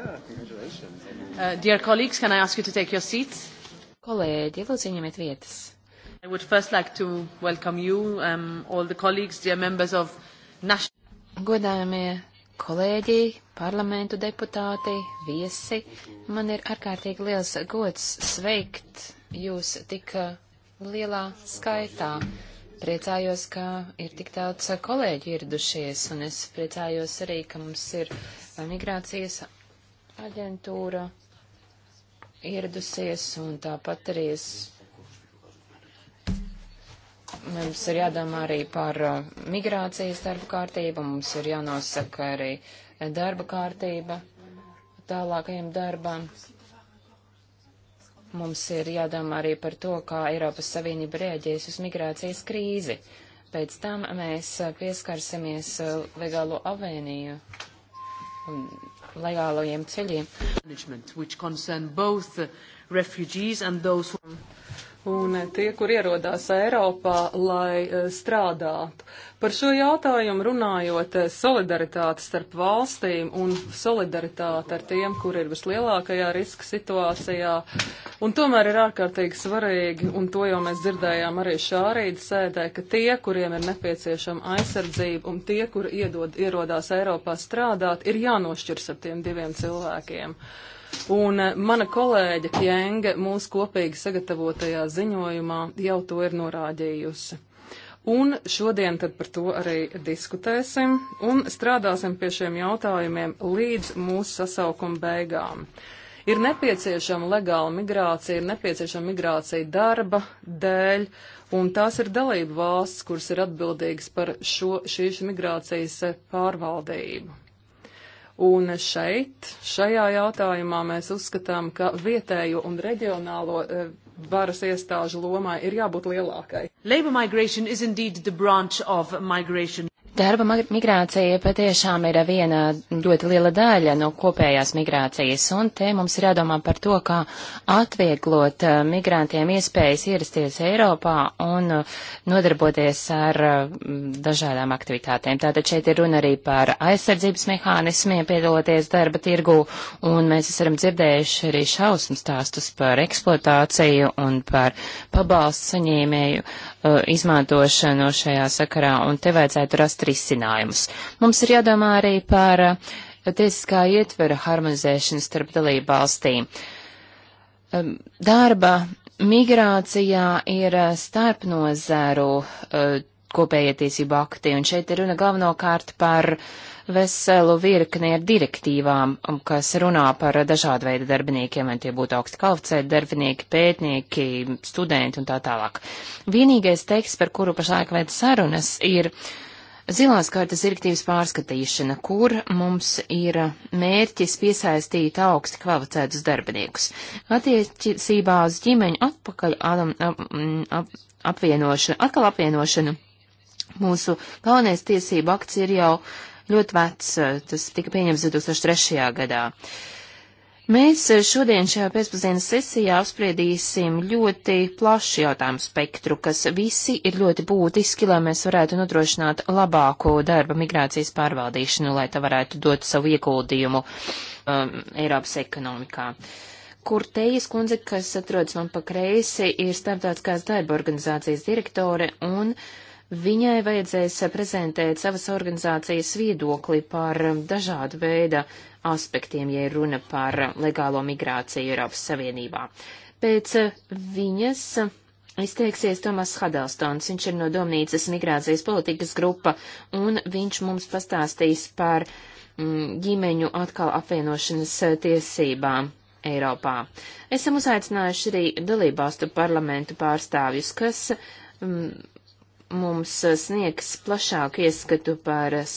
Yeah, congratulations. Uh, dear colleagues, can I ask you to take your seats? Kolēģi, lūdzu, ieņemiet vietas. I would first like to welcome you, um, all the colleagues, dear members of national... Godājumie kolēģi, parlamentu deputāti, viesi, man ir ārkārtīgi liels gods sveikt jūs tik uh, lielā skaitā. Priecājos, ka ir tik daudz kolēģi ieradušies, un es priecājos arī, ka mums ir uh, migrācijas aģentūra ieradusies, un tāpat arī es. Mums ir jādomā arī par uh, migrācijas darba kārtību, mums ir jānosaka arī darba kārtība tālākajam darbam. Mums ir jādomā arī par to, kā Eiropas Savienība rēģēs uz migrācijas krīzi. Pēc tam mēs pieskarsimies uh, legālo avēniju un legālajiem ceļiem un tie, kur ierodās Eiropā, lai e, strādātu. Par šo jautājumu runājot, e, solidaritāte starp valstīm un solidaritāte ar tiem, kur ir vislielākajā riska situācijā, un tomēr ir ārkārtīgi svarīgi, un to jau mēs dzirdējām arī šā rīta sēdē, ka tie, kuriem ir nepieciešama aizsardzība un tie, kur iedod, ierodās Eiropā strādāt, ir jānošķirs ar tiem diviem cilvēkiem. Uh, Un eh, mana kolēģa Kjenge mūsu kopīgi sagatavotajā ziņojumā jau to ir norādījusi. Un šodien tad par to arī diskutēsim un strādāsim pie šiem jautājumiem līdz mūsu sasaukuma beigām. Ir nepieciešama legāla migrācija, ir nepieciešama migrācija darba dēļ, un tās ir dalība valsts, kuras ir atbildīgas par šo, šīs migrācijas eh, pārvaldību. Un šeit, šajā jautājumā mēs uzskatām, ka vietējo un reģionālo e, varas iestāžu lomai ir jābūt lielākai. Labor migration is indeed the branch of migration. Darba migrācija patiešām ir viena ļoti liela daļa no kopējās migrācijas, un te mums ir jādomā par to, kā atvieglot eh, migrantiem iespējas ierasties Eiropā un eh, nodarboties ar mm, dažādām aktivitātēm. Tātad šeit ir runa arī par aizsardzības mehānismiem, piedaloties darba tirgu, un mēs esam dzirdējuši arī šausmu stāstus par eksploatāciju un par pabalstu saņēmēju uh, izmantošanu šajā sakarā, un te vajadzētu rast risinājumus. Mums ir jādomā arī par uh, tiesiskā ietvera harmonizēšanu starp dalību valstīm. Um, darba migrācijā ir uh, starpnozēru uh, kopējie tiesību akti, un šeit ir runa galvenokārt par uh, veselu virkni ar direktīvām, um, kas runā par dažādu veidu darbiniekiem, vai tie būtu augsti kvalificēti darbinieki, pētnieki, studenti un tā tālāk. Vienīgais teksts, par kuru pašlaik veids sarunas, ir zilās kartas direktīvas pārskatīšana, kur mums ir mērķis piesaistīt augsti kvalificētus darbiniekus. Attiecībā uz ģimeņu atpakaļ ap, um, um, ap, apvienošanu, atkal apvienošanu. Mūsu galvenais tiesība akts ir jau uh, ļoti vecs, eh, tas tika pieņemts 2003. gadā. Mēs eh, šodien šajā pēcpusdienas sesijā apspriedīsim ļoti plašu jautājumu spektru, kas visi ir ļoti būtiski, lai mēs varētu nodrošināt labāko darba migrācijas pārvaldīšanu, lai tā varētu dot savu ieguldījumu um, Eiropas ekonomikā. Kur tejas kundze, kas atrodas man pa kreisi, ir starptautiskās darba organizācijas direktore un uh, Viņai vajadzēs prezentēt savas organizācijas viedokli par dažādu veidu aspektiem, ja runa par legālo migrāciju Eiropas Savienībā. Pēc viņas Izteiksies Tomas Hadelstons, viņš ir no Domnīcas migrācijas politikas grupa, un viņš mums pastāstīs par mm, ģimeņu atkal apvienošanas tiesībām Eiropā. Esam uzaicinājuši arī dalībvalstu parlamentu pārstāvjus, kas mm, mums eh, sniegs plašāku ieskatu par eh,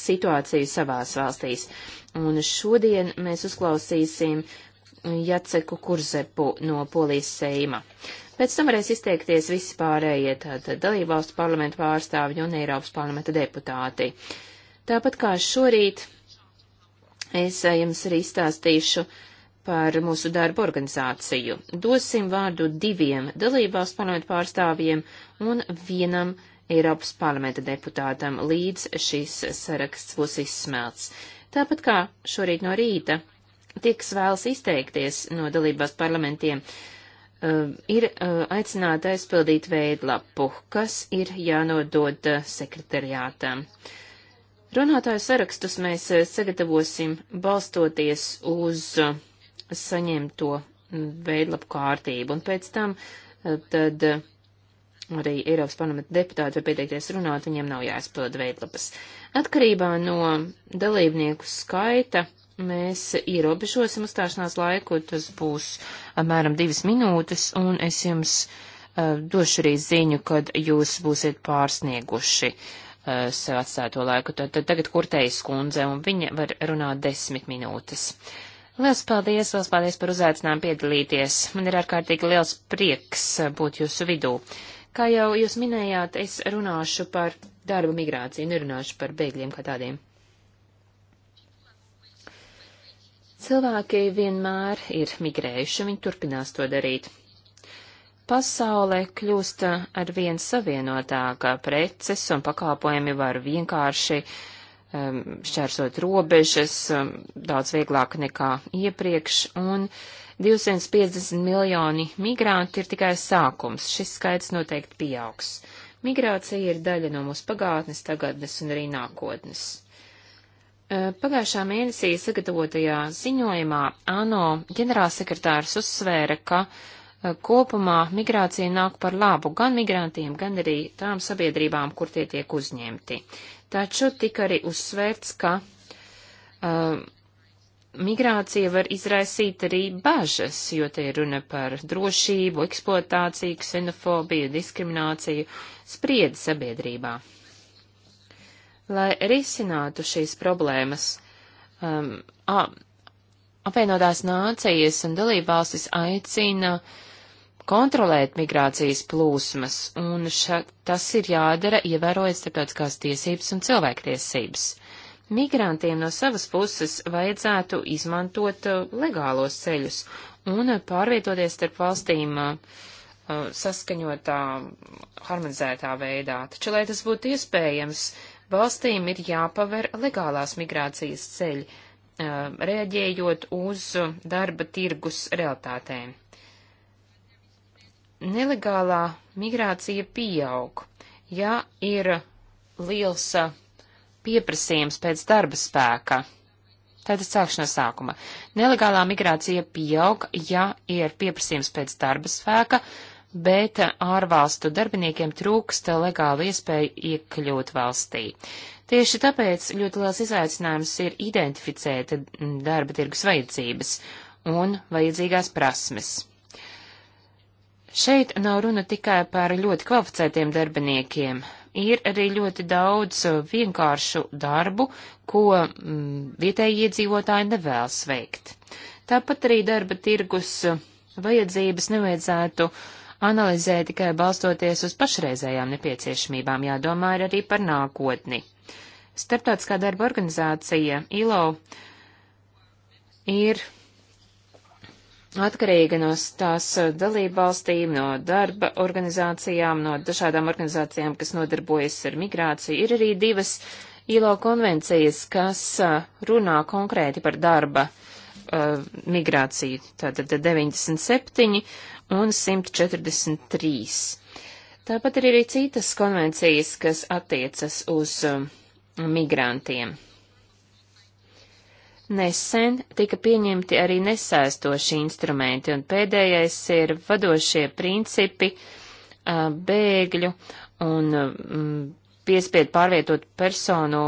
situāciju savās valstīs. Un šodien mēs uzklausīsim eh, Jaceku Kurzepu no Polijas Seima. Pēc tam varēs izteikties visi pārējie tātad dalībvalstu parlamentu pārstāvji un Eiropas parlamenta deputāti. Tāpat kā šorīt, es jums arī izstāstīšu uh, par mūsu darbu organizāciju. Dosim vārdu diviem dalībvalstu parlamentu pārstāvjiem un vienam Eiropas parlamenta deputātam, līdz šis saraksts būs izsmelts. Tāpat kā šorīt no rīta tiks vēlas izteikties no dalībās parlamentiem, uh, ir uh, aicināta aizpildīt veidlapu, kas ir jānodod uh, sekretariātam. Runātāju sarakstus mēs uh, sagatavosim balstoties uz uh, saņemto veidlapu kārtību, un pēc tam eh, tad eh, arī Eiropas parlamenta deputāti var pieteikties runāt, viņiem nav jāizpild veidlapas. Atkarībā no dalībnieku skaita mēs ierobežosim uzstāšanās laiku, tas būs apmēram divas minūtes, un es jums uh, došu arī ziņu, kad jūs būsiet pārsnieguši uh, sev atstāto laiku. Tad, tad tagad kurtējas kundze, un viņa var runāt desmit minūtes. Uh, Liels paldies, liels paldies par uzaicinājumu piedalīties. Man ir ārkārtīgi liels prieks būt jūsu vidū. Kā jau jūs minējāt, es runāšu par darba migrāciju, nerunāšu par bēgļiem kā tādiem. Cilvēki vienmēr ir migrējuši, viņi turpinās to darīt. Pasaule kļūst ar vien savienotāka, preces un pakāpojumi var vienkārši uh, Um, šķērsot robežas um, daudz vieglāk nekā iepriekš, un 250 miljoni migranti ir tikai sākums. Šis skaits noteikti pieaugs. Migrācija ir daļa no mūsu pagātnes, tagadnes un arī nākotnes. Uh, pagājušā mēnesī sagatavotajā ziņojumā ANO ģenerālsekretārs uzsvēra, ka uh, kopumā migrācija nāk par labu gan migrantiem, gan arī tām sabiedrībām, kur tie tiek uzņemti. Taču tika arī uzsvērts, ka um, migrācija var izraisīt arī bažas, jo te ir runa par drošību, eksploatāciju, ksenofobiju, diskrimināciju, spriedzi sabiedrībā. Lai risinātu šīs problēmas, um, apvienotās nācijas un dalībvalstis aicina uh, kontrolēt migrācijas plūsmas, un ša, tas ir jādara, ievērojot starptautiskās tiesības un cilvēktiesības. Migrantiem no savas puses vajadzētu izmantot uh, legālos ceļus un pārvietoties starp valstīm uh, uh, saskaņotā, harmonizētā veidā. Taču, lai tas būtu iespējams, valstīm ir jāpaver legālās migrācijas ceļi, reaģējot uz darba tirgus realitātēm nelegālā migrācija pieaug, ja ir liels pieprasījums pēc darba spēka. Tātad sākšanas sākuma. Nelegālā migrācija pieaug, ja ir pieprasījums pēc darba spēka, bet ārvalstu darbiniekiem trūkst legālu iespēju iekļūt valstī. Tieši tāpēc ļoti liels izaicinājums ir identificēt darba tirgus vajadzības un vajadzīgās prasmes. Šeit nav runa tikai par ļoti kvalificētiem darbiniekiem. Ir arī ļoti daudz vienkāršu darbu, ko mm, vietēji iedzīvotāji nevēlas veikt. Tāpat arī darba tirgus vajadzības nevajadzētu analizē tikai balstoties uz pašreizējām nepieciešamībām, jādomā ir arī par nākotni. Startautiskā darba organizācija ILO ir atkarīga no tās eh, dalībvalstīm, no darba organizācijām, no dažādām organizācijām, kas nodarbojas ar migrāciju. Ir arī divas ILO konvencijas, kas eh, runā konkrēti par darba uh, migrāciju, tātad 97 un 143. Tāpat ir arī citas konvencijas, kas attiecas uz uh, migrantiem. Nesen tika pieņemti arī nesaistoši instrumenti, un pēdējais ir vadošie principi bēgļu un mm, piespiedu pārvietot personu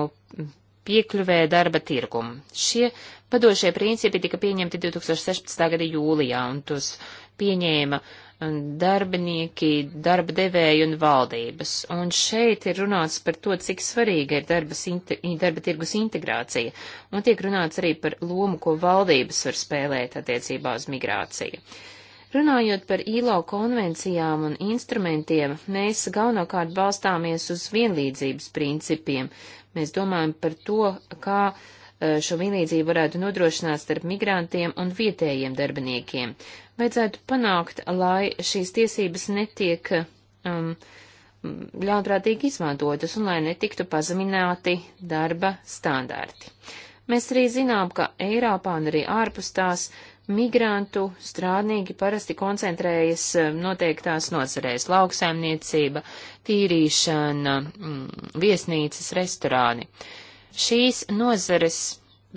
piekļuvē darba tirgumu. Šie vadošie principi tika pieņemti 2016. gada jūlijā, un tos pieņēma uh, darbinieki, darba devēji un valdības. Un šeit ir runāts par to, cik svarīga ir darbas, darba tirgus integrācija, un tiek runāts arī par lomu, ko valdības var spēlēt attiecībā uz migrāciju. Runājot par īlo konvencijām un instrumentiem, mēs galvenokārt balstāmies uz vienlīdzības principiem. Mēs domājam par to, kā uh, Eh, šo vienlīdzību varētu nodrošināt starp migrantiem un vietējiem darbiniekiem. Vajadzētu panākt, lai šīs tiesības netiek um, ļaunprātīgi izmantotas un lai netiktu pazemināti darba standarti. Mēs arī zinām, ka Eiropā un arī ārpus tās migrantu strādnieki parasti koncentrējas um, noteiktās nozarēs - lauksaimniecība, tīrīšana, mm, viesnīcas, restorāni. Uh, Šīs nozares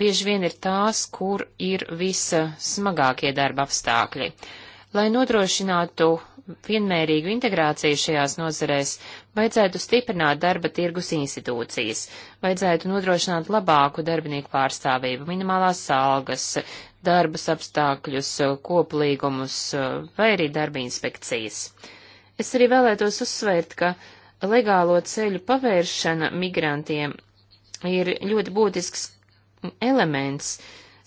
bieži vien ir tās, kur ir visa smagākie darba apstākļi. Lai nodrošinātu vienmērīgu integrāciju šajās nozarēs, vajadzētu stiprināt darba tirgus institūcijas, vajadzētu nodrošināt labāku darbinieku pārstāvību, minimālās algas, darbas apstākļus, koplīgumus vai arī darba inspekcijas. Es arī vēlētos uzsvērt, ka legālo ceļu pavēršana migrantiem ir ļoti būtisks elements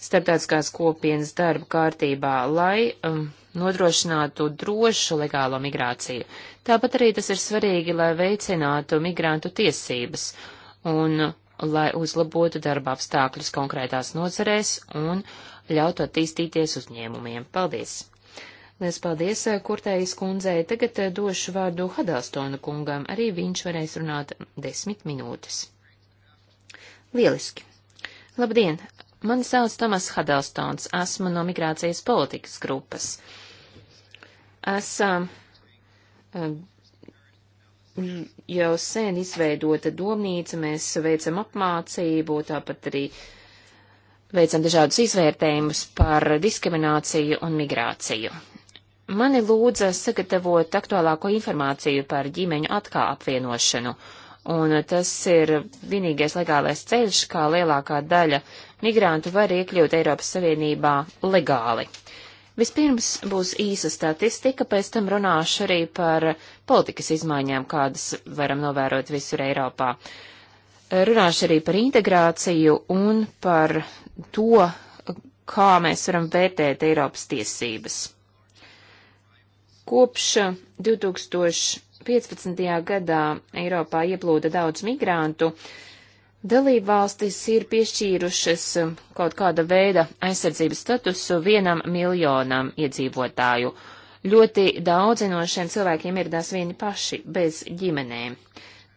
starptautiskās kopienas darba kārtībā, lai um, nodrošinātu drošu legālo migrāciju. Tāpat arī tas ir svarīgi, lai veicinātu migrantu tiesības un lai uzlabotu darba apstākļus konkrētās nozarēs un ļautu attīstīties uzņēmumiem. Paldies! Lies paldies eh, Kurtējas kundzei. Tagad eh, došu vārdu Hadalstonu kungam. Arī viņš varēs runāt desmit minūtes. Lieliski! Labdien! Mani sauc Tomas Hadelstons, esmu no migrācijas politikas grupas. Esam um, jau sen izveidota domnīca, mēs veicam apmācību, tāpat arī veicam dažādus izvērtējumus par diskrimināciju un migrāciju. Mani lūdza sagatavot aktuālāko informāciju par ģimeņu atkā apvienošanu un tas ir vienīgais legālais ceļš, kā lielākā daļa migrantu var iekļūt Eiropas Savienībā legāli. Vispirms būs īsa statistika, pēc tam runāšu arī par politikas izmaiņām, kādas varam novērot visur Eiropā. Runāšu arī par integrāciju un par to, kā mēs varam vērtēt Eiropas tiesības. Kopš 2000. 2015. gadā Eiropā ieplūda daudz migrantu, dalībvalstis ir piešķīrušas kaut kāda veida aizsardzības statusu vienam miljonam iedzīvotāju. Ļoti daudzi no šiem cilvēkiem ieradās vieni paši, bez ģimenēm,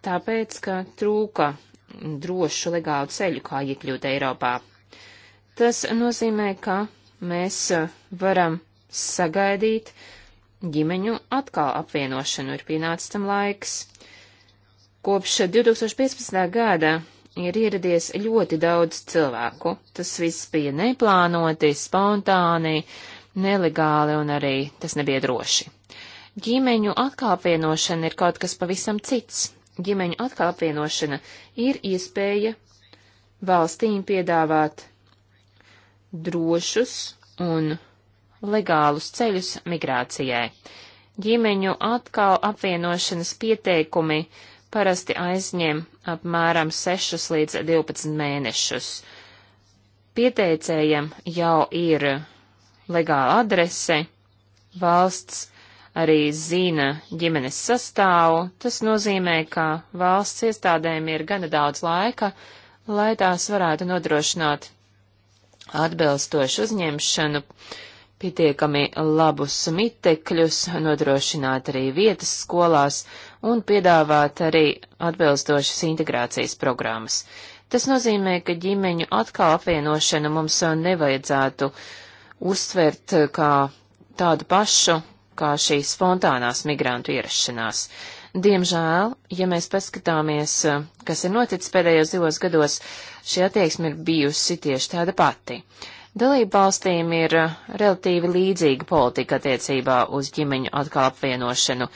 tāpēc, ka trūka drošu legālu ceļu, kā iekļūt Eiropā. Tas nozīmē, ka mēs varam sagaidīt, uh, ģimeņu atkal apvienošanu ir pienācis tam laiks. Kopš 2015. gada ir ieradies ļoti daudz cilvēku. Tas viss bija neplānoti, spontāni, nelegāli un arī tas nebija droši. Ģimeņu atkāpienošana ir kaut kas pavisam cits. Ģimeņu atkāpienošana ir iespēja valstīm piedāvāt drošus un legālus ceļus migrācijai. Ģimeņu atkal apvienošanas pieteikumi parasti aizņem apmēram 6 līdz 12 mēnešus. Pieteicējiem jau ir legāla adrese, valsts arī zina ģimenes sastāvu, tas nozīmē, ka valsts iestādēm ir gana daudz laika, lai tās varētu nodrošināt atbilstošu uzņemšanu pietiekami labus mitekļus, nodrošināt arī vietas skolās un piedāvāt arī atbilstošas integrācijas programmas. Tas nozīmē, ka ģimeņu atkal apvienošana mums nevajadzētu uztvert kā tādu pašu, kā šīs spontānās migrantu ierašanās. Diemžēl, ja mēs paskatāmies, kas ir noticis pēdējos divos gados, šī attieksme ir bijusi tieši tāda pati. Uh, Dalību valstīm ir eh, relatīvi līdzīga politika attiecībā uz ģimeņu atkal apvienošanu,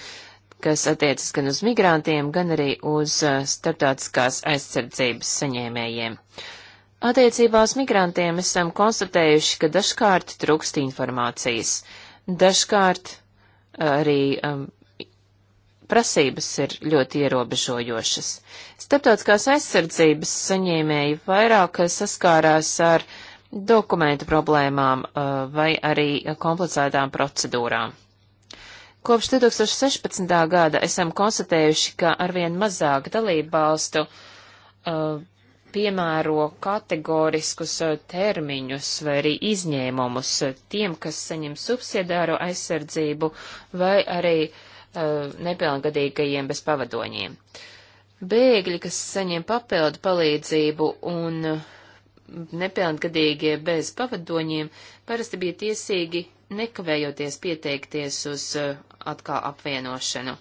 kas attiecas gan uz migrantiem, gan arī uz eh, starptautiskās aizsardzības saņēmējiem. Attiecībā uz migrantiem esam konstatējuši, ka dažkārt trūkst informācijas, dažkārt eh, arī um, prasības ir ļoti ierobežojošas. Starptautiskās aizsardzības saņēmēji vairāk saskārās ar uh, dokumentu problēmām uh, vai arī komplicētām procedūrām. Kopš 2016. gada esam konstatējuši, ka arvien mazāk dalību valstu uh, piemēro kategoriskus uh, termiņus vai arī izņēmumus tiem, kas saņem subsidiāro aizsardzību vai arī uh, nepilngadīgajiem bez pavadoņiem. Bēgļi, kas saņem papildu palīdzību un uh, nepilngadīgie bez pavadoņiem parasti bija tiesīgi nekavējoties pieteikties uz eh, atkal apvienošanu.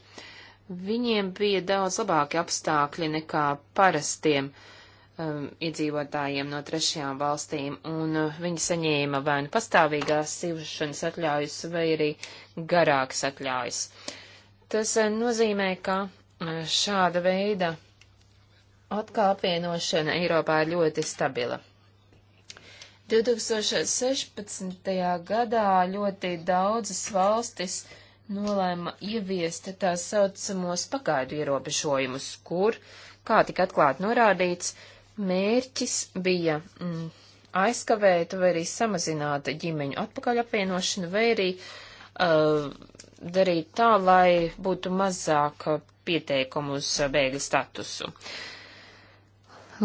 Viņiem bija daudz labāki apstākļi nekā parastiem um, iedzīvotājiem no trešajām valstīm, un uh, viņi saņēma vai nu pastāvīgās sīvšanas atļaujas, vai arī garākas atļaujas. Tas uh, nozīmē, ka uh, šāda veida atkal apvienošana Eiropā ir ļoti stabila. 2016. gadā ļoti daudzas valstis nolēma ieviest tā saucamos pagaidu ierobežojumus, kur, kā tik atklāti norādīts, mērķis bija mm, aizkavēt vai arī samazināt ģimeņu atpakaļ apvienošanu vai arī uh, darīt tā, lai būtu mazāk pieteikumu uz bēgļu statusu. Uh,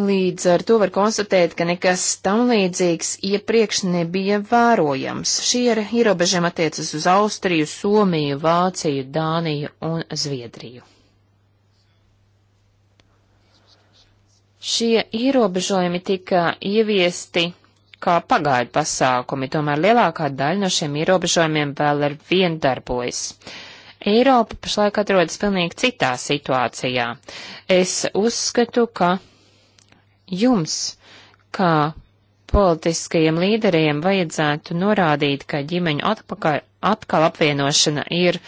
Līdz ar to var konstatēt, ka nekas tam līdzīgs iepriekš nebija vērojams. Šie ierobežiem attiecas uz Austriju, Somiju, Vāciju, Dāniju un Zviedriju. Šie ierobežojumi tika ieviesti kā pagaidu pasākumi, tomēr lielākā daļa no šiem ierobežojumiem vēl ar vien darbojas. Eiropa pašlaik atrodas pilnīgi citā situācijā. Es uzskatu, ka jums, kā politiskajiem līderiem, vajadzētu norādīt, ka ģimeņu atpakaļ, atkal apvienošana ir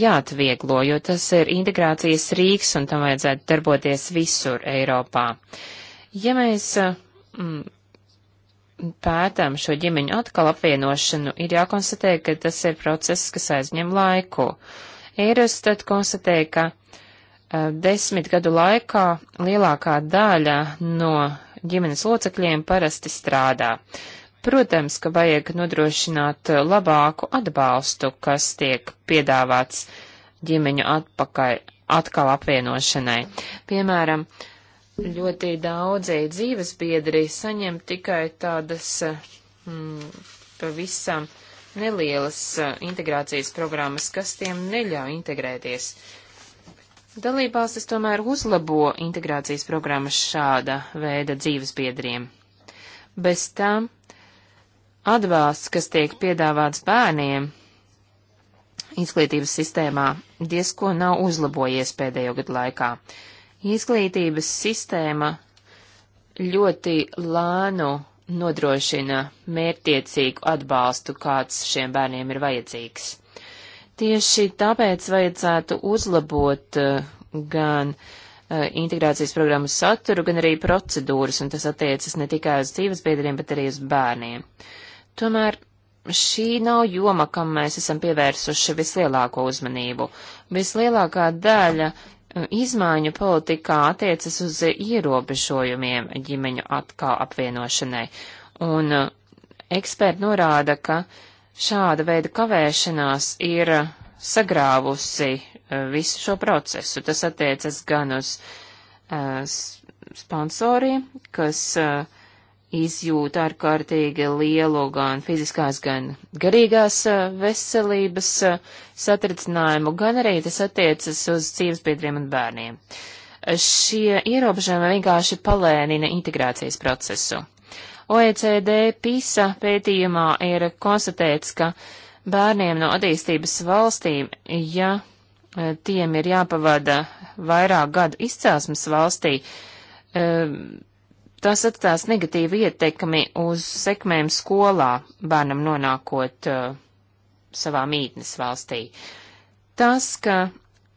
jāatvieglo, jo tas ir integrācijas rīks un tam vajadzētu darboties visur Eiropā. Ja mēs mm, pētām šo ģimeņu atkal apvienošanu, ir jākonstatē, ka tas ir process, kas aizņem laiku. Eirostat konstatē, ka Eh, desmit gadu laikā lielākā daļa no ģimenes locekļiem parasti strādā. Protams, ka vajag nodrošināt labāku atbalstu, kas tiek piedāvāts ģimeņu atpakaļ, atkal apvienošanai. Piemēram, ļoti daudzi dzīves biedri saņem tikai tādas mm, pavisam nelielas eh, integrācijas programmas, kas tiem neļauj integrēties. Uh, Dalībvalstis tomēr uzlabo integrācijas programmas šāda veida dzīvesbiedriem. Bez tam atbalsts, kas tiek piedāvāts bērniem izglītības sistēmā, diezko nav uzlabojies pēdējo gadu laikā. Izglītības sistēma ļoti lēnu nodrošina mērtiecīgu atbalstu, kāds šiem bērniem ir vajadzīgs. Tieši tāpēc vajadzētu uzlabot eh, gan eh, integrācijas programmas saturu, gan arī procedūras, un tas attiecas ne tikai uz dzīvesbiedriem, bet arī uz bērniem. Tomēr šī nav joma, kam mēs esam pievērsuši vislielāko uzmanību. Vislielākā daļa eh, izmaiņu politikā attiecas uz ierobežojumiem ģimeņu atkal apvienošanai, un eksperti norāda, ka uh, šāda veida kavēšanās ir sagrāvusi eh, visu šo procesu. Tas attiecas gan uz uh, eh, sponsoriem, kas uh, eh, izjūt ārkārtīgi lielu gan fiziskās, gan garīgās veselības satricinājumu, gan arī tas attiecas uz dzīvespiedriem un bērniem. Šie ierobežojumi vienkārši palēnina integrācijas procesu. OECD PISA pētījumā ir konstatēts, ka bērniem no attīstības valstīm, ja e, tiem ir jāpavada vairāk gadu izcelsmes valstī, e, tas atstās negatīvu ietekmi uz sekmēm skolā bērnam nonākot e, savā mītnes valstī. Tas, ka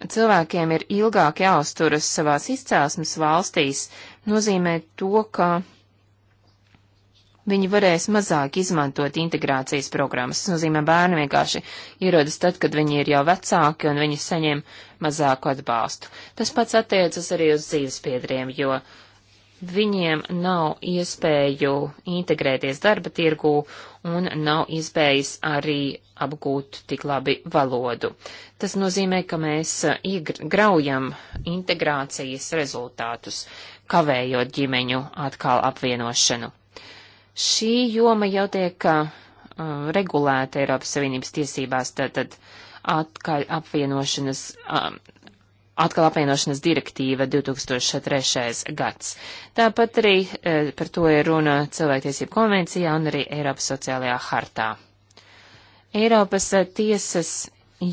cilvēkiem ir ilgāk jāuzturas savās izcelsmes valstīs, nozīmē to, ka viņi varēs mazāk izmantot integrācijas programmas. Tas nozīmē, bērni vienkārši ierodas tad, kad viņi ir jau vecāki un viņi saņem mazāku atbalstu. Tas pats attiecas arī uz dzīvespiedriem, jo viņiem nav iespēju integrēties darba tirgū un nav iespējas arī apgūt tik labi valodu. Tas nozīmē, ka mēs graujam integrācijas rezultātus, kavējot ģimeņu atkal apvienošanu. Šī joma jau tiek uh, regulēta Eiropas Savienības tiesībās, tātad atkal apvienošanas, um, atkal apvienošanas direktīva 2003. gads. Tāpat arī uh, par to ir runa cilvēktiesību konvencijā un arī Eiropas sociālajā hartā. Eiropas uh, tiesas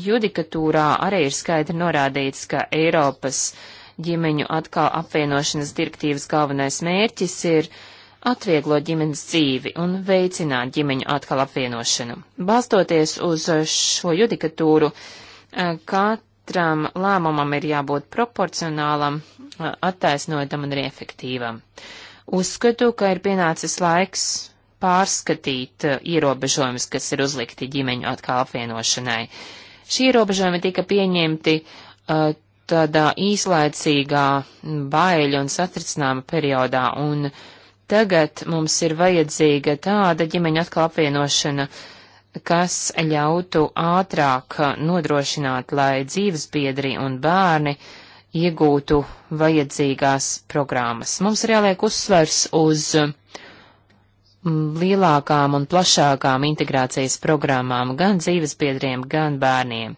judikatūrā arī ir skaidri norādīts, ka Eiropas ģimeņu atkal apvienošanas direktīvas galvenais mērķis ir uh, atvieglot ģimenes dzīvi un veicināt ģimeņu atkal apvienošanu. Balstoties uz šo judikatūru, eh, katram lēmumam ir jābūt proporcionālam, eh, attaisnotam un arī efektīvam. Uzskatu, ka ir pienācis laiks pārskatīt eh, ierobežojumus, kas ir uzlikti ģimeņu atkal apvienošanai. Šie ierobežojumi tika pieņemti uh, tādā īslaicīgā baiļu un satricinājuma periodā, un uh, Tagad mums ir vajadzīga tāda ģimeņa atkal apvienošana, kas ļautu ātrāk nodrošināt, lai dzīvesbiedri un bērni iegūtu vajadzīgās programmas. Mums ir jāliek uzsvers uz lielākām un plašākām integrācijas programmām gan dzīvesbiedriem, gan bērniem.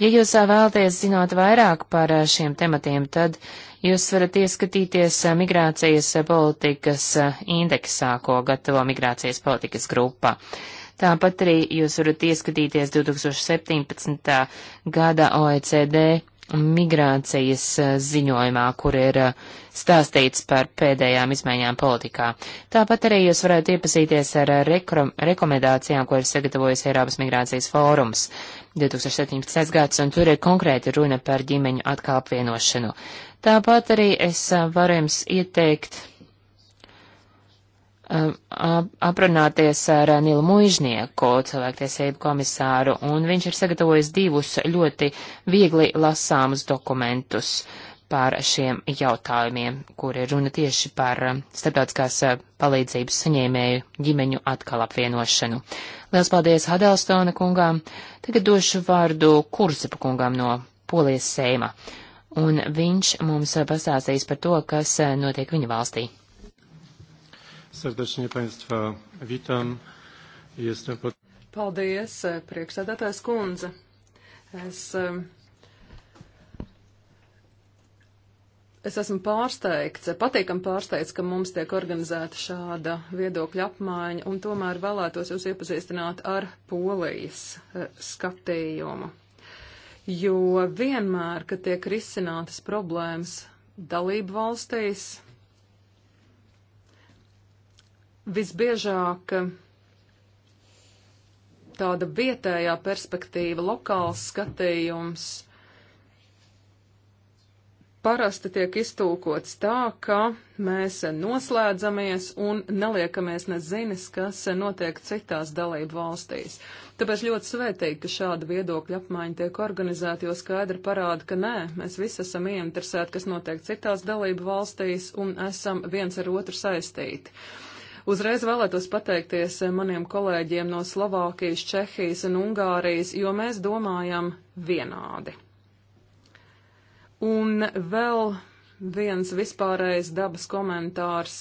Ja jūs vēlaties zināt vairāk par šiem tematiem, tad Jūs varat ieskatīties eh, migrācijas eh, politikas eh, indeksā, ko gatavo migrācijas politikas grupa. Tāpat arī jūs varat ieskatīties 2017. gada OECD migrācijas ziņojumā, kur ir stāstīts par pēdējām izmaiņām politikā. Tāpat arī jūs varētu iepazīties ar rekom rekomendācijām, ko ir sagatavojis Eiropas migrācijas fórums 2017. gads, un tur ir konkrēti runa par ģimeņu atkal apvienošanu. Tāpat arī es varu jums ieteikt aprunāties ar Nilu Muižnieku, cilvēktiesību komisāru, un viņš ir sagatavojis divus ļoti viegli lasāmus dokumentus par šiem jautājumiem, kur ir runa tieši par starptautiskās palīdzības saņēmēju ģimeņu atkal apvienošanu. Liels paldies Hadelstona kungām. Tagad došu vārdu Kurzipa kungām no Polijas Seima un viņš mums pastāstīs par to, kas eh, notiek viņa valstī. Sardečnie Państwa witam. Jestem pod... Paldies, eh, priekšsēdētājs kundze. Es, eh, es esmu pārsteigts, patīkam pārsteigts, ka mums tiek organizēta šāda viedokļa apmaiņa, un tomēr vēlētos jūs iepazīstināt ar polijas skatījumu jo vienmēr, kad tiek risinātas problēmas dalību valstīs, visbiežāk tāda vietējā perspektīva, lokāls skatījums parasti tiek iztūkots tā, ka mēs noslēdzamies un neliekamies nezinis, kas notiek citās dalību valstīs. Tāpēc ļoti svētīgi, ka šāda viedokļa apmaiņa tiek organizēta, jo skaidri parāda, ka nē, mēs visi esam ieinteresēti, kas notiek citās dalību valstīs un esam viens ar otru saistīti. Uzreiz vēlētos pateikties maniem kolēģiem no Slovākijas, Čehijas un Ungārijas, jo mēs domājam vienādi. Un vēl viens vispārējais dabas komentārs.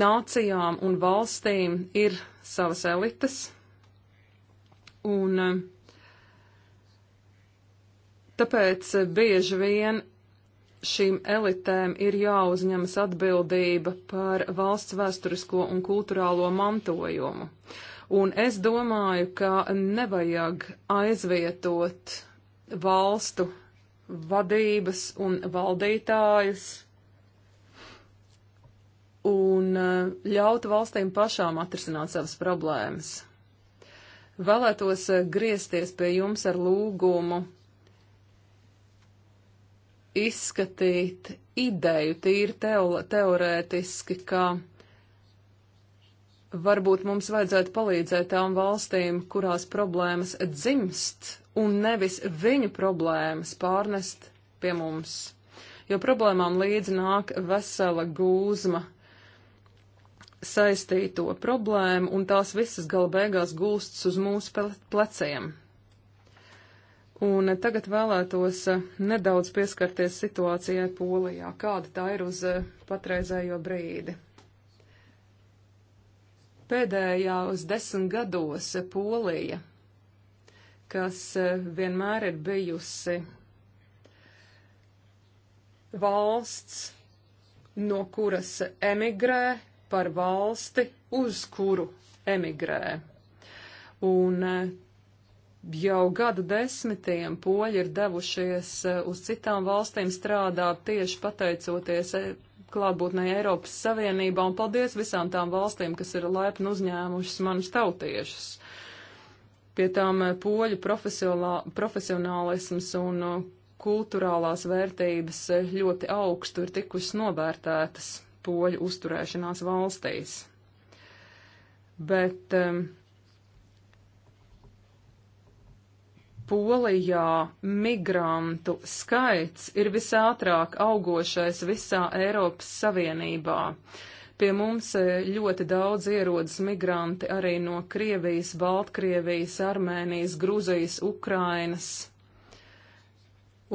Nācijām un valstīm ir savas elites, un eh, tāpēc eh, bieži vien šīm elitēm ir jāuzņemas atbildība par valsts vēsturisko un kultūrālo mantojumu. Un es domāju, ka nevajag aizvietot valstu vadības un valdītājus un eh, ļautu valstīm pašām atrisināt savas problēmas. Vēlētos eh, griezties pie jums ar lūgumu izskatīt ideju tīri teo teorētiski, ka varbūt mums vajadzētu palīdzēt tām valstīm, kurās problēmas dzimst, un nevis viņu problēmas pārnest pie mums. Jo problēmām līdzi nāk vesela gūzma saistīto problēmu, un tās visas gala beigās gulstas uz mūsu pleciem. Un tagad vēlētos eh, nedaudz pieskarties situācijai Polijā, kāda tā ir uz eh, patreizējo brīdi. Pēdējā uz desmit gados Polija, kas e, vienmēr ir bijusi valsts, no kuras emigrē par valsti, uz kuru emigrē. Un e, jau gadu desmitiem poļi ir devušies e, uz citām valstīm strādāt tieši pateicoties klātbūtnē Eiropas Savienībā, un paldies visām tām valstīm, kas ir laipni uzņēmušas manus tautiešus. Pie tām eh, poļu profesionālisms un eh, kultūrālās vērtības eh, ļoti augstu ir tikušas novērtētas poļu uzturēšanās valstīs. Bet um, Polijā migrantu skaits ir visātrāk augošais visā Eiropas Savienībā. Pie mums e, ļoti daudz ierodas migranti arī no Krievijas, Baltkrievijas, Armēnijas, Gruzijas, Ukrainas.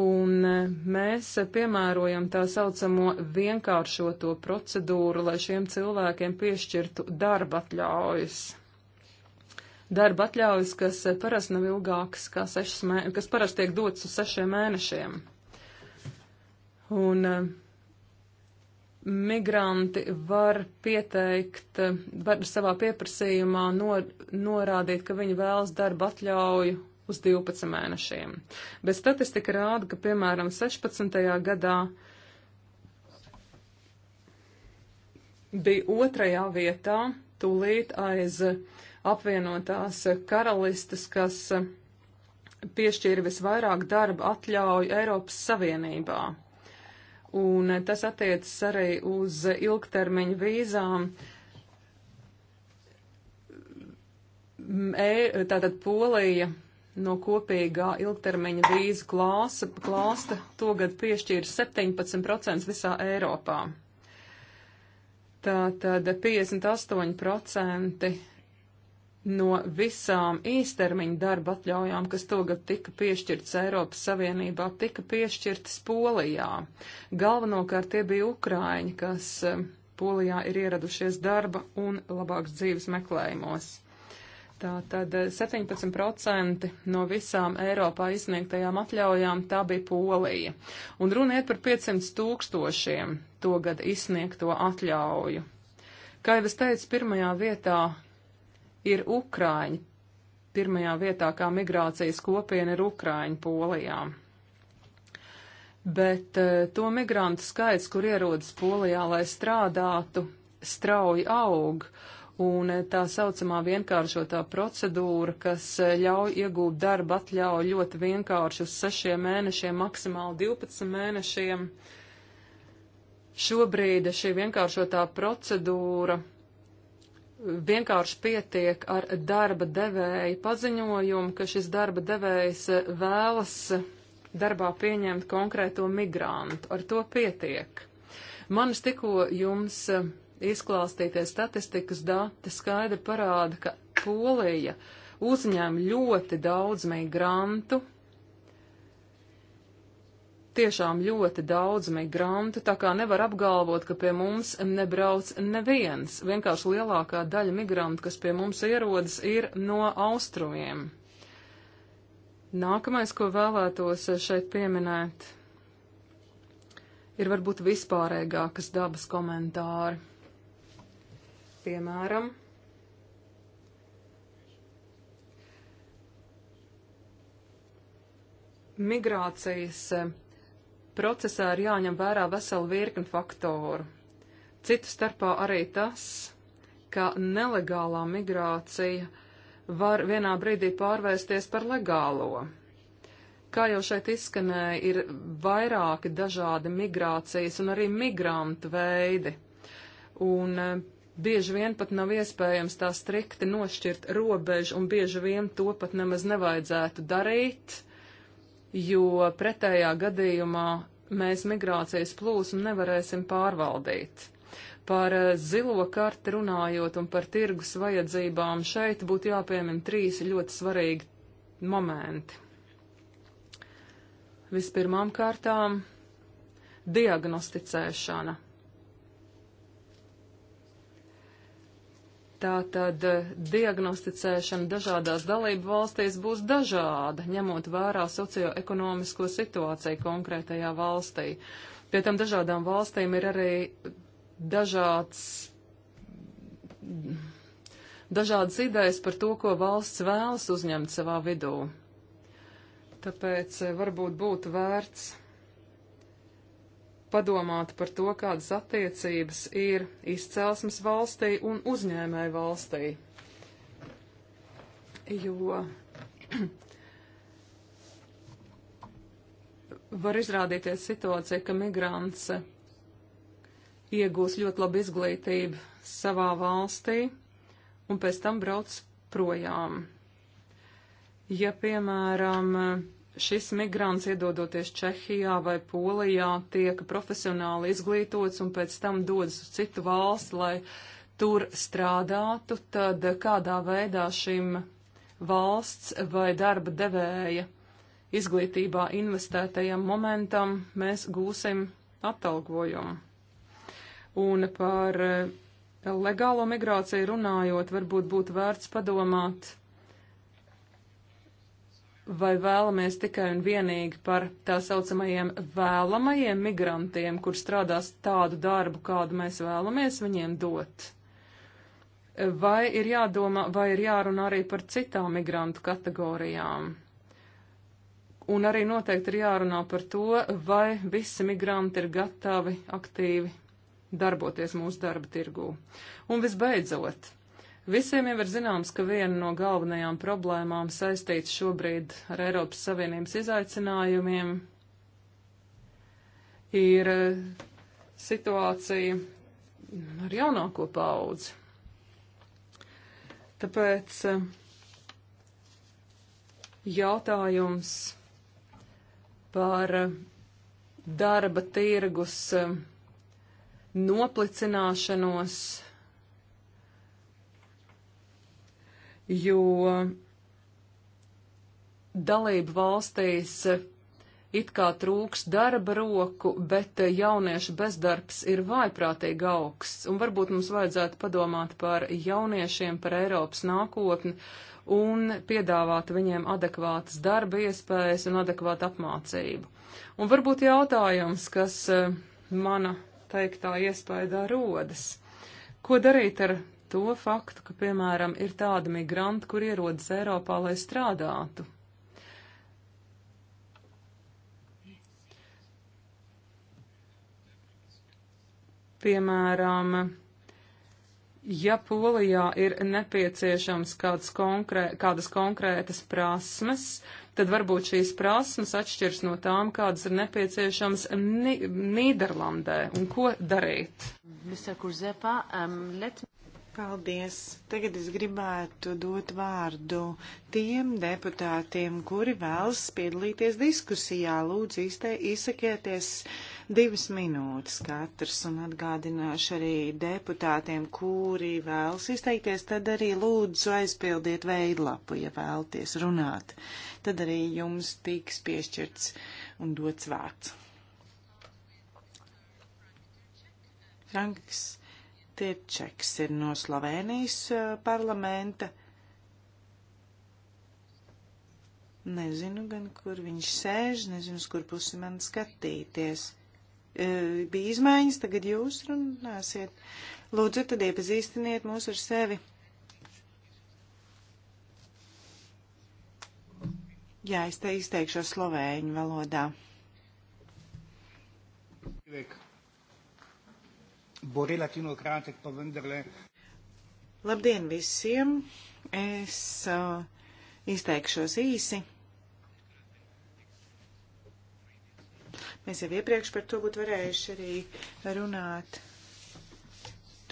Un e, mēs e, piemērojam tā saucamo vienkāršoto procedūru, lai šiem cilvēkiem piešķirtu darba atļaujas darba atļaujas, kas parasti nav ilgākas, kā sešas mē, kas parasti tiek dotas uz sešiem mēnešiem. Un eh, migranti var pieteikt, var savā pieprasījumā nor, norādīt, ka viņi vēlas darba atļauju uz 12 mēnešiem. Bet statistika rāda, ka, piemēram, 16. gadā bija otrajā vietā, tūlīt aiz uh, apvienotās karalistas, kas piešķīra visvairāk darba atļauju Eiropas Savienībā. Un tas attiecas arī uz ilgtermiņu vīzām. E, tātad Polija no kopīgā ilgtermiņa vīzu klāsa, klāsta tagad piešķīra 17% visā Eiropā. Tātad 58% no visām īstermiņa darba atļaujām, kas tagad tika piešķirtas Eiropas Savienībā, tika piešķirtas Polijā. Galvenokārt tie bija Ukraiņi, kas eh, Polijā ir ieradušies darba un labāks dzīves meklējumos. Tātad 17% eh, no visām Eiropā izsniegtajām atļaujām tā bija Polija. Un runiet par 500 tūkstošiem togad izsniegto atļauju. Kā jau es teicu, pirmajā vietā ir Ukraiņi. Pirmajā vietā kā migrācijas kopiena ir Ukraiņi Polijā. Bet eh, to migrantu skaits, kur ierodas Polijā, lai strādātu, strauji aug. Un eh, tā saucamā vienkāršotā procedūra, kas eh, ļauj iegūt darba atļauju ļoti vienkārši uz sešiem mēnešiem, maksimāli 12 mēnešiem. Šobrīd šī vienkāršotā procedūra vienkārši pietiek ar darba devēja paziņojumu, ka šis darba devējs vēlas darbā pieņemt konkrēto migrantu. Ar to pietiek. Manis tikko jums izklāstītie statistikas dati skaidri parāda, ka Polija uzņem ļoti daudz migrantu, tiešām ļoti daudz migrantu, tā kā nevar apgalvot, ka pie mums nebrauc neviens. Vienkārši lielākā daļa migrantu, kas pie mums ierodas, ir no austrumiem. Nākamais, ko vēlētos šeit pieminēt, ir varbūt vispārīgākas dabas komentāri. Piemēram, migrācijas procesā ir jāņem vērā vesela virkni faktoru. Citu starpā arī tas, ka nelegālā migrācija var vienā brīdī pārvērsties par legālo. Kā jau šeit izskanēja, ir vairāki dažādi migrācijas un arī migrantu veidi. Un e, Bieži vien pat nav iespējams tā strikti nošķirt robežu, un bieži vien to pat nemaz nevajadzētu darīt, jo pretējā gadījumā mēs migrācijas plūsmu nevarēsim pārvaldīt. Par eh, zilo karti runājot un par tirgus vajadzībām šeit būtu jāpiemina trīs ļoti svarīgi momenti. Vispirmām kārtām - diagnosticēšana. Tātad eh, diagnosticēšana dažādās dalību valstīs būs dažāda, ņemot vērā socioekonomisko situāciju konkrētajā valstī. Pie tam dažādām valstīm ir arī dažāds, dažādas idejas par to, ko valsts vēlas uzņemt savā vidū. Tāpēc eh, varbūt būtu vērts padomāt par to, kādas attiecības ir izcelsmes valstī un uzņēmēju valstī. Jo var izrādīties situācija, ka migrants iegūs ļoti labu izglītību savā valstī un pēc tam brauc projām. Ja, piemēram, šis migrants iedodoties Čehijā vai Polijā tiek profesionāli izglītots un pēc tam dodas uz citu valsti, lai tur strādātu, tad kādā veidā šim valsts vai darba devēja izglītībā investētajam momentam mēs gūsim atalgojumu. Un par eh, legālo migrāciju runājot, varbūt būtu vērts padomāt vai vēlamies tikai un vienīgi par tā saucamajiem vēlamajiem migrantiem, kur strādās tādu darbu, kādu mēs vēlamies viņiem dot? Vai ir jādomā, vai ir jārunā arī par citām migrantu kategorijām? Un arī noteikti ir jārunā par to, vai visi migranti ir gatavi aktīvi darboties mūsu darba tirgū. Un visbeidzot, Visiem jau ir zināms, ka viena no galvenajām problēmām saistīts šobrīd ar Eiropas Savienības izaicinājumiem ir eh, situācija ar jaunāko paudzi. Tāpēc eh, jautājums par eh, darba tirgus noplicināšanos jo dalību valstīs it kā trūks darba roku, bet jauniešu bezdarbs ir vaiprātīgi augsts, un varbūt mums vajadzētu padomāt par jauniešiem, par Eiropas nākotni un piedāvāt viņiem adekvātas darba iespējas un adekvātu apmācību. Un varbūt jautājums, kas eh, mana teiktā iespējā rodas. Ko darīt ar to faktu, ka, piemēram, ir tādi migranti, kur ierodas Eiropā, lai strādātu. Piemēram, ja Polijā ir nepieciešams konkrē, kādas konkrētas prasmes, tad varbūt šīs prasmes atšķirs no tām, kādas ir nepieciešamas Ni Nīderlandē. Un ko darīt? Mr. Kurzepa, um, let me... Paldies! Tagad es gribētu dot vārdu tiem deputātiem, kuri vēlas piedalīties diskusijā. Lūdzu, izsakieties divas minūtes katrs un atgādināšu arī deputātiem, kuri vēlas izteikties, tad arī lūdzu aizpildiet veidlapu, ja vēlties runāt. Tad arī jums tiks piešķirts un dots vārds. Franks. Tirčeks ir no Slovenijas eh, parlamenta. Nezinu gan, kur viņš sēž, nezinu, uz kur pusi man skatīties. Eh, bija izmaiņas, tagad jūs runāsiet. Lūdzu, tad iepazīstiniet mūs ar sevi. Jā, es te izteikšos slovēņu valodā. Veika. Borī Latīno krātek pa Venderlē. Labdien visiem! Es uh, izteikšos īsi. Mēs jau iepriekš par to būtu varējuši arī runāt.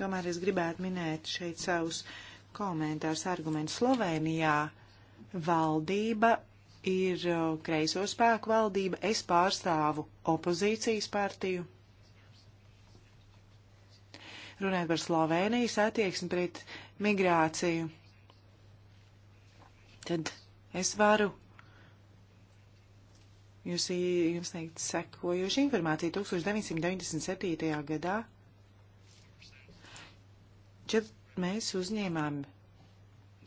Tomēr es gribētu minēt šeit savus komentārus argumentus. Slovenijā valdība ir uh, kreiso spēku valdība, es pārstāvu opozīcijas partiju runājot par Slovenijas attieksmi pret migrāciju, tad es varu jūs jums teikt sekojošu informāciju. 1997. gadā čet, mēs uzņēmām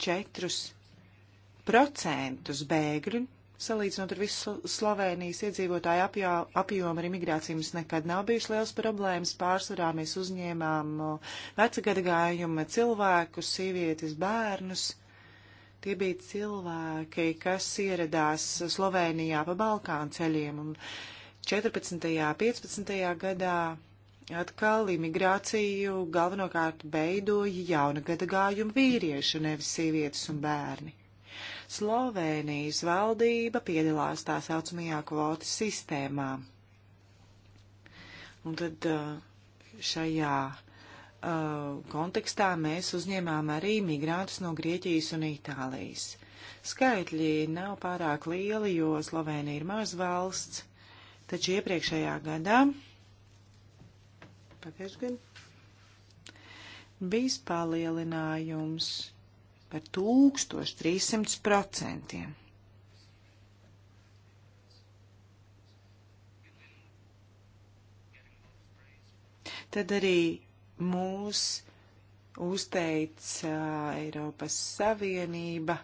4% bēgļu Salīdzinot ar visu Slovenijas iedzīvotāju apjā, apjomu ar imigrāciju, mums nekad nav bijušas liels problēmas. Pārsvarā mēs uzņēmām vecagadagājuma cilvēkus, sievietes, bērnus. Tie bija cilvēki, kas ieradās Slovenijā pa Balkānu ceļiem. Un 14. un 15. gadā atkal imigrāciju galvenokārt beidoja jauna gadagājuma vīrieši, nevis sievietes un bērni. Slovēnijas valdība piedalās tā saucamajā kvotas sistēmā. Un tad uh, šajā uh, kontekstā mēs uzņēmām arī migrantus no Grieķijas un Itālijas. Skaitļi nav pārāk lieli, jo Slovēnija ir maz valsts, taču iepriekšējā gadā, pagājušajā gadā, bijis palielinājums par 1300 procentiem. Tad arī mūs uzteica Eiropas Savienība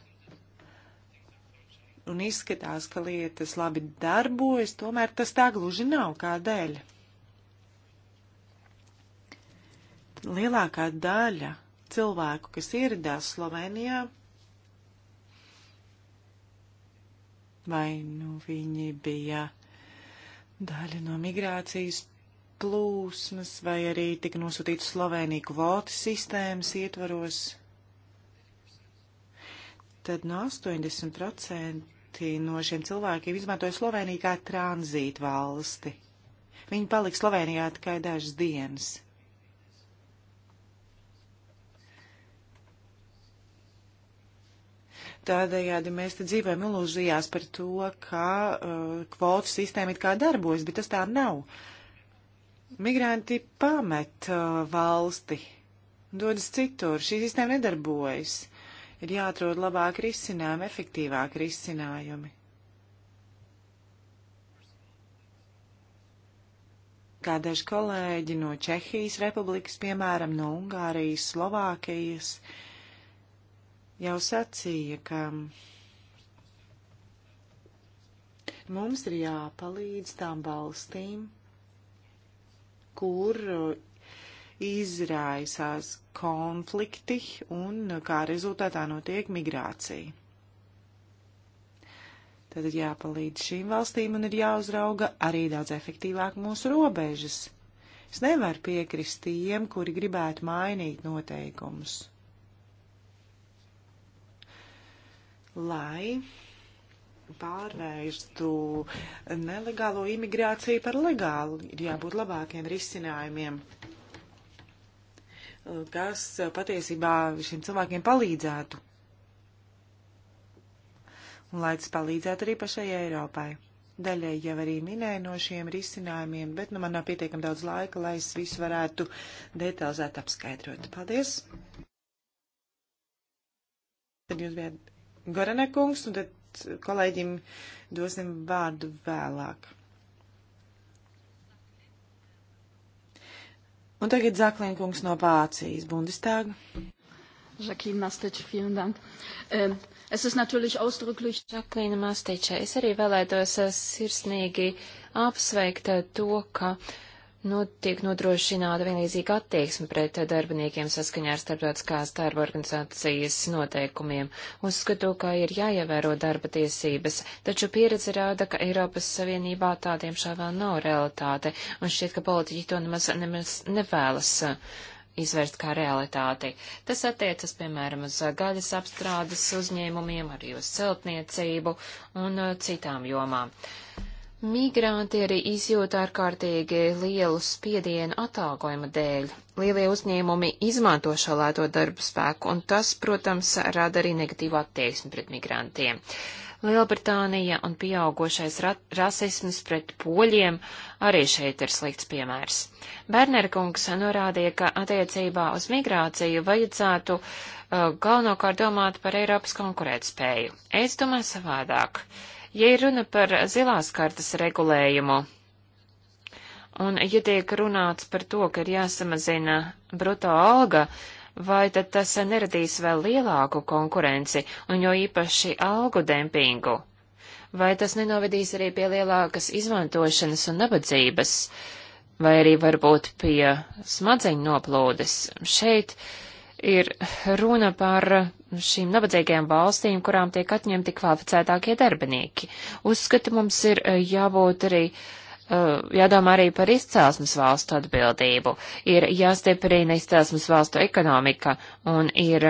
un izskatās, ka lietas labi darbojas, tomēr tas tā gluži nav kādēļ. Lielākā daļa cilvēku, kas ieradās Slovenijā, vai nu viņi bija daļa no migrācijas plūsmas, vai arī tika nosūtīti Sloveniju kvotu sistēmas ietvaros, tad no nu, 80% no šiem cilvēkiem izmantoja Sloveniju kā tranzītu valsti. Viņi palika Slovenijā tikai dažas dienas. Tādējādi mēs te dzīvojam ilūzijās par to, ka uh, kvotu sistēma it kā darbojas, bet tas tā nav. Migranti pamet uh, valsti, dodas citur, šī sistēma nedarbojas. Ir jāatrod labāk risinājumi, efektīvāk risinājumi. kā daži kolēģi no Čehijas republikas, piemēram, no Ungārijas, Slovākijas, uh, jau sacīja, ka mums ir jāpalīdz tām valstīm, kur uh, izraisās konflikti un kā rezultātā notiek migrācija. Tad ir jāpalīdz šīm valstīm un ir jāuzrauga arī daudz efektīvāk mūsu robežas. Es nevaru piekrist tiem, kuri gribētu mainīt noteikumus. lai pārvērstu nelegālo imigrāciju par legālu. Ir jābūt labākiem risinājumiem, kas patiesībā šiem cilvēkiem palīdzētu. Un lai tas palīdzētu arī pašai Eiropai. Daļai jau arī minēju no šiem risinājumiem, bet nu man nav pietiekam daudz laika, lai es visu varētu detalizēt apskaidrot. Paldies! Tad jūs bijat Goranekungs, un tad kolēģim dosim vārdu vēlāk. Un tagad Zaklinkungs no Vācijas Bundestāga. Jacqueline Mastic, vielen Dank. Ähm, es ist natürlich ausdrücklich. Jacqueline Mastic, es arī vēlētos äh, sirsnīgi apsveikt äh, to, ka uh, no, nu, tiek nodrošināta vienlīdzīga attieksme pret darbiniekiem saskaņā ar starptautiskās darba organizācijas noteikumiem. Uzskatu, ka ir jāievēro darba tiesības, taču pieredze rāda, ka Eiropas Savienībā tādiem šā vēl nav realitāte, un šķiet, ka politiķi to nemaz, nemaz nevēlas uh, izvērst kā realitāti. Tas attiecas, piemēram, uz uh, gaļas apstrādes uzņēmumiem, arī uz celtniecību un uh, citām jomām. Uh, Migranti arī izjūta ārkārtīgi lielu spiedienu atalgojuma dēļ. Lielie uzņēmumi izmanto šo lēto darbu spēku, un tas, protams, rada arī negatīvu attieksmi pret migrantiem. Lielbritānija un pieaugošais ra rasisms pret poļiem arī šeit ir slikts piemērs. Bernerkungs norādīja, ka attiecībā uz migrāciju vajadzētu uh, galvenokārt domāt par Eiropas konkurētspēju. Es domāju savādāk. Uh, Ja ir runa par zilās kartas regulējumu, un ja tiek runāts par to, ka ir jāsamazina bruto alga, vai tad tas neradīs vēl lielāku konkurenci, un jo īpaši algu dempingu? Vai tas nenovedīs arī pie lielākas izmantošanas un nabadzības, vai arī varbūt pie smadzeņu noplūdes? Šeit uh, ir runa par šīm nabadzīgajām valstīm, kurām tiek atņemti kvalificētākie darbinieki. Uzskatu mums ir eh, jābūt arī eh, jādomā arī par izcelsmes valstu atbildību, ir jāstieprina izcelsmes valstu ekonomika un ir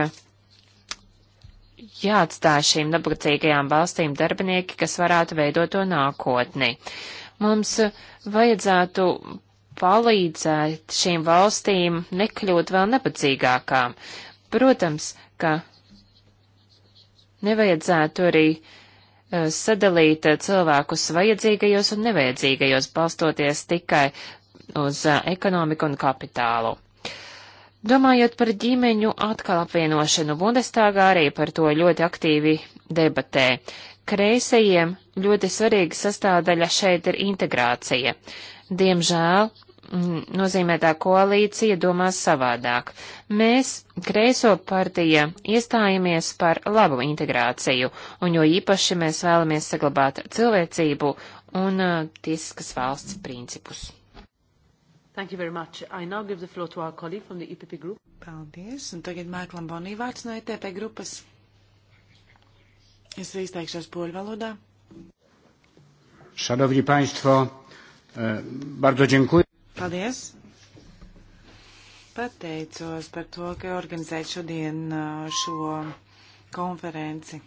jāatstāj šīm nabadzīgajām valstīm darbinieki, kas varētu veidot to nākotni. Mums vajadzētu palīdzēt šīm valstīm nekļūt vēl nebadzīgākām. Protams, ka nevajadzētu arī e, sadalīt e, cilvēkus vajadzīgajos un nevajadzīgajos, balstoties tikai uz e, ekonomiku un kapitālu. Domājot par ģimeņu atkal apvienošanu, Bundestāgā arī par to ļoti aktīvi debatē. Kreisajiem ļoti svarīga sastāvdaļa šeit ir integrācija. Diemžēl mm, nozīmētā koalīcija domās savādāk. Mēs, kreiso partija, iestājamies par labu integrāciju, un jo īpaši mēs vēlamies saglabāt cilvēcību un uh, tiesiskas valsts principus. Thank you very much. I now give the floor to our colleague from the EPP group. Paldies, un tagad Mērklam Bonī vārds no ETP grupas. Es izteikšos poļu valodā. Szanowni Państwo, Bardzo dziękuję. Paldies. Pateicos par to, ka organizēt šodien uh, šo konferenci.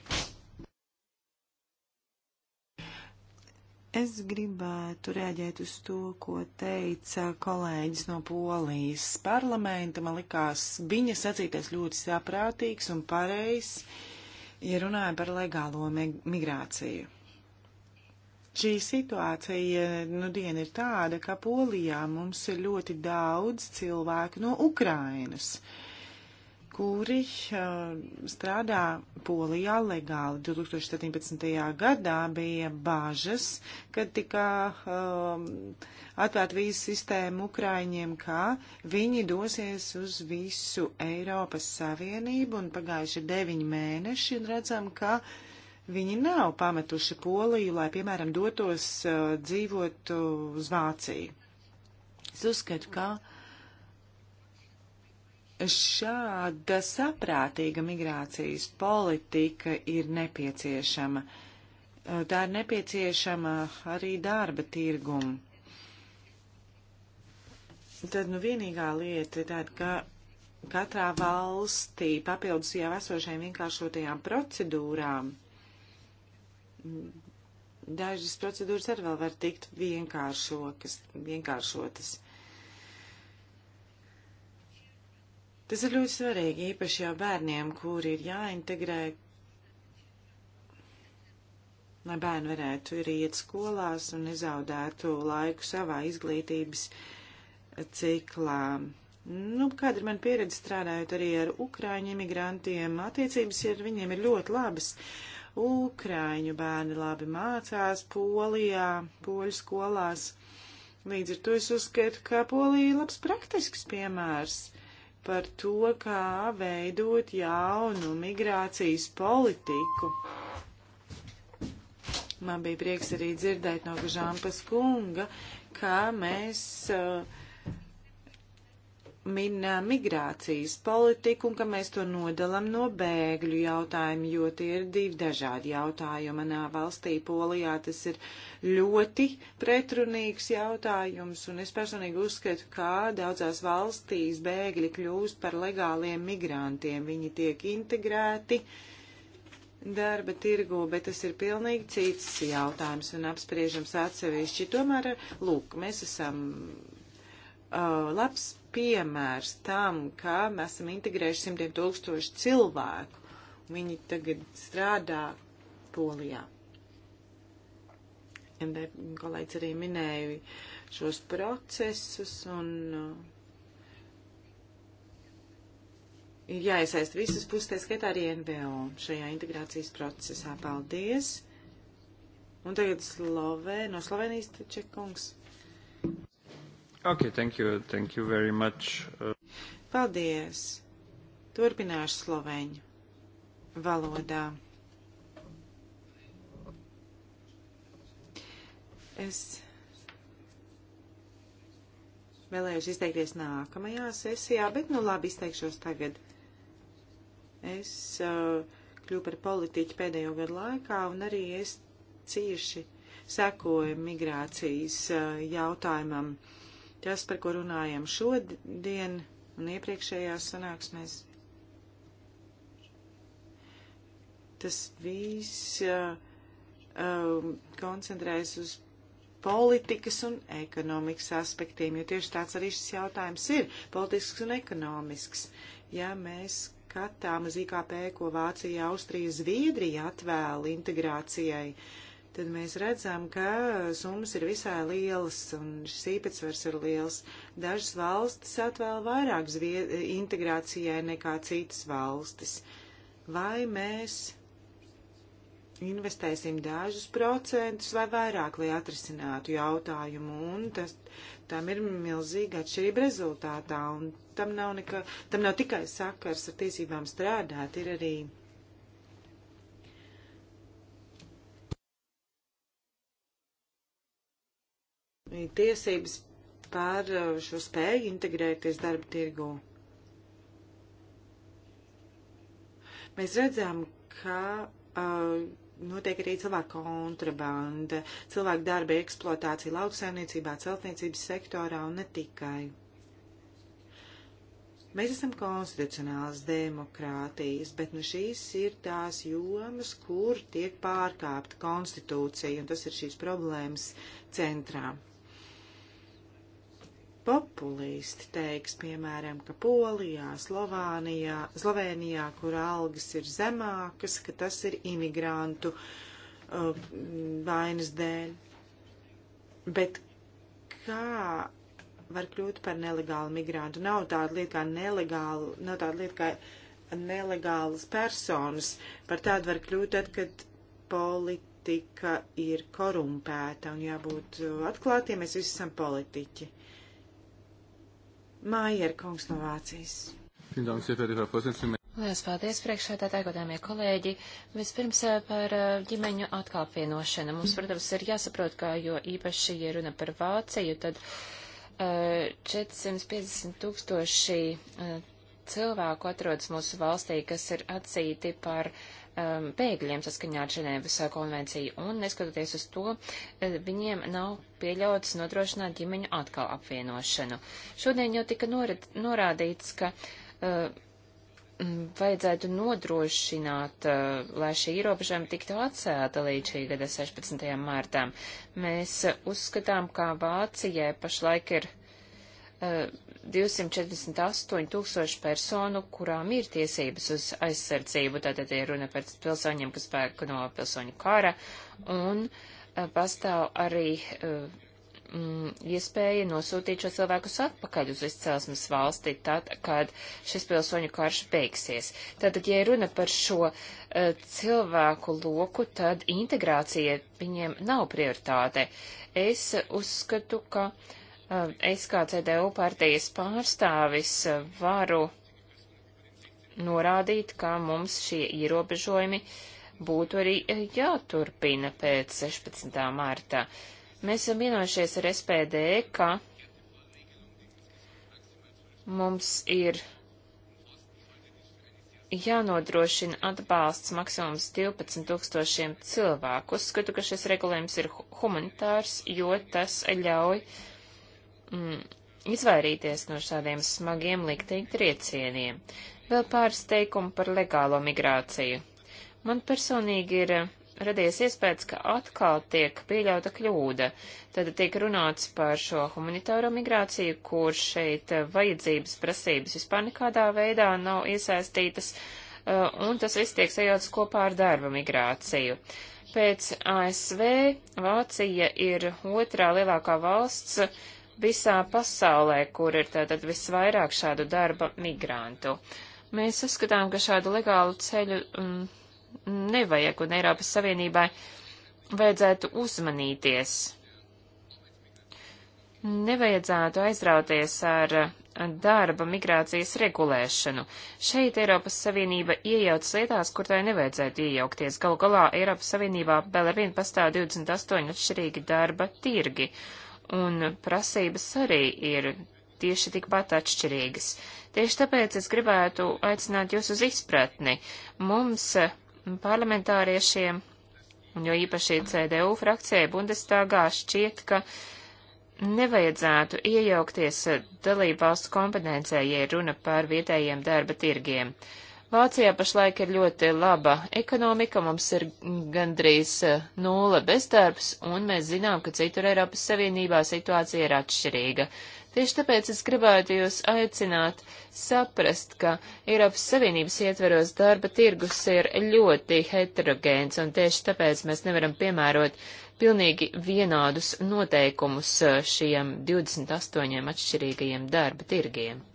Es gribētu rēģēt uz to, ko teica kolēģis no Polijas parlamenta. Man likās viņa sacītais ļoti saprātīgs un pareizs, ja runāja par legālo migrāciju. Šī situācija nu diena ir tāda, ka Polijā mums ir ļoti daudz cilvēku no Ukrainas, kuri uh, strādā Polijā legāli. 2017. gadā bija bāžas, kad tika uh, um, atvērta vīzu sistēma Ukraiņiem, kā viņi dosies uz visu Eiropas Savienību, un pagājuši ir deviņi mēneši, un redzam, ka uh, Viņi nav pametuši Poliju, lai, piemēram, dotos uh, dzīvot uh, uz Vāciju. Es uzskatu, ka šāda saprātīga migrācijas politika ir nepieciešama. Uh, tā ir nepieciešama arī darba tirgumu. Tad nu vienīgā lieta ir tāda, ka katrā valstī papildus jau esošajām vienkāršotajām procedūrām dažas procedūras arī vēl var tikt vienkāršotas. Tas ir ļoti svarīgi, īpaši jau bērniem, kuri ir jāintegrē, lai bērni varētu arī iet skolās un nezaudētu laiku savā izglītības ciklā. Nu, kāda ir man pieredze strādājot arī ar ukrāņu imigrantiem, attiecības ar viņiem ir ļoti labas. Uh, Ukraiņu bērni labi mācās Polijā, poļu skolās. Līdz ar to es uzskatu, ka Polija ir labs praktisks piemērs par to, kā veidot jaunu migrācijas politiku. Man bija prieks arī dzirdēt no Žampas kunga, kā mēs uh, min migrācijas politiku un ka mēs to nodalam no bēgļu jautājumu, jo tie ir divi dažādi jautājumi. Manā valstī Polijā tas ir ļoti pretrunīgs jautājums, un es personīgi uzskatu, ka daudzās valstīs bēgļi kļūst par legāliem migrantiem. Viņi tiek integrēti darba tirgu, bet tas ir pilnīgi cits jautājums un apspriežams atsevišķi. Tomēr, lūk, mēs esam uh, labs piemērs tam, kā mēs esam integrējuši simtiem tūkstošu cilvēku. Viņi tagad strādā Polijā. Kolēģis arī minēja šos procesus un uh, ir jāiesaist visas puses, tā skaitā arī NVO šajā integrācijas procesā. Paldies! Un tagad Slovē, no Slovenijas Čekungs. Okay, thank you. Thank you very much. Uh... Paldies. Turpināšu sloveņu valodā. Es vēlējos izteikties nākamajā sesijā, bet nu labi izteikšos tagad. Es uh, kļuvu par politiķu pēdējo gadu laikā un arī es cieši sekoju migrācijas uh, jautājumam. Uh, Tas, par ko runājam šodien un iepriekšējās sanāksmēs, tas viss uh, um, koncentrējas uz politikas un ekonomikas aspektiem, jo tieši tāds arī šis jautājums ir - politisks un ekonomisks. Ja mēs skatām uz IKP, ko Vācija, Austrija, Zviedrija atvēl integrācijai, uh, tad mēs redzam, ka summas ir visai lielas un šis īpatsvars ir liels. Dažas valstis atvēl vairāk integrācijai nekā citas valstis. Vai mēs investēsim dažus procentus vai vairāk, lai atrisinātu jautājumu, un tas, tam ir milzīga atšķirība rezultātā, un tam nav, nekā, tam nav tikai sakars ar tiesībām strādāt, ir arī tiesības par uh, šo spēju integrēties darba tirgū. Mēs redzam, ka uh, notiek arī cilvēku kontrabanda, cilvēku darba eksploatācija lauksaimniecībā, celtniecības sektorā un ne tikai. Mēs esam konstitucionāls demokrātijas, bet nu šīs ir tās jomas, kur tiek pārkāpta konstitūcija, un tas ir šīs problēmas centrā populisti teiks, piemēram, ka Polijā, Slovānijā, Slovenijā, kur algas ir zemākas, ka tas ir imigrantu uh, vainas dēļ. Bet kā var kļūt par nelegālu migrantu? Nav tāda lieta kā nelegāla, nav tāda lieta kā nelegālas personas. Par tādu var kļūt tad, kad politika ir korumpēta un jābūt atklātiem, mēs visi esam politiķi. Mājer kungs no Vācijas. Lielas paldies priekšētātāji, godāmie kolēģi. Vispirms eh, par eh, ģimeņu atkāpienošanu. Mums, protams, ir jāsaprot, ka jo īpaši, ja runa par Vāciju, tad uh, eh, 450 tūkstoši uh, cilvēku atrodas mūsu valstī, kas ir atzīti par uh, um, bēgļiem saskaņā ar Ženēvas uh, konvenciju, un neskatoties uz to, uh, viņiem nav pieļauts nodrošināt ģimeņu atkal apvienošanu. Šodien jau tika norad, norādīts, ka uh, vajadzētu nodrošināt, uh, lai šī ierobežojuma tiktu atcēta līdz šī gada 16. martām. Mēs uh, uzskatām, ka Vācijai pašlaik ir uh, 248 tūkstoši personu, kurām ir tiesības uz aizsardzību, tātad ir runa par pilsoņiem, kas pērk no pilsoņu kara, un e, pastāv arī e, mm, iespēja nosūtīt šo cilvēkus atpakaļ uz izcelsmes valsti, tad, kad šis pilsoņu karš beigsies. Tātad, ja runa par šo uh, cilvēku loku, tad integrācija viņiem nav prioritāte. Es uzskatu, ka uh, es eh, kā CDU partijas pārstāvis eh, varu norādīt, ka mums šie ierobežojumi būtu arī eh, jāturpina pēc 16. martā. Mēs esam vienojušies ar SPD, ka mums ir jānodrošina atbalsts maksimums 12 tūkstošiem cilvēku. Uzskatu, ka šis regulējums ir humanitārs, jo tas ļauj uh, mm, izvairīties no šādiem smagiem likteņa triecieniem. Vēl pāris teikumu par legālo migrāciju. Man personīgi ir eh, radies iespējas, ka atkal tiek pieļauta kļūda. Tad tiek runāts par šo humanitāro migrāciju, kur šeit eh, vajadzības prasības vispār nekādā veidā nav iesaistītas, eh, un tas viss tiek sajauts kopā ar darba migrāciju. Pēc ASV Vācija ir otrā lielākā valsts, visā pasaulē, kur ir tātad visvairāk šādu darba migrantu. Mēs uzskatām, ka šādu legālu ceļu mm, nevajag, un Eiropas Savienībai vajadzētu uzmanīties. Nevajadzētu aizrauties ar darba migrācijas regulēšanu. Šeit Eiropas Savienība iejaucas lietās, kur tai nevajadzētu iejaukties. Galu galā Eiropas Savienībā vēl ar vienu pastāv 28 atšķirīgi darba tirgi, un prasības arī ir tieši tikpat atšķirīgas. Tieši tāpēc es gribētu aicināt jūs uz izpratni. Mums, parlamentāriešiem, un jo īpaši CDU frakcijai Bundestagā šķiet, ka nevajadzētu iejaukties dalībvalstu kompetencē, ja runa par vietējiem darba tirgiem. Uh, Vācijā pašlaik ir ļoti laba ekonomika, mums ir gandrīz e, nula bezdarbs, un mēs zinām, ka citur Eiropas Savienībā situācija ir atšķirīga. Tieši tāpēc es gribētu jūs aicināt saprast, ka Eiropas Savienības ietveros darba tirgus ir ļoti heterogēns, un tieši tāpēc mēs nevaram piemērot pilnīgi vienādus noteikumus e, šiem 28 atšķirīgajiem darba tirgiem.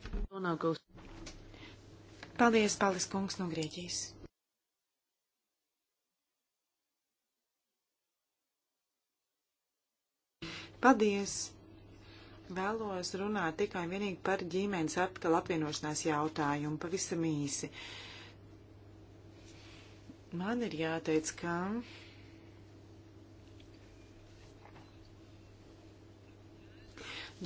Paldies, Palis kungs no Grieķijas. Paldies! Vēlos runāt tikai un vienīgi par ģimenes atkal apvienošanās jautājumu, pavisam īsi. Man ir jāteic, ka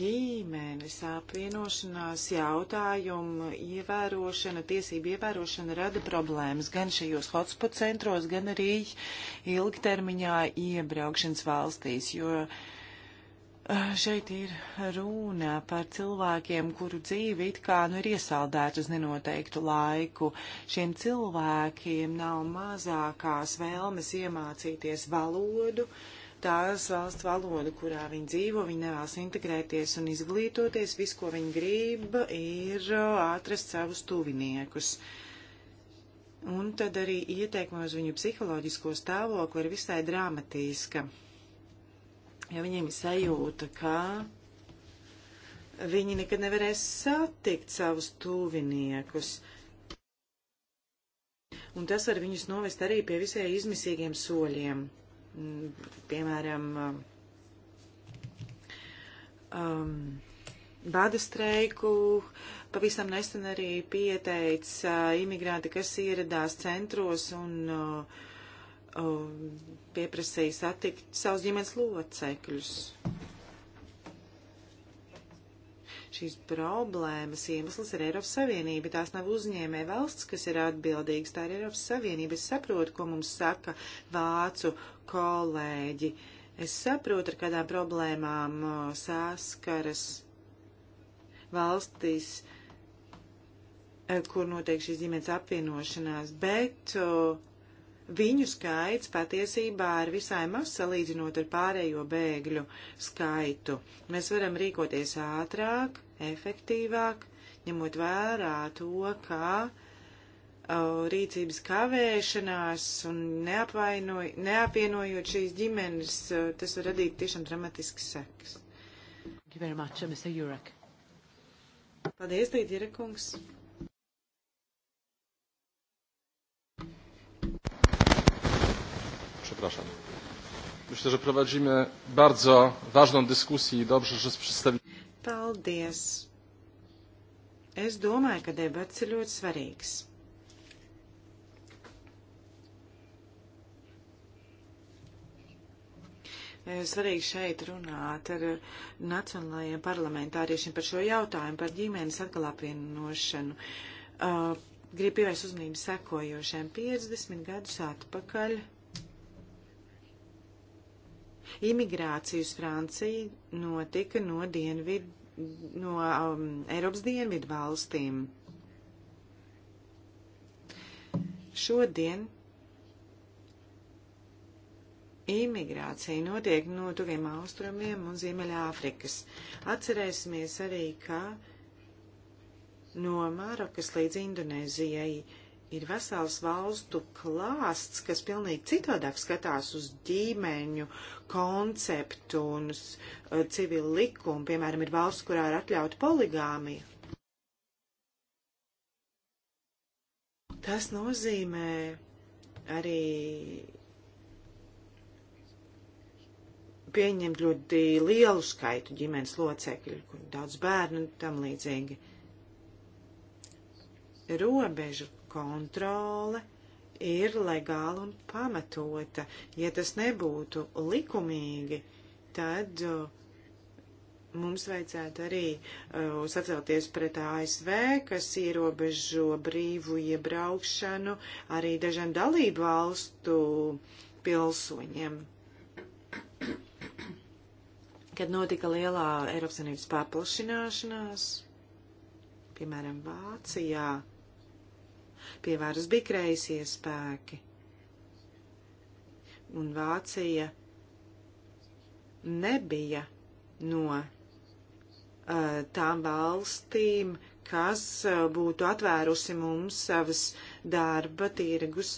Ģimenes apvienošanās jautājumu ievērošana, tiesību ievērošana rada problēmas gan šajos hotspot centros, gan arī ilgtermiņā iebraukšanas valstīs, jo eh, šeit ir runa par cilvēkiem, kuru dzīve it kā nu ir iesaldēta uz nenoteiktu laiku. Šiem cilvēkiem nav mazākās vēlmes iemācīties valodu. Uh, tās valsts valodu, kurā viņi dzīvo, viņi nevēlas integrēties un izglītoties. Viss, ko viņi grib, ir uh, atrast savus tuviniekus. Un tad arī ieteikumi uz viņu psiholoģisko stāvokli ir visai dramatiska. Ja viņiem ir sajūta, ka viņi nekad nevarēs satikt savus tuviniekus, un tas var viņus novest arī pie visai izmisīgiem soļiem piemēram, um, bada streiku. Pavisam nesen arī pieteica imigranti, kas ieradās centros un uh, uh pieprasīja satikt savus ģimenes locekļus. Šīs problēmas iemesls ir Eiropas Savienība. Tās nav uzņēmē valsts, kas ir atbildīgas. Tā ir Eiropas Savienība. Es saprotu, ko mums saka vācu kolēģi. Es saprotu, ar kādām problēmām uh, saskaras valstis, uh, kur notiek šīs ģimenes apvienošanās, bet uh, viņu skaits patiesībā ir visai maz salīdzinot ar pārējo bēgļu skaitu. Mēs varam rīkoties ātrāk, efektīvāk, ņemot vērā to, ka uh, rīcības kavēšanās un neapvienojot šīs ģimenes, uh, tas var radīt tiešām dramatisks seks. Uh, Paldies, Līdz Irekungs. Przepraszam. Myślę, że prowadzimy bardzo ważną dyskusję i dobrze, że z przedstawicielami. Paldies! Es domāju, ka debats ir ļoti svarīgs. Eh, svarīgi šeit runāt ar nacionālajiem parlamentāriešiem par šo jautājumu, par ģimenes atkal apvienošanu. Uh, eh, gribu pievērst uzmanību sekojošiem 50 gadus atpakaļ. Uh, Imigrācija uz Franciju notika no, dienvid, no um, Eiropas dienvidu valstīm. Šodien imigrācija notiek no tuviem austrumiem un Ziemeļāfrikas. Atcerēsimies arī, ka no Marokas līdz Indonēzijai ir vesels valstu klāsts, kas pilnīgi citādāk skatās uz ģimeņu konceptu un uz uh, civilu likumu. Piemēram, ir valsts, kurā ir atļauta poligāmija. Tas nozīmē arī pieņemt ļoti lielu skaitu ģimenes locekļu, kur daudz bērnu un tam līdzīgi. Robežu kontrole ir legāla un pamatota. Ja tas nebūtu likumīgi, tad uh, mums vajadzētu arī uh, sacelties pret ASV, kas ierobežo brīvu iebraukšanu arī dažiem dalību valstu pilsoņiem. Kad notika lielā Eiropas Savienības paplašināšanās, piemēram, Vācijā, Pie varas bija kreisie spēki. Un Vācija nebija no uh, tām valstīm, kas uh, būtu atvērusi mums savas darba tirgus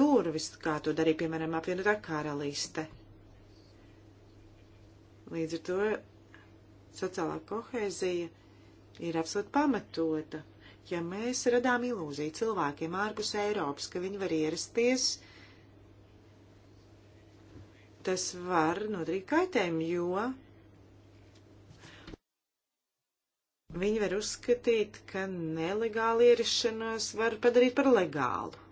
durvis, kā to darīja, piemēram, apvienotā karaliste. Līdz ar to sociālā kohēzija ir absolūti pamatota. Ja mēs radām ilūziju cilvēkiem ārpus Eiropas, ka viņi var ierasties, tas var nodarīt kaitējumu, jo viņi var uzskatīt, ka nelegāli ierašanos var padarīt par legālu.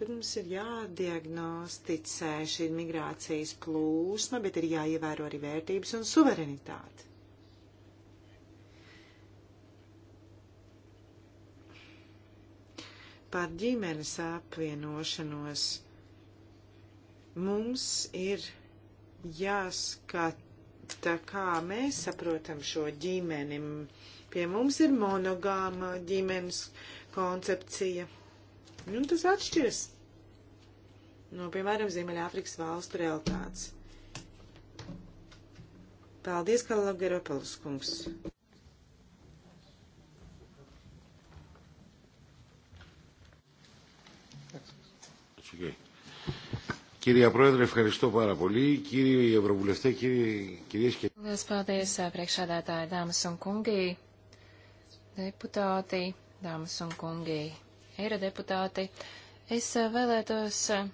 Tad mums ir jādiagnosticē šī migrācijas plūsma, bet ir jāievēro arī vērtības un suverenitāte. Par ģimenes apvienošanos mums ir jāskata, kā mēs saprotam šo ģimeni. Pie mums ir monogāma ģimenes koncepcija. Nu, tas atšķiras no, nu, piemēram, Ziemeļāfrikas valstu realitātes. Paldies, Kalagaropalus kungs! Κύριε Πρόεδρε, ευχαριστώ πάρα πολύ. Κύριοι Ευρωβουλευτέ, κύριοι, κυρίες και... Lielas paldies, priekšādātāji, dāmas un kungi, deputāti, dāmas un kungi eirodeputāti. Es eh, vēlētos eh,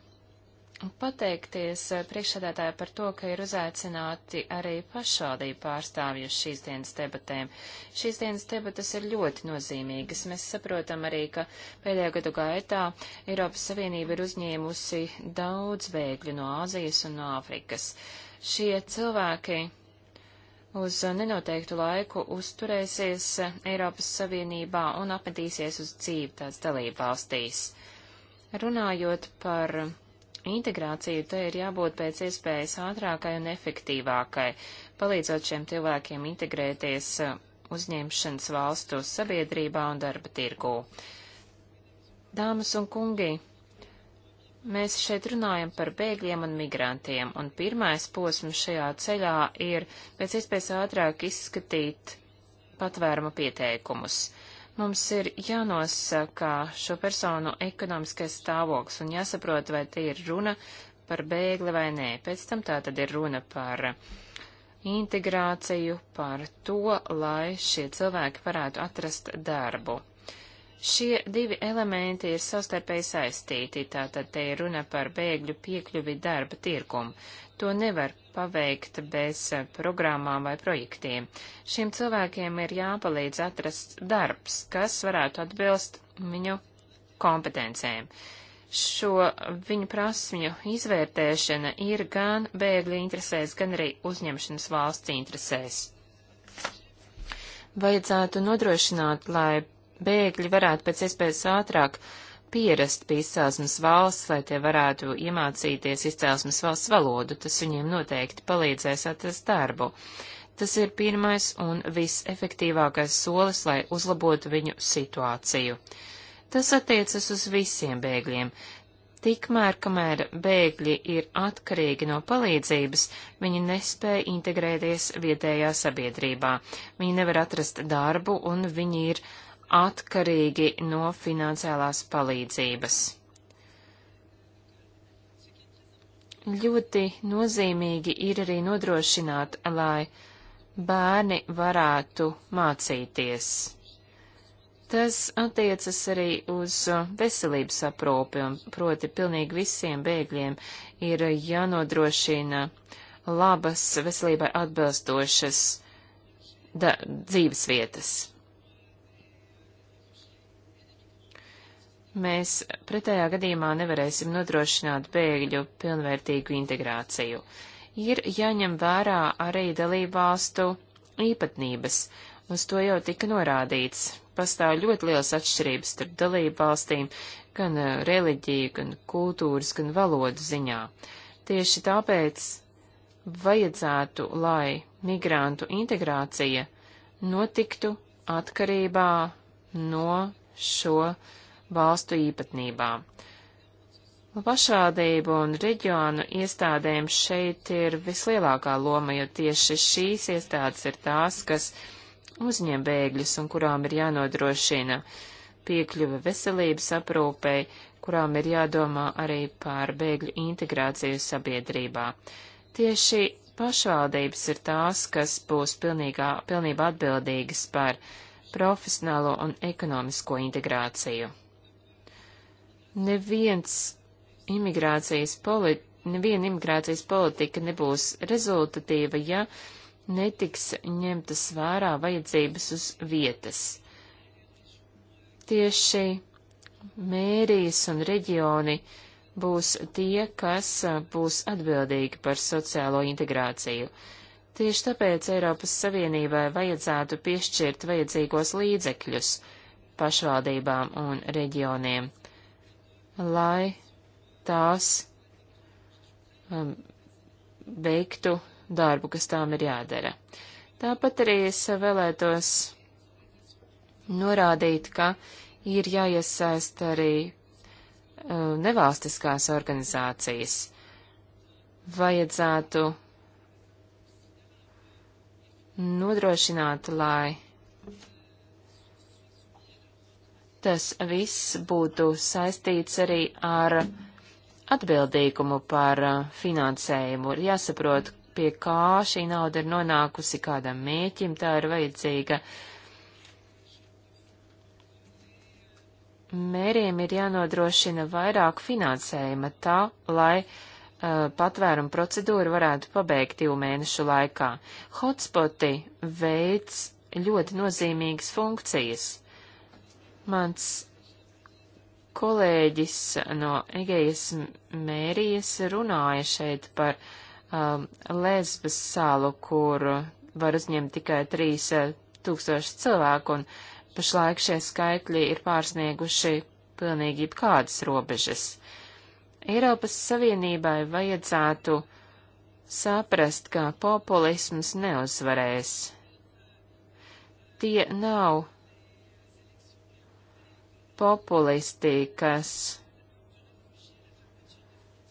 pateikties eh, priekšsēdētāju par to, ka ir uzaicināti arī pašvaldību pārstāvju šīs dienas debatēm. Šīs dienas debatas ir ļoti nozīmīgas. Mēs saprotam arī, ka pēdējo gadu gaitā Eiropas Savienība ir uzņēmusi daudz bēgļu no Āzijas un no Āfrikas. Šie cilvēki uz nenoteiktu laiku uzturēsies Eiropas Savienībā un apmetīsies uz dzīvi tās dalībvalstīs. Runājot par integrāciju, tai ir jābūt pēc iespējas ātrākai un efektīvākai, palīdzot šiem cilvēkiem integrēties uzņemšanas valstu sabiedrībā un darba tirgū. Dāmas un kungi, Mēs šeit runājam par bēgļiem un migrantiem, un pirmais posms šajā ceļā ir pēc iespējas ātrāk izskatīt patvēruma pieteikumus. Mums ir jānosaka šo personu ekonomiskais stāvoklis un jāsaprot, vai tie ir runa par bēgli vai nē. Pēc tam tā tad ir runa par integrāciju, par to, lai šie cilvēki varētu atrast darbu. Šie divi elementi ir savstarpēji saistīti, tātad te ir runa par bēgļu piekļuvi darba tirkumu. To nevar paveikt bez eh, programmām vai projektiem. Šiem cilvēkiem ir jāpalīdz atrast darbs, kas varētu atbilst viņu kompetencēm. Šo viņu prasmju izvērtēšana ir gan bēgļu interesēs, gan arī uzņemšanas valsts interesēs. Vajadzētu nodrošināt, lai bēgļi varētu pēc iespējas ātrāk pierast pie izcelsmes valsts, lai tie varētu iemācīties izcelsmes valsts valodu, tas viņiem noteikti palīdzēs atrast darbu. Tas ir pirmais un visefektīvākais solis, lai uzlabotu viņu situāciju. Tas attiecas uz visiem bēgļiem. Tikmēr, kamēr bēgļi ir atkarīgi no palīdzības, viņi nespēja integrēties vietējā sabiedrībā, viņi nevar atrast darbu un viņi ir uh, atkarīgi no finansiālās palīdzības. Ļoti nozīmīgi ir arī nodrošināt, lai bērni varētu mācīties. Tas attiecas arī uz veselības aprūpi, un proti pilnīgi visiem bēgļiem ir jānodrošina labas veselībai atbilstošas dzīves vietas. Mēs pretējā gadījumā nevarēsim nodrošināt bēgļu pilnvērtīgu integrāciju. Ir jāņem vērā arī dalībvalstu īpatnības. Uz to jau tika norādīts. Pastāv ļoti liels atšķirības starp dalībvalstīm gan uh, reliģiju, gan kultūras, gan valodu ziņā. Tieši tāpēc vajadzētu, lai migrantu integrācija notiktu atkarībā no šo valstu īpatnībām. Pašvaldību un reģionu iestādēm šeit ir vislielākā loma, jo tieši šīs iestādes ir tās, kas uzņem bēgļus un kurām ir jānodrošina piekļuve veselības aprūpei, kurām ir jādomā arī par bēgļu integrāciju sabiedrībā. Tieši pašvaldības ir tās, kas būs pilnīgā, pilnībā atbildīgas par profesionālo un ekonomisko integrāciju. Neviens imigrācijas politika, neviena imigrācijas politika nebūs rezultatīva, ja netiks ņemtas vērā vajadzības uz vietas. Tieši mērijas un reģioni būs tie, kas būs atbildīgi par sociālo integrāciju. Tieši tāpēc Eiropas Savienībai vajadzētu piešķirt vajadzīgos līdzekļus pašvaldībām un reģioniem lai tās um, veiktu darbu, kas tām ir jādara. Tāpat arī es vēlētos norādīt, ka ir jāiesaist arī um, nevalstiskās organizācijas. Vajadzētu nodrošināt, lai tas viss būtu saistīts arī ar atbildīgumu par uh, finansējumu. Ir jāsaprot, pie kā šī nauda ir nonākusi, kādam mēķim tā ir vajadzīga. Mēriem ir jānodrošina vairāk finansējuma tā, lai uh, patvērumu procedūru varētu pabeigt divu mēnešu laikā. Hotspoti veids ļoti nozīmīgas funkcijas. Mans kolēģis no Egejas mērijas runāja šeit par um, Lesbas salu, kur var uzņemt tikai 3000 uh, cilvēku, un pašlaik šie skaitļi ir pārsnieguši pilnīgi jebkādas robežas. Eiropas Savienībai vajadzētu saprast, ka populisms neuzvarēs. Tie nav populisti, kas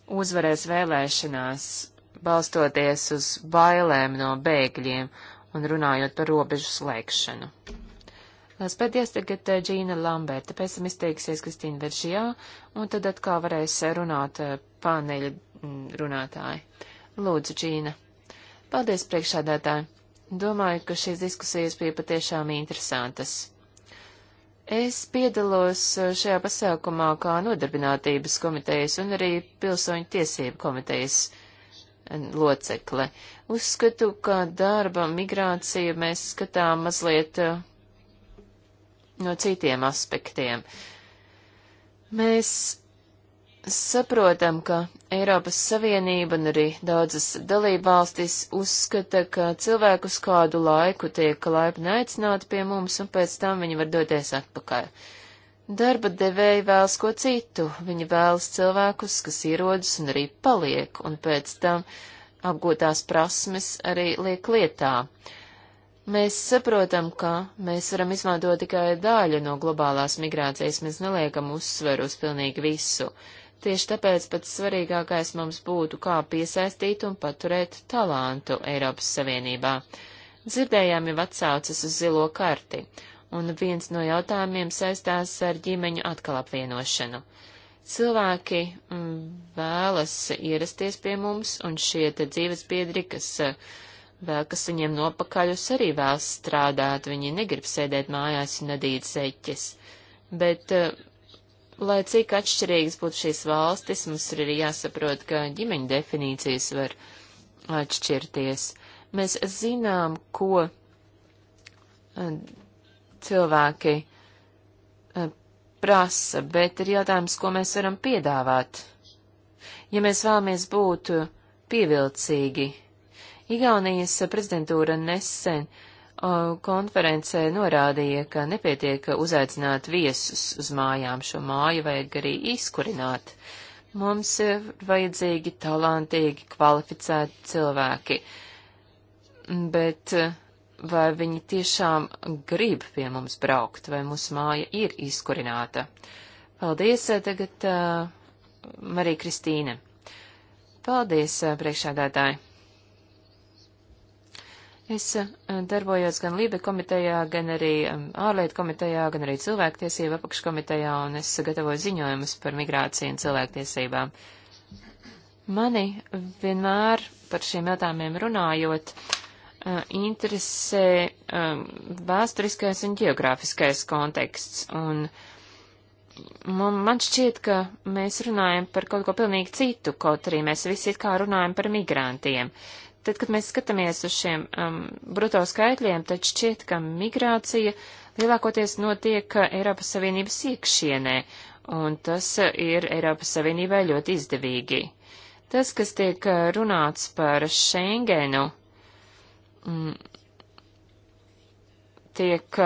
uzvarēs vēlēšanās, balstoties uz bailēm no bēgļiem un runājot par robežu slēgšanu. Lās pēdējais tagad eh, Džīna Lamberta, pēc tam izteiksies Kristīna Veržijā, un tad atkal varēs eh, runāt eh, pāneļa mm, runātāji. Lūdzu, Džīna. Paldies, priekšādātāji. Domāju, ka šīs diskusijas bija patiešām interesantas. Es piedalos eh, šajā pasākumā kā nodarbinātības komitejas un arī pilsoņu tiesību komitejas eh, locekle. Uzskatu, ka darba migrāciju mēs skatām mazliet eh, no citiem aspektiem. Mēs saprotam, ka Eiropas Savienība un arī daudzas dalībvalstis uzskata, ka cilvēku uz kādu laiku tiek laipni aicināti pie mums, un pēc tam viņi var doties atpakaļ. Darba devēji vēlas ko citu, viņi vēlas cilvēkus, kas ierodas un arī paliek, un pēc tam apgūtās prasmes arī liek lietā. Mēs saprotam, ka mēs varam izmantot tikai daļu no globālās migrācijas, mēs neliekam uzsveru uz pilnīgi visu. Uh, Tieši tāpēc pats svarīgākais mums būtu, kā piesaistīt un paturēt talantu Eiropas Savienībā. Dzirdējām jau atsaucas uz zilo karti, un viens no jautājumiem saistās ar ģimeņu atkal apvienošanu. Cilvēki mm, vēlas ierasties pie mums, un šie te dzīves biedri, kas eh, vēl kas viņiem nopakaļus, arī vēlas strādāt, viņi negrib sēdēt mājās un adīt zeķes. Bet eh, lai cik atšķirīgas būtu šīs valstis, mums ir jāsaprot, ka ģimeņa definīcijas var atšķirties. Mēs zinām, ko eh, cilvēki eh, prasa, bet ir jautājums, ko mēs varam piedāvāt. Ja mēs vēlamies būt pievilcīgi, Igaunijas prezidentūra nesen uh, konferencē norādīja, ka nepietiek uzaicināt viesus uz mājām, šo māju vajag arī izkurināt. Mums ir vajadzīgi talantīgi, kvalificēti cilvēki, bet vai viņi tiešām grib pie mums braukt, vai mūsu māja ir izkurināta? Paldies, eh, tagad uh, Marija Kristīne. Paldies, eh, priekšādātāji. Es eh, darbojos gan Lībe komitejā, gan arī eh, ārlietu komitejā, gan arī cilvēktiesību apakškomitejā, un es gatavoju ziņojumus par migrāciju un cilvēktiesībām. Mani vienmēr par šiem jautājumiem runājot, eh, interesē um, vēsturiskais un geogrāfiskais konteksts. Un man, man šķiet, ka mēs runājam par kaut ko pilnīgi citu, kaut arī mēs visi it kā runājam par migrantiem. Tad, kad mēs skatāmies uz šiem um, bruto skaitļiem, tad šķiet, ka migrācija lielākoties notiek uh, Eiropas Savienības iekšienē, un tas uh, ir Eiropas Savienībai ļoti izdevīgi. Tas, kas tiek uh, runāts par Schengenu, mm, tiek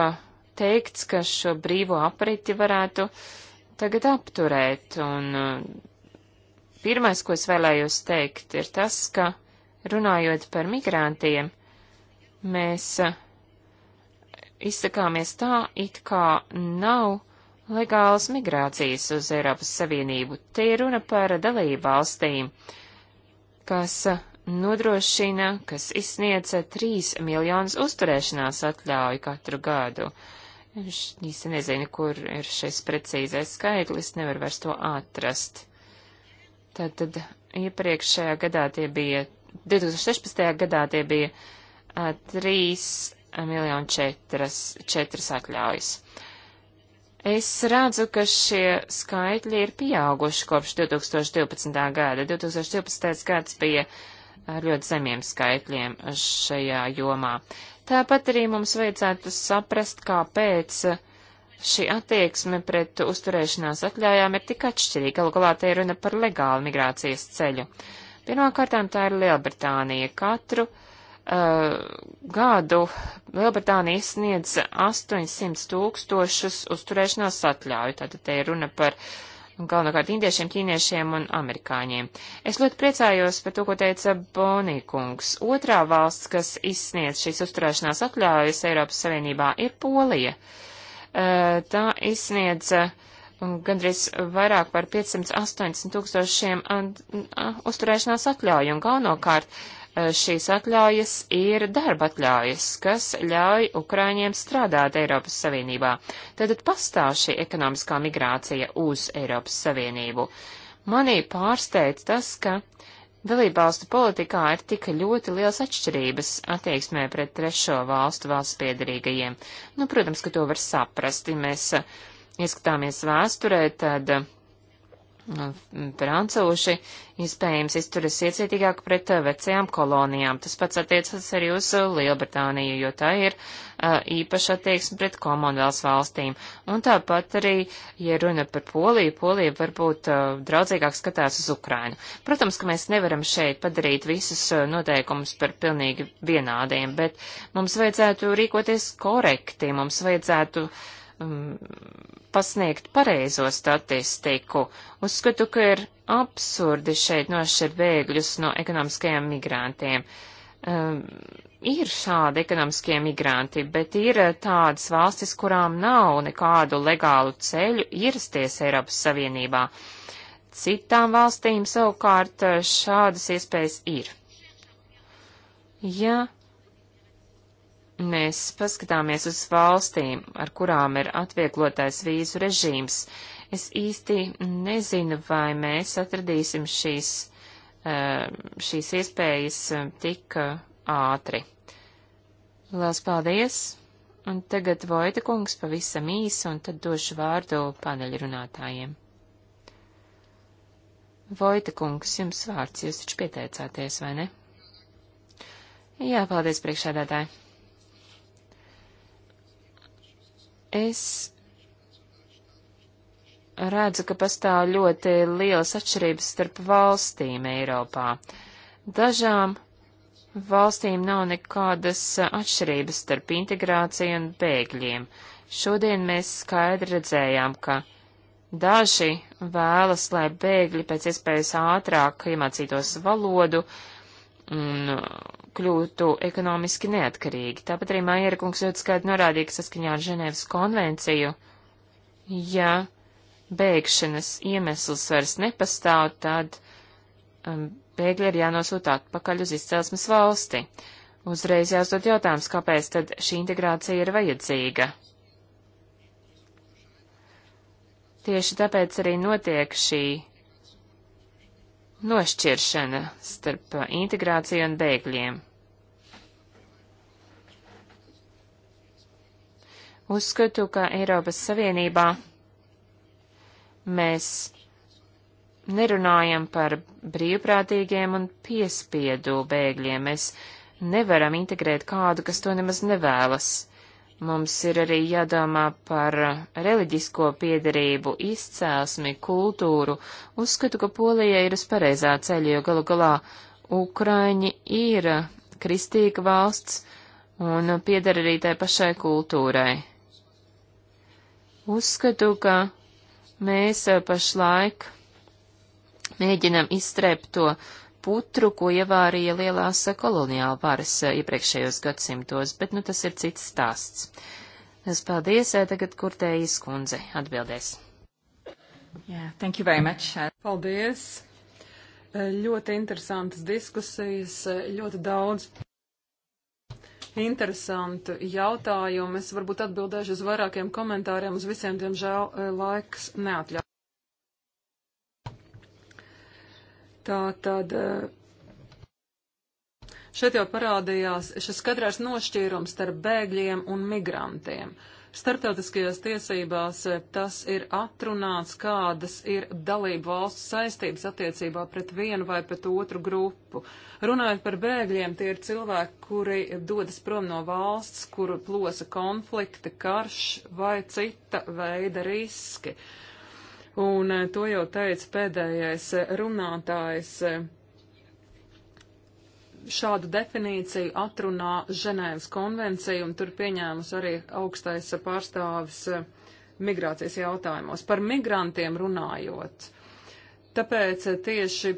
teikts, ka šo brīvo apriti varētu tagad apturēt, un pirmais, ko es vēlējos teikt, ir tas, ka runājot par migrantiem, mēs izsakāmies tā, it kā nav legālas migrācijas uz Eiropas Savienību. Te ir runa par dalību valstīm, kas nodrošina, kas izsniedz 3 miljonus uzturēšanās atļauju katru gadu. Es īsti nezinu, kur ir šis precīzais skaitlis, nevar vairs to atrast. Tad, tad iepriekšējā gadā tie bija 2016. gadā tie bija uh, 3 miljoni 4, 4 atļaujas. Es redzu, ka šie skaitļi ir pieauguši kopš 2012. gada. 2012. gads bija ar ļoti zemiem skaitļiem šajā jomā. Tāpat arī mums vajadzētu saprast, kāpēc šī attieksme pret uzturēšanās atļaujām ir tik atšķirīga. Galu galā te ir runa par legālu migrācijas ceļu. Uh, Pirmkārtām tā ir Lielbritānija. Katru uh, gadu Lielbritānija izsniedz 800 tūkstošus uzturēšanās atļauju. Tātad te ir runa par galvenokārt indiešiem, ķīniešiem un amerikāņiem. Es ļoti priecājos par to, ko teica Bonīkungs. Otrā valsts, kas izsniedz šīs uzturēšanās atļaujas Eiropas Savienībā, ir Polija. Uh, tā izsniedz uh, gandrīz vairāk par 580 tūkstošiem uzturēšanās atļauju, un galvenokārt šīs atļaujas ir darba atļaujas, kas ļauj Ukraiņiem strādāt Eiropas Savienībā. Tad pastāv šī ekonomiskā migrācija uz Eiropas Savienību. Manī pārsteidz tas, ka dalībvalstu politikā ir tik ļoti liels atšķirības attieksmē pret trešo valstu valsts piedarīgajiem. Nu, protams, ka to var saprast, ja mēs uh, ieskatāmies vēsturē, tad nu, francūši iespējams izturas iecietīgāk pret eh, vecajām kolonijām. Tas pats attiecas arī uz eh, Lielbritāniju, jo tā ir uh, īpaša attieksme pret Commonwealth valstīm. Un tāpat arī, ja runa par Poliju, Polija varbūt uh, draudzīgāk skatās uz Ukrainu. Protams, ka mēs nevaram šeit padarīt visus noteikumus par pilnīgi vienādiem, bet mums vajadzētu rīkoties korekti, mums vajadzētu uh, um, pasniegt pareizo statistiku. Uzskatu, ka ir absurdi šeit nošķirt bēgļus no ekonomiskajiem migrantiem. Um, ir šādi ekonomiskie migranti, bet ir uh, tādas valstis, kurām nav nekādu legālu ceļu ierasties Eiropas Savienībā. Citām valstīm savukārt uh, šādas iespējas ir. Ja mēs paskatāmies uz valstīm, ar kurām ir atvieglotais vīzu režīms, es īsti nezinu, vai mēs atradīsim šīs, eh, šīs iespējas eh, tik eh, ātri. Lielas paldies! Un tagad Vojta kungs pavisam īsi, un tad došu vārdu paneļrunātājiem. Vojta kungs, jums vārds, jūs taču pieteicāties, vai ne? Jā, paldies priekšādātāji. Es redzu, ka pastāv ļoti lielas atšķirības starp valstīm Eiropā. Dažām valstīm nav nekādas atšķirības starp integrāciju un bēgļiem. Šodien mēs skaidri redzējām, ka daži vēlas, lai bēgļi pēc iespējas ātrāk iemācītos valodu un kļūtu ekonomiski neatkarīgi. Tāpat arī Maierkungs ļoti skaidri norādīja, ka saskaņā ar Ženēvas konvenciju, ja bēgšanas iemesls vairs nepastāv, tad um, bēgļi ir jānosūta atpakaļ uz izcelsmes valsti. Uzreiz jāuzdod jautājums, kāpēc tad šī integrācija ir vajadzīga. Tieši tāpēc arī notiek šī nošķiršana starp integrāciju un bēgļiem. Uzskatu, ka Eiropas Savienībā mēs nerunājam par brīvprātīgiem un piespiedu bēgļiem. Mēs nevaram integrēt kādu, kas to nemaz nevēlas. Mums ir arī jādomā par reliģisko piedarību, izcēlesmi, kultūru. Uzskatu, ka Polija ir uz pareizā ceļa, jo galu galā Ukraiņi ir kristīga valsts un pieder arī tai pašai kultūrai. Uzskatu, ka mēs eh, pašlaik mēģinam izstrēpt to putru, ko ievārīja lielās eh, koloniāla varas eh, iepriekšējos gadsimtos, bet nu tas ir cits stāsts. Es paldies, tagad kurtējas kundze atbildēs. Yeah, thank you very much. Paldies. Ļoti interesantas diskusijas, ļoti daudz interesantu jautājumu. Es varbūt atbildēšu uz vairākiem komentāriem, uz visiem, diemžēl, e, laiks neatļauj. Tā tad. E, šeit jau parādījās šis kadrās nošķīrums starp bēgļiem un migrantiem. Uh, Startautiskajās tiesībās eh, tas ir atrunāts, kādas ir dalību valsts saistības attiecībā pret vienu vai pret otru grupu. Runājot par bēgļiem, tie ir cilvēki, kuri dodas prom no valsts, kuru plosa konflikti, karš vai cita veida riski. Un eh, to jau teica pēdējais eh, runātājs šādu definīciju atrunā Ženēvas konvencija, un tur pieņēmus arī augstais pārstāvis eh, migrācijas jautājumos. Par migrantiem runājot. Tāpēc eh, tieši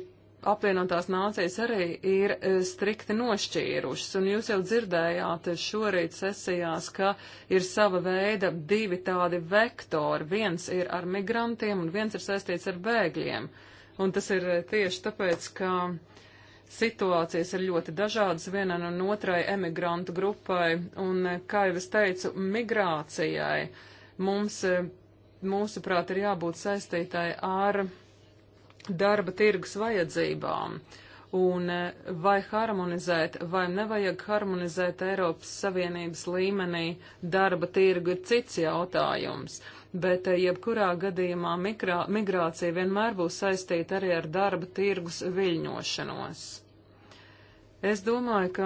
apvienotās nācijas arī ir eh, strikti nošķīrušas, un jūs jau dzirdējāt šorīt sesijās, ka ir sava veida divi tādi vektori. Viens ir ar migrantiem, un viens ir saistīts ar bēgļiem. Un tas ir tieši tāpēc, ka uh, Situācijas ir ļoti dažādas viena un no otrai emigrantu grupai, un, eh, kā jau es teicu, migrācijai mums, eh, mūsuprāt, ir jābūt saistītai ar darba tirgus vajadzībām. Un eh, vai harmonizēt vai nevajag harmonizēt Eiropas Savienības līmenī darba tirgu ir cits jautājums bet jebkurā gadījumā migrā, migrācija vienmēr būs saistīta arī ar darba tirgus viļņošanos. Es domāju, ka,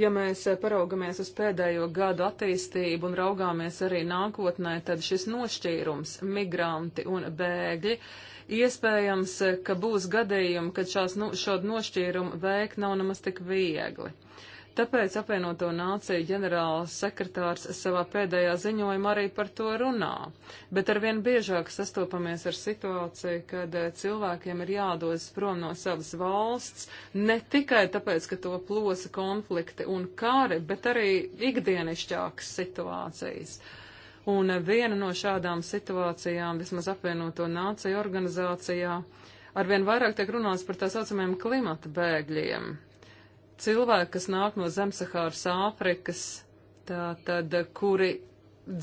ja mēs paraugamies uz pēdējo gadu attīstību un raugāmies arī nākotnē, tad šis nošķīrums - migranti un bēgļi. Iespējams, ka būs gadījumi, kad šās, nu, šo nošķīrumu veikt nav nemaz tik viegli. Uh, Tāpēc apvienoto nāciju ģenerāls sekretārs savā pēdējā ziņojumā arī par to runā. Bet arvien biežāk sastopamies ar situāciju, kad eh, cilvēkiem ir jādodas prom no savas valsts, ne tikai tāpēc, ka to plosa konflikti un kari, bet arī ikdienišķākas situācijas. Un eh, viena no šādām situācijām, vismaz apvienoto nāciju organizācijā, arvien vairāk tiek runāts par tā saucamajiem klimata bēgļiem cilvēki, kas nāk no Zemsahāras Āfrikas, tātad, kuri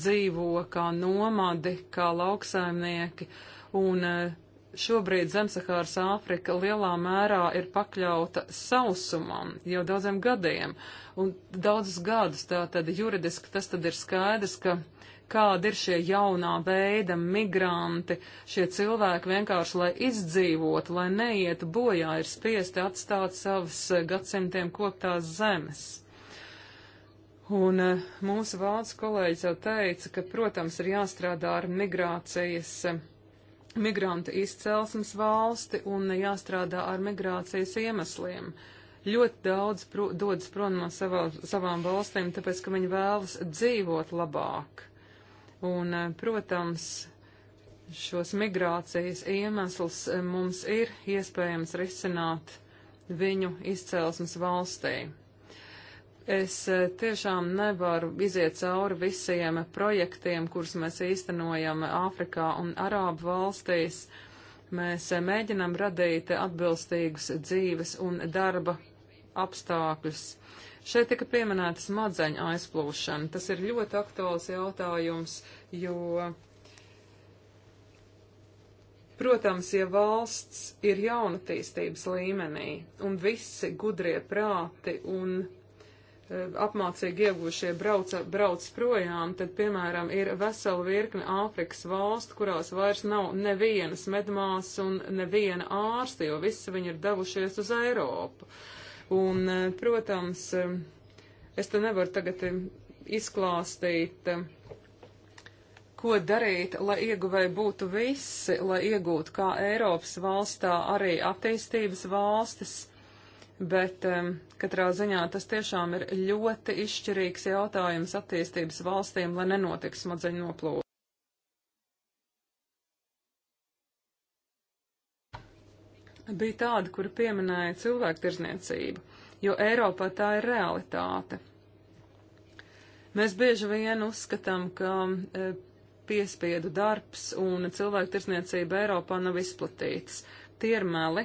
dzīvo kā nomadi, kā lauksaimnieki, un eh, šobrīd Zemsahāras Āfrika lielā mērā ir pakļauta sausumam jau daudziem gadiem, un daudzus gadus tātad juridiski tas tad ir skaidrs, ka kāda ir šie jaunā veida migranti. Šie cilvēki vienkārši, lai izdzīvotu, lai neietu bojā, ir spiesti atstāt savas gadsimtiem koptās zemes. Un eh, mūsu vācu kolēģis jau teica, ka, protams, ir jāstrādā ar migrācijas, eh, migrantu izcelsmes valsti un jāstrādā ar migrācijas iemesliem. Ļoti daudz pro, dodas prom no savā, savām valstīm, tāpēc, ka viņi vēlas dzīvot labāk. Un, eh, protams, šos migrācijas iemeslus eh, mums ir iespējams risināt viņu izcelsmes valstī. Es eh, tiešām nevaru iziet cauri visiem projektiem, kurus mēs īstenojam Āfrikā un Arābu valstīs. Mēs mēģinam radīt atbilstīgus dzīves un darba apstākļus. Šeit tika pieminētas madzeņa aizplūšana. Tas ir ļoti aktuāls jautājums, jo, protams, ja valsts ir jaunatīstības līmenī un visi gudrie prāti un e, apmācīgi ieguvušie brauc, brauc projām, tad, piemēram, ir vesela virkne Āfrikas valstu, kurās vairs nav nevienas medmās un neviena ārsta, jo visi viņi ir devušies uz Eiropu. Un, eh, protams, eh, es te nevaru tagad eh, izklāstīt, ko darīt, lai ieguvēji būtu visi, lai iegūtu kā Eiropas valstā arī attīstības valstis, bet um, katrā ziņā tas tiešām ir ļoti izšķirīgs jautājums attīstības valstīm, lai nenotiek smadzeņu noplūde. bija tāda, kura pieminēja cilvēktirzniecību, jo Eiropā tā ir realitāte. Mēs bieži vien uzskatām, ka e, piespiedu darbs un cilvēktirzniecība Eiropā nav izplatīts. Tie ir meli.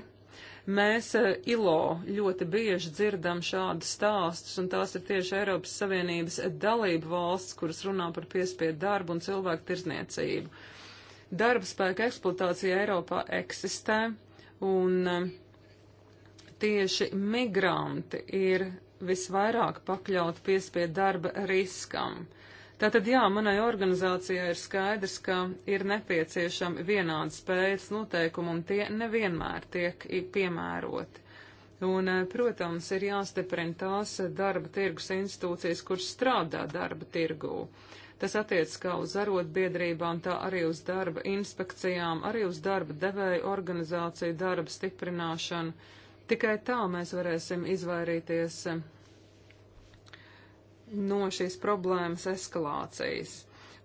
Mēs e, ILO ļoti bieži dzirdam šādus stāstus, un tās ir tieši Eiropas Savienības dalību valsts, kuras runā par piespiedu darbu un cilvēku tirzniecību. Darba spēka eksploatācija Eiropā eksistē, un e, tieši migranti ir visvairāk pakļauti piespiedu darba riskam. Tātad, jā, manai organizācijai ir skaidrs, ka ir nepieciešami vienādi spējas noteikumi, un tie nevienmēr tiek piemēroti. Un, e, protams, ir jāstiprina tās darba tirgus institūcijas, kuras strādā darba tirgū. Tas attiec kā uz arotbiedrībām, tā arī uz darba inspekcijām, arī uz darba devēju organizāciju, darba stiprināšanu. Tikai tā mēs varēsim izvairīties eh, no šīs problēmas eskalācijas.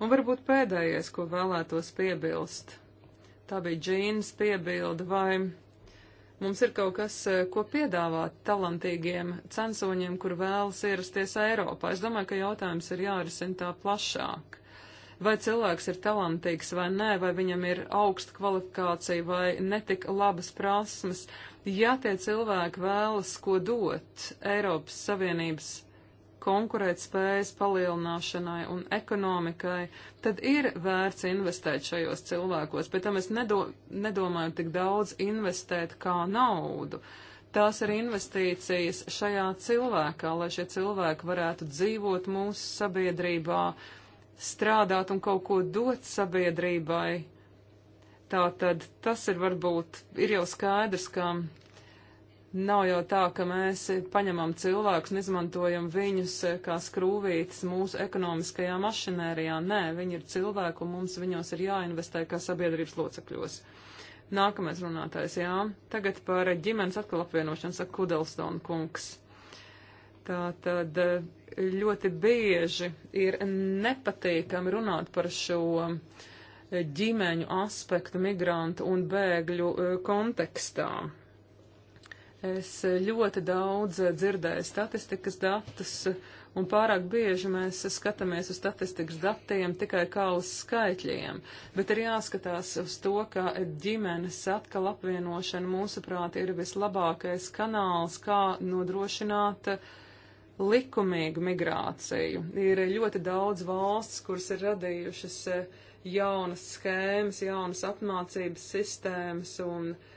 Un varbūt pēdējais, ko vēlētos piebilst, tā bija Džīnas piebilda vai Mums ir kaut kas, eh, ko piedāvāt talantīgiem censoņiem, kur vēlas ierasties Eiropā. Es domāju, ka jautājums ir jārisina tā plašāk. Vai cilvēks ir talantīgs vai nē, vai viņam ir augsta kvalifikācija vai netik labas prasmes, ja tie cilvēki vēlas ko dot Eiropas Savienības konkurētspējas palielināšanai un ekonomikai, tad ir vērts investēt šajos cilvēkos, bet tam es nedo, nedomāju tik daudz investēt kā naudu. Tās ir investīcijas šajā cilvēkā, lai šie cilvēki varētu dzīvot mūsu sabiedrībā, strādāt un kaut ko dot sabiedrībai. Tātad tas ir varbūt, ir jau skaidrs, ka Nav jau tā, ka mēs paņemam cilvēkus un izmantojam viņus eh, kā skrūvītas mūsu ekonomiskajā mašinērijā. Nē, viņi ir cilvēki un mums viņos ir jāinvestē kā sabiedrības locekļos. Nākamais runātājs, jā. Tagad par ģimenes atkal apvienošanu saka Kudelstone kungs. Tā tad eh, ļoti bieži ir nepatīkami runāt par šo eh, ģimeņu aspektu migrantu un bēgļu kontekstā. Es ļoti daudz dzirdēju statistikas datus, un pārāk bieži mēs skatāmies uz statistikas datiem tikai kā uz skaitļiem, bet ir jāskatās uz to, ka ģimenes atkal apvienošana, mūsuprāt, ir vislabākais kanāls, kā nodrošināt likumīgu migrāciju. Ir ļoti daudz valsts, kuras ir radījušas jaunas schēmas, jaunas apmācības sistēmas un uh,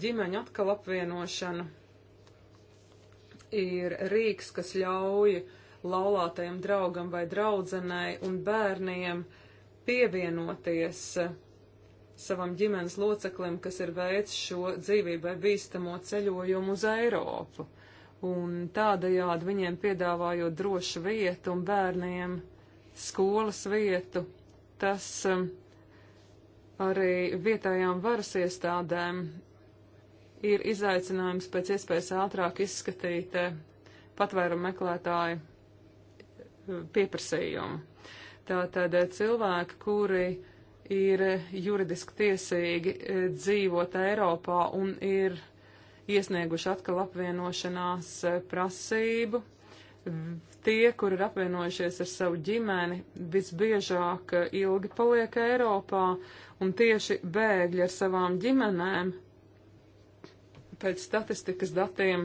ģimeņa atkal apvienošana ir rīks, kas ļauj laulātajam draugam vai draudzenei un bērniem pievienoties savam ģimenes loceklim, kas ir veids šo dzīvībai bīstamo ceļojumu uz Eiropu. Un tādējādi viņiem piedāvājot drošu vietu un bērniem skolas vietu, tas um, arī vietējām varas iestādēm ir izaicinājums pēc iespējas ātrāk izskatīt eh, patvērumu meklētāju eh, pieprasījumu. Tātad eh, cilvēki, kuri ir juridiski tiesīgi dzīvot Eiropā un ir iesnieguši atkal apvienošanās prasību, tie, kur ir apvienojušies ar savu ģimeni, visbiežāk ilgi paliek Eiropā, un tieši bēgļi ar savām ģimenēm pēc statistikas datiem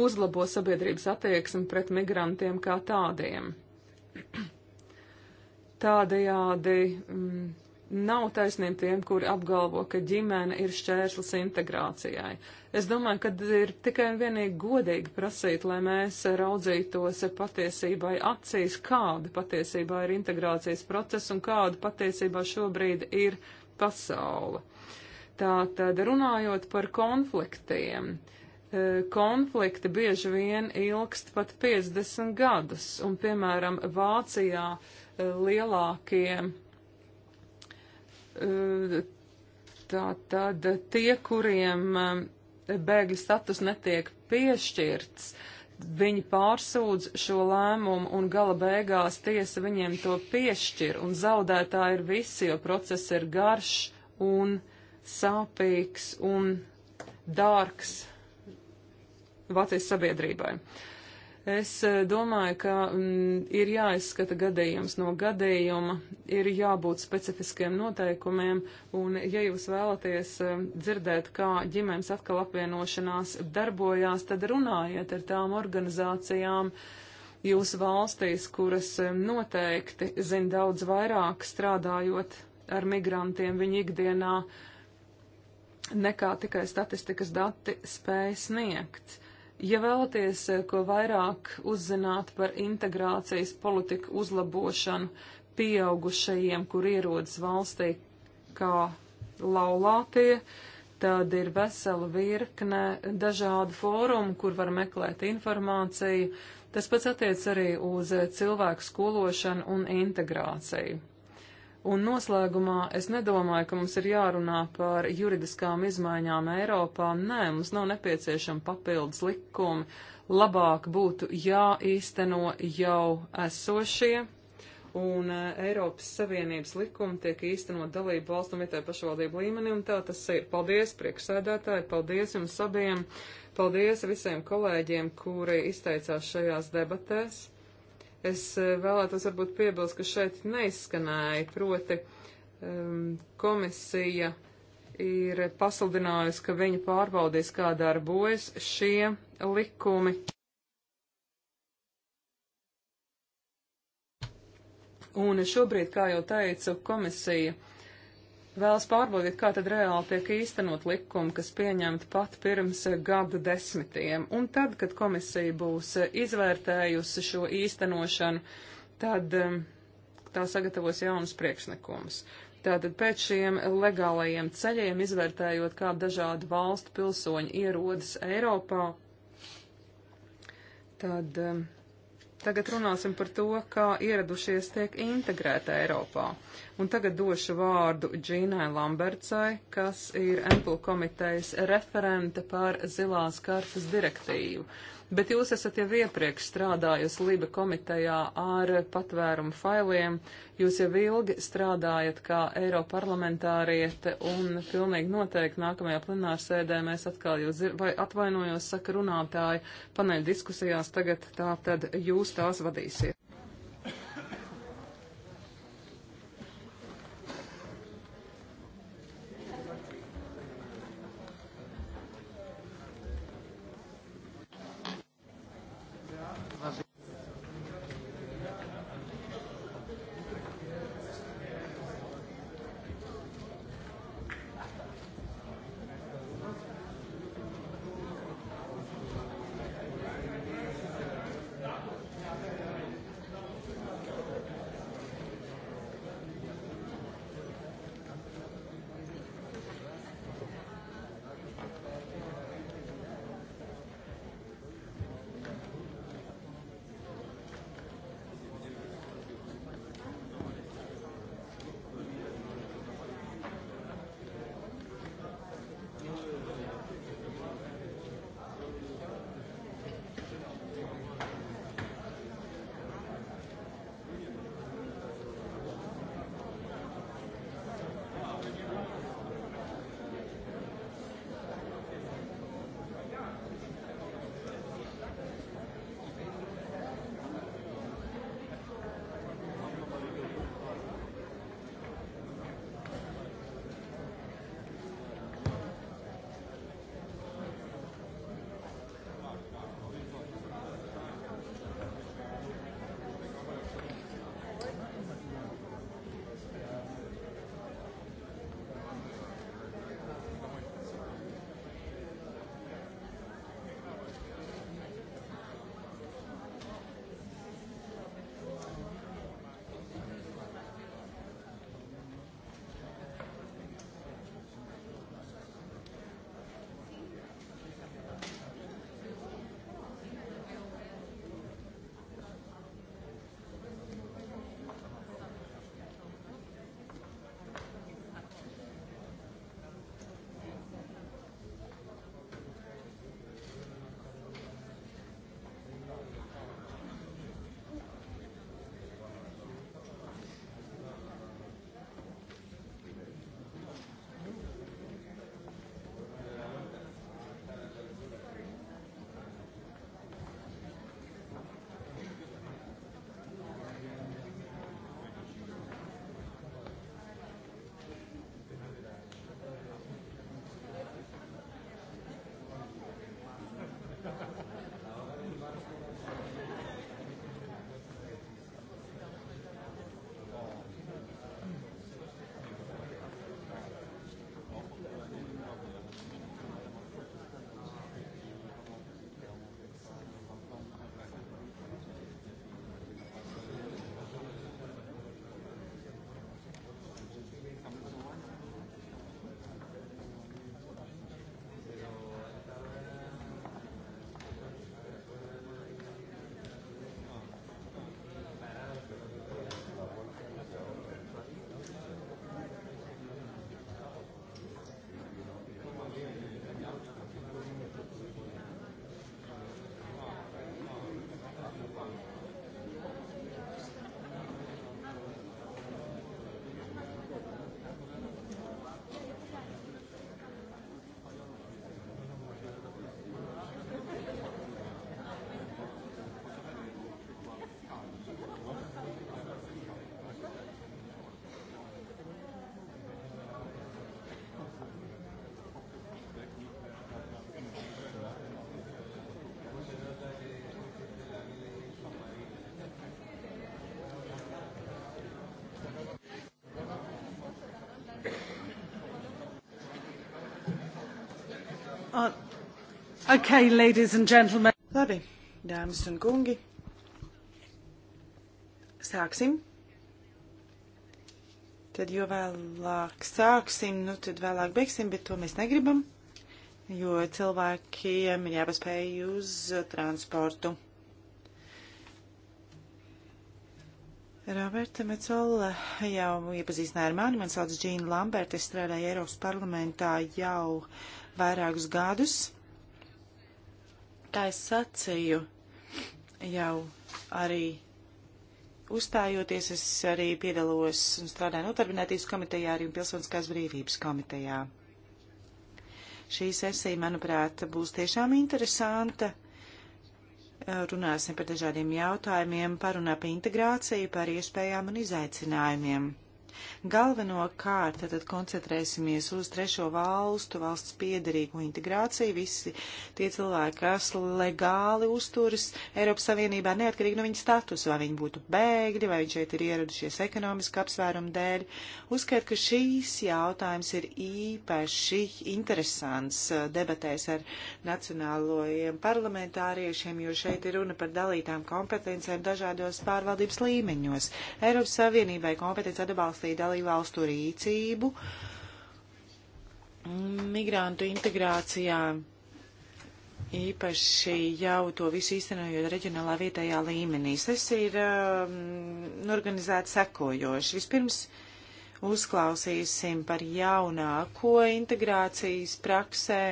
uzlabo sabiedrības attieksmi pret migrantiem kā tādiem. Tādējādi mm, nav taisnība tiem, kuri apgalvo, ka ģimene ir šķērslis integrācijai. Es domāju, ka ir tikai un vienīgi godīgi prasīt, lai mēs raudzītos patiesībai acīs, kāda patiesībā ir integrācijas process un kāda patiesībā šobrīd ir pasaule. Tātad runājot par konfliktiem. E, konflikti bieži vien ilgst pat 50 gadus, un, piemēram, Vācijā e, lielākie, e, tātad tie, kuriem bēgļu status netiek piešķirts, viņi pārsūdz šo lēmumu un gala beigās tiesa viņiem to piešķir, un zaudētāji ir visi, jo process ir garš un garš sāpīgs un dārgs Vācijas sabiedrībai. Es e, domāju, ka m, ir jāizskata gadījums no gadījuma, ir jābūt specifiskiem noteikumiem, un ja jūs vēlaties e, dzirdēt, kā ģimenes atkal apvienošanās darbojās, tad runājiet ar tām organizācijām jūsu valstīs, kuras e, noteikti zina daudz vairāk strādājot ar migrantiem viņu ikdienā nekā tikai statistikas dati spēj sniegt. Ja vēlaties eh, ko vairāk uzzināt par integrācijas politiku uzlabošanu pieaugušajiem, kur ierodas valstī kā laulātie, tad ir vesela virkne dažādu fórumu, kur var meklēt informāciju. Tas pats attiec arī uz eh, cilvēku skološanu un integrāciju. Un noslēgumā es nedomāju, ka mums ir jārunā par juridiskām izmaiņām Eiropā. Nē, mums nav nepieciešama papildus likumi. Labāk būtu jāīsteno jau esošie. Un e, Eiropas Savienības likumi tiek īstenot dalību valstu un vietēju pašvaldību līmenī, un tā tas ir. Paldies, priekšsēdētāji, paldies jums abiem, paldies visiem kolēģiem, kuri izteicās šajās debatēs. Es e, vēlētos varbūt piebilst, ka šeit neizskanēja, proti um, komisija ir pasludinājusi, ka viņa pārbaudīs, kā darbojas šie likumi. Un šobrīd, kā jau teicu, komisija vēlas pārbaudīt, kā tad reāli tiek īstenot likumi, kas pieņemti pat pirms eh, gadu desmitiem. Un tad, kad komisija būs eh, izvērtējusi šo īstenošanu, tad eh, tā sagatavos jaunus priekšnekumus. Tātad pēc šiem legālajiem ceļiem, izvērtējot, kā dažādu valstu pilsoņi ierodas Eiropā, tad um, Tagad runāsim par to, kā ieradušies tiek integrēta Eiropā. Un tagad došu vārdu Džīnai Lambertsai, kas ir Empul komitejas referente par zilās kartas direktīvu bet jūs esat jau iepriekš strādājusi Liba komitejā ar patvērumu failiem, jūs jau ilgi strādājat kā Eiroparlamentāriete un pilnīgi noteikti nākamajā plenārsēdē mēs atkal jūs, vai atvainojos, saka runātāji, paneļ diskusijās tagad tā tad jūs tās vadīsiet. Uh, okay, ladies and gentlemen. Labi, dāmas un kungi. Sāksim. Tad jo vēlāk sāksim, nu tad vēlāk beigsim, bet to mēs negribam, jo cilvēkiem ir jāpaspēj uz transportu. Roberta Mecola jau iepazīstināja ar mani. Man sauc Džīna Lamberta. Es strādāju Eiropas parlamentā jau vairākus gadus. Kā es sacīju, jau arī uzstājoties, es arī piedalos un strādāju notarbinātības komitejā, arī pilsoniskās brīvības komitejā. Šī sesija, manuprāt, būs tiešām interesanta runāsim par dažādiem jautājumiem, parunā par integrāciju, par iespējām un izaicinājumiem. Galvenokārt tad koncentrēsimies uz trešo valstu, valsts piedarīgu integrāciju. Visi tie cilvēki, kas legāli uzturas Eiropas Savienībā, neatkarīgi no viņa statusa, vai viņi būtu bēgļi, vai viņi šeit ir ieradušies ekonomiski apsvērumu dēļ. Uzskat, ka šīs jautājums ir īpaši interesants uh, debatēs ar nacionālojiem parlamentāriešiem, jo šeit ir runa par dalītām kompetencēm dažādos pārvaldības līmeņos. Eiropas Savienībai kompetence atbalsta atbalstīt dalībvalstu rīcību migrantu integrācijā, īpaši jau to visu īstenojot reģionālā vietējā līmenī. Tas ir um, organizēts sekojoši. Vispirms uzklausīsim par jaunāko integrācijas praksē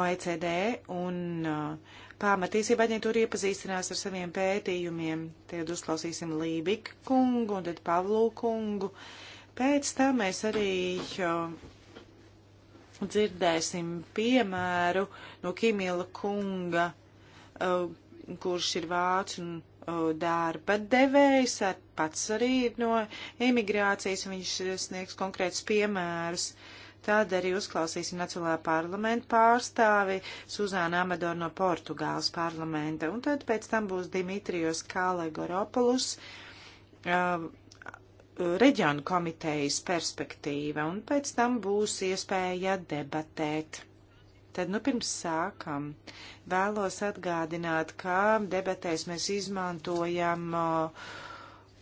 OECD un uh, Pamatīsība aģentūra iepazīstinās ar saviem pētījumiem. Tad uzklausīsim Lībika kungu un tad Pavlu kungu. Pēc tam mēs arī dzirdēsim piemēru no Kimila kunga, kurš ir vācu un darba devējs, pats arī ir no emigrācijas, un viņš sniegs konkrētus piemērus. Uh, Tad arī uzklausīsim Nacionālā parlamenta pārstāvi Suzānu Amadoru no Portugāles parlamenta. Un tad pēc tam būs Dimitrijos Kālegoropulus uh, um, reģionu komitejas perspektīva. Un pēc tam būs iespēja debatēt. Tad, nu, pirms sākam, vēlos atgādināt, ka debatēs mēs izmantojam uh,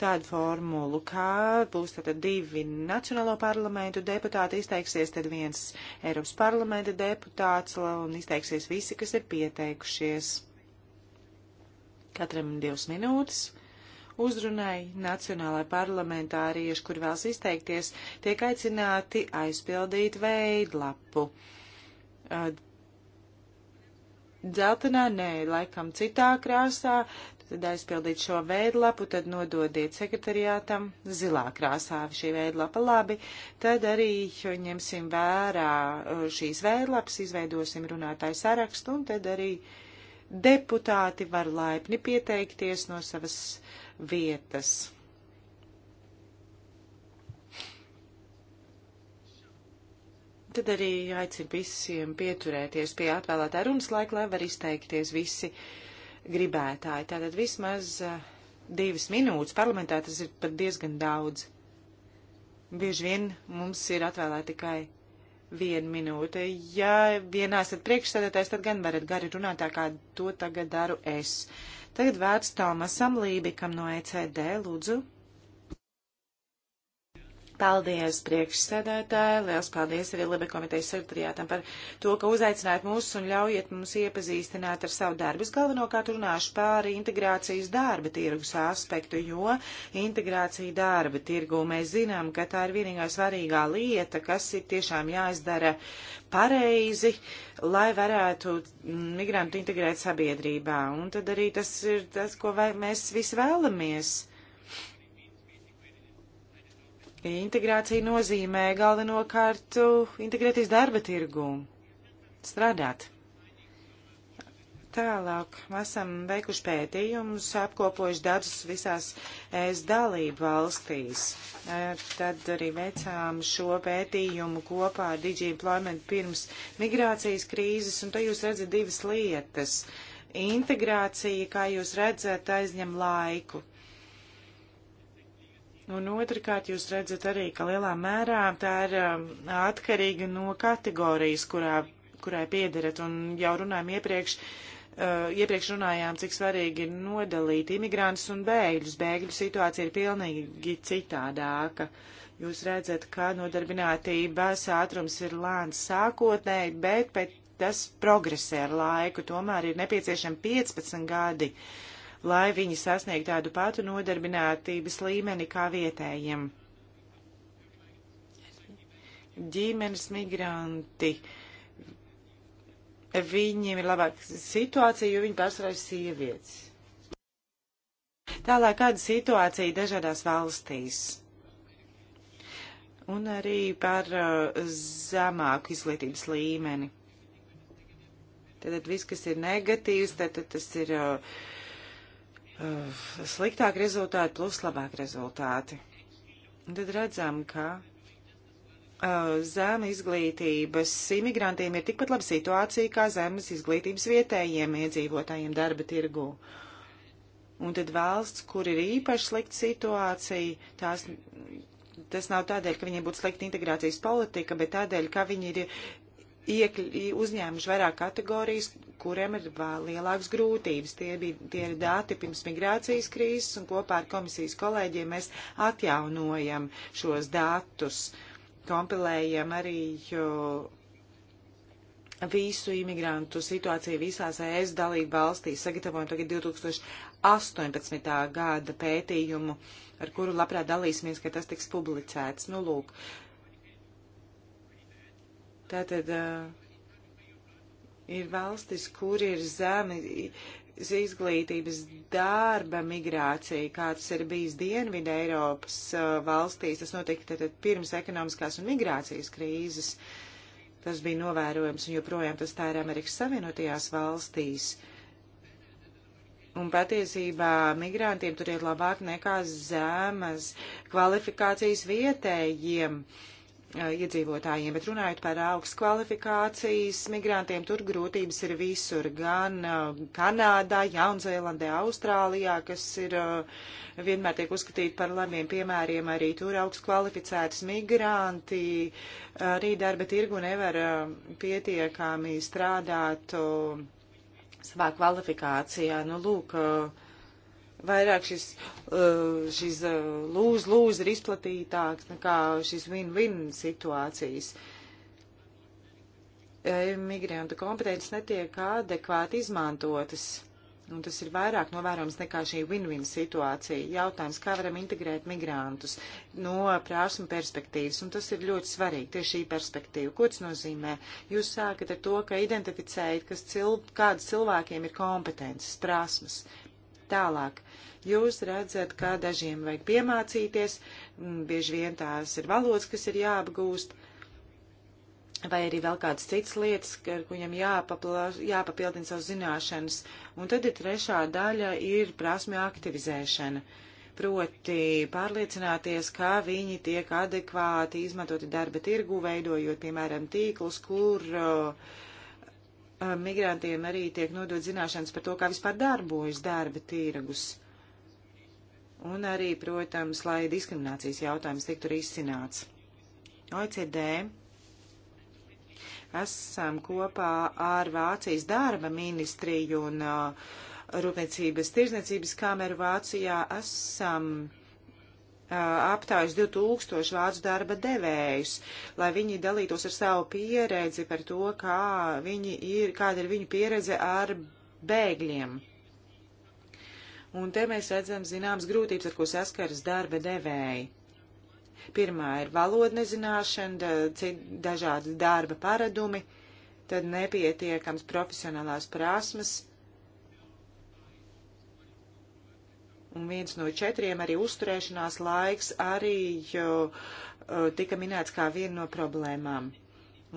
tādu formulu, kā būs tātad divi Nacionālo parlamentu deputāti, izteiksies tad viens Eiropas parlamenta deputāts un izteiksies visi, kas ir pieteikušies. Katram divas minūtes. Uzrunai Nacionālai parlamentārieši, kur vēlas izteikties, tiek aicināti aizpildīt veidlapu. Dzeltenā, nē, laikam citā krāsā, tad aizpildīt šo veidlapu, tad nododiet sekretariātam zilā krāsā šī veidlapa labi, tad arī ņemsim vērā uh, šīs veidlapas, izveidosim runātāju sarakstu un tad arī deputāti var laipni pieteikties no savas vietas. Tad arī aicinu visiem pieturēties pie atvēlētā runas laika, lai var izteikties visi uh, gribētāji. Tātad vismaz eh, divas minūtes parlamentā tas ir pat diezgan daudz. Bieži vien mums ir atvēlēta tikai viena minūte. Ja vienā esat priekšstādātājs, tad gan varat gari runāt tā, kā to tagad daru es. Tagad vērts Tomasam Lībikam no ECD, lūdzu. Paldies priekšsēdētāji, liels paldies arī Libe komitejas sekretariātam par to, ka uzaicinājāt mūs un ļaujiet mums iepazīstināt ar savu darbu. Es galvenokārt runāšu pāri integrācijas darba tirgus aspektu, jo integrācija darba tirgu mēs zinām, ka tā ir vienīgā svarīgā lieta, kas ir tiešām jāizdara pareizi, lai varētu mm, migrantu integrēt sabiedrībā. Un tad arī tas ir tas, ko mēs visi vēlamies Integrācija nozīmē galvenokārt integrēties darba tirgū, strādāt. Tālāk esam veikuši pētījumus, apkopojuši datus visās ES dalību valstīs. E, tad arī veicām šo pētījumu kopā ar DigiEmployment pirms migrācijas krīzes, un te jūs redzat divas lietas. Integrācija, kā jūs redzat, aizņem laiku. Un otrkārt, jūs redzat arī, ka lielā mērā tā ir um, atkarīga no kategorijas, kurā, kurai piederat. Un jau runājām iepriekš, uh, iepriekš runājām, cik svarīgi ir nodalīt imigrantus un bēgļus. Bēgļu situācija ir pilnīgi citādāka. Jūs redzat, ka nodarbinātības ātrums ir lēns sākotnēji, bet, bet tas progresē ar laiku. Tomēr ir nepieciešami 15 gadi. Uh, lai viņi sasniegtu tādu patu nodarbinātības līmeni kā vietējiem. Ģimenes migranti. Viņiem ir labāka situācija, jo viņi pārsvarā ir sievietes. Tālāk kāda situācija dažādās valstīs un arī par uh, zemāku izglītības līmeni. Tad, tad viss, kas ir negatīvs, tad, tad tas ir uh, Eh, sliktāk rezultāti plus labāk rezultāti. Un tad redzam, ka eh, zem izglītības imigrantiem ir tikpat laba situācija kā zemes izglītības vietējiem iedzīvotājiem darba tirgū. Un tad valsts, kur ir īpaši slikta situācija, tās, tas nav tādēļ, ka viņiem būtu slikta integrācijas politika, bet tādēļ, ka viņi ir iekļ, uzņēmuši vairāk kategorijas, kuriem ir lielākas grūtības. Tie, bija, tie ir dati pirms migrācijas krīzes, un kopā ar komisijas kolēģiem mēs atjaunojam šos datus, kompilējam arī visu imigrantu situāciju visās ES dalību valstīs, sagatavojam tagad 2018. gada pētījumu, ar kuru labprāt dalīsimies, ka tas tiks publicēts. Nu, lūk. Tātad. Uh, Ir valstis, kur ir zemi izglītības darba migrācija, kā tas ir bijis Dienvidē Eiropas uh, valstīs. Tas notika tad pirms ekonomiskās un migrācijas krīzes. Tas bija novērojams, un joprojām tas tā ir Amerikas Savienotajās valstīs. Un patiesībā migrantiem tur ir labāk nekā zemes kvalifikācijas vietējiem. Uh, Uh, iedzīvotājiem, bet runājot par augstu kvalifikācijas migrantiem, tur grūtības ir visur, gan uh, Kanādā, Jaunzēlandē, Austrālijā, kas ir uh, vienmēr tiek uzskatīti par labiem piemēriem, arī tur augstu kvalificētas migranti, arī darba tirgu nevar pietiekami strādāt savā kvalifikācijā. Nu, lūk, uh, vairāk šis, uh, šis lūz-lūz uh, ir izplatītāks nekā šis win-win situācijas. Migrantu kompetences netiek adekvāti izmantotas. Un tas ir vairāk novērojams nekā šī win-win situācija. Jautājums, kā varam integrēt migrantus no prāsuma perspektīvas, un tas ir ļoti svarīgi, tieši šī perspektīva. Ko tas nozīmē? Jūs sākat ar to, ka identificējat, kas cil, kādas cilvēkiem ir kompetences, prasmes, tālāk. Jūs redzat, ka dažiem vajag piemācīties, bieži vien tās ir valodas, kas ir jāapgūst, vai arī vēl kādas citas lietas, ar kuņam jāpapildina savas zināšanas. Un tad ir trešā daļa ir prasme aktivizēšana proti pārliecināties, ka viņi tiek adekvāti izmantoti darba tirgu, veidojot, piemēram, tīklus, kur uh, migrantiem arī tiek nodot zināšanas par to, kā vispār darbojas darba tīragus. Un arī, protams, lai diskriminācijas jautājums tiktu risināts. OECD esam kopā ar Vācijas darba ministriju un uh, Rūpniecības tirzniecības kameru Vācijā esam. Um, aptājas 2000 vācu darba devējus, lai viņi dalītos ar savu pieredzi par to, kā viņi ir, kāda ir viņu pieredze ar bēgļiem. Un te mēs redzam zināmas grūtības, ar ko saskaras darba devēji. Pirmā ir valoda nezināšana, dažādi darba paradumi, tad nepietiekams profesionālās prasmes Un viens no četriem arī uzturēšanās laiks arī jo, tika minēts kā viena no problēmām.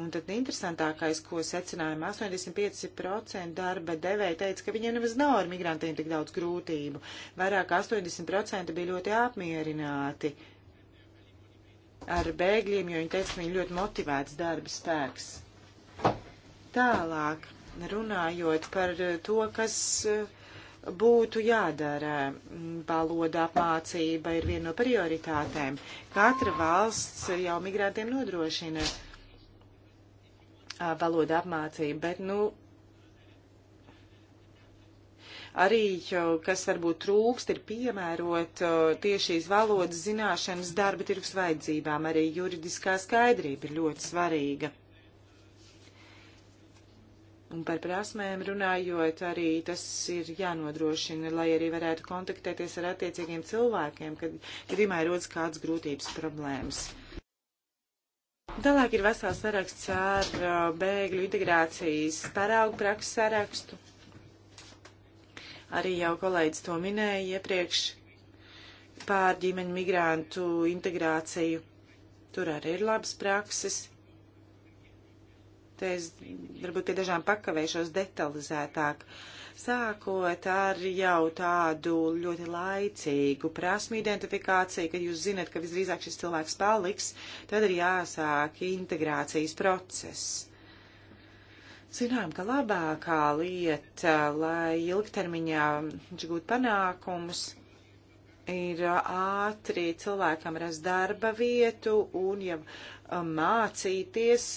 Un tad interesantākais, ko secinājām, 85% darba devēja teica, ka viņiem nemaz nav ar migrantiem tik daudz grūtību. Vairāk 80% bija ļoti apmierināti ar bēgļiem, jo viņi teica, ka viņi ļoti motivēts darba spēks. Tālāk, runājot par to, kas uh, būtu jādara. Valoda apmācība ir viena no prioritātēm. Katra valsts jau migrantiem nodrošina valoda apmācību, bet, nu, arī, kas varbūt trūkst, ir piemērot tieši šīs valodas zināšanas darba tirgus vajadzībām. Arī juridiskā skaidrība ir ļoti svarīga. Un par prasmēm runājot, arī tas ir jānodrošina, lai arī varētu kontaktēties ar attiecīgiem cilvēkiem, kad gadījumā rodas kādas grūtības problēmas. Tālāk ir vesels saraksts ar uh, bēgļu integrācijas paraugu prakses sarakstu. Arī jau kolēģis to minēja iepriekš pār ģimeņu migrantu integrāciju. Tur arī ir labas prakses Te es varbūt pie dažām pakavēšos detalizētāk. Sākot ar jau tādu ļoti laicīgu prasmu identifikāciju, kad jūs zinat, ka visdrīzāk šis cilvēks paliks, tad ir jāsāk integrācijas process. Zinām, ka labākā lieta, lai ilgtermiņā viņš gūtu panākumus, ir ātri cilvēkam rast darba vietu un ja mācīties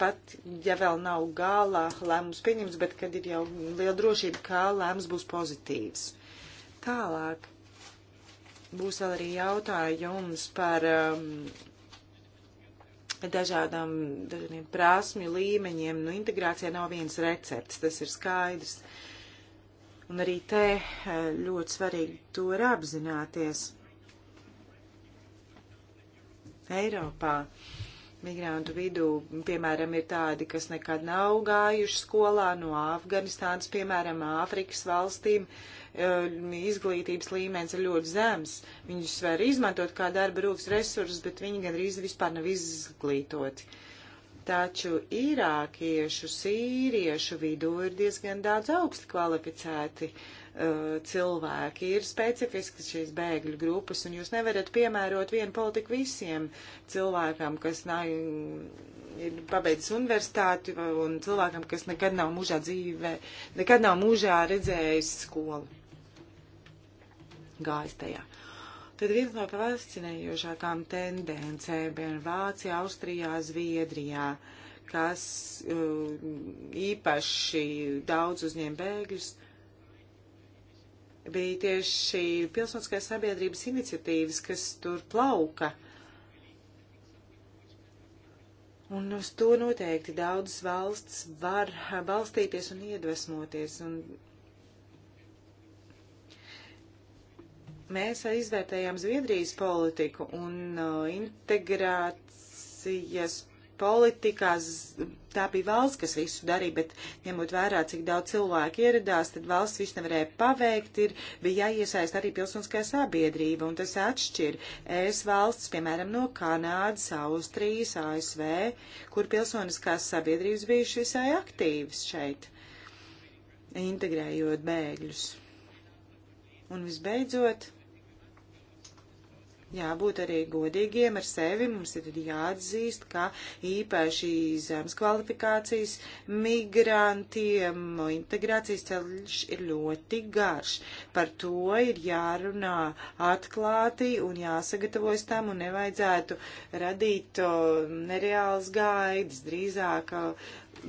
pat ja vēl nav galā lēmums pieņems, bet kad ir jau liela drošība, kā lēmums būs pozitīvs. Tālāk būs vēl arī jautājums par um, dažādām, dažādiem prasmju līmeņiem. Nu, integrācijā nav viens recepts, tas ir skaidrs. Un arī te eh, ļoti svarīgi to ir apzināties. Eiropā. Uh, migrantu vidū, piemēram, ir tādi, kas nekad nav gājuši skolā no Afganistānas, piemēram, Āfrikas valstīm, e, izglītības līmenis ir ļoti zems. Viņus var izmantot kā darba rūks resursus, bet viņi gandrīz vispār nav izglītoti. Taču īrākiešu, sīriešu vidū ir diezgan daudz augsti kvalificēti uh, Eh, cilvēki. Ir specifiski šīs bēgļu grupas, un jūs nevarat piemērot vienu politiku visiem cilvēkam, kas nav, ir pabeidzis universitāti, un cilvēkam, kas nekad nav mūžā dzīvē, nekad nav mūžā redzējis skolu. Gājis tajā. Tad viens no fascinējošākām tendencēm ir Vācija, Austrijā, Zviedrijā kas uh, īpaši daudz uzņem bēgļus, bija tieši pilsoniskās sabiedrības iniciatīvas, kas tur plauka. Un uz to noteikti daudzas valsts var balstīties un iedvesmoties. Un mēs izvērtējām Zviedrijas politiku un uh, integrācijas politikās tā bija valsts, kas visu darīja, bet ņemot vērā, cik daudz cilvēku ieradās, tad valsts visu nevarēja paveikt, ir, bija jāiesaist arī pilsoniskā sabiedrība, un tas atšķir ES valsts, piemēram, no Kanādas, Austrijas, ASV, kur pilsoniskās sabiedrības bijušas visai aktīvas šeit, integrējot bēgļus. Un visbeidzot, jābūt arī godīgiem ar sevi. Mums ir jāatzīst, ka īpaši zemes kvalifikācijas migrantiem integrācijas ceļš ir ļoti garš. Par to ir jārunā atklāti un jāsagatavojas tam un nevajadzētu radīt nereāls gaidas, drīzāk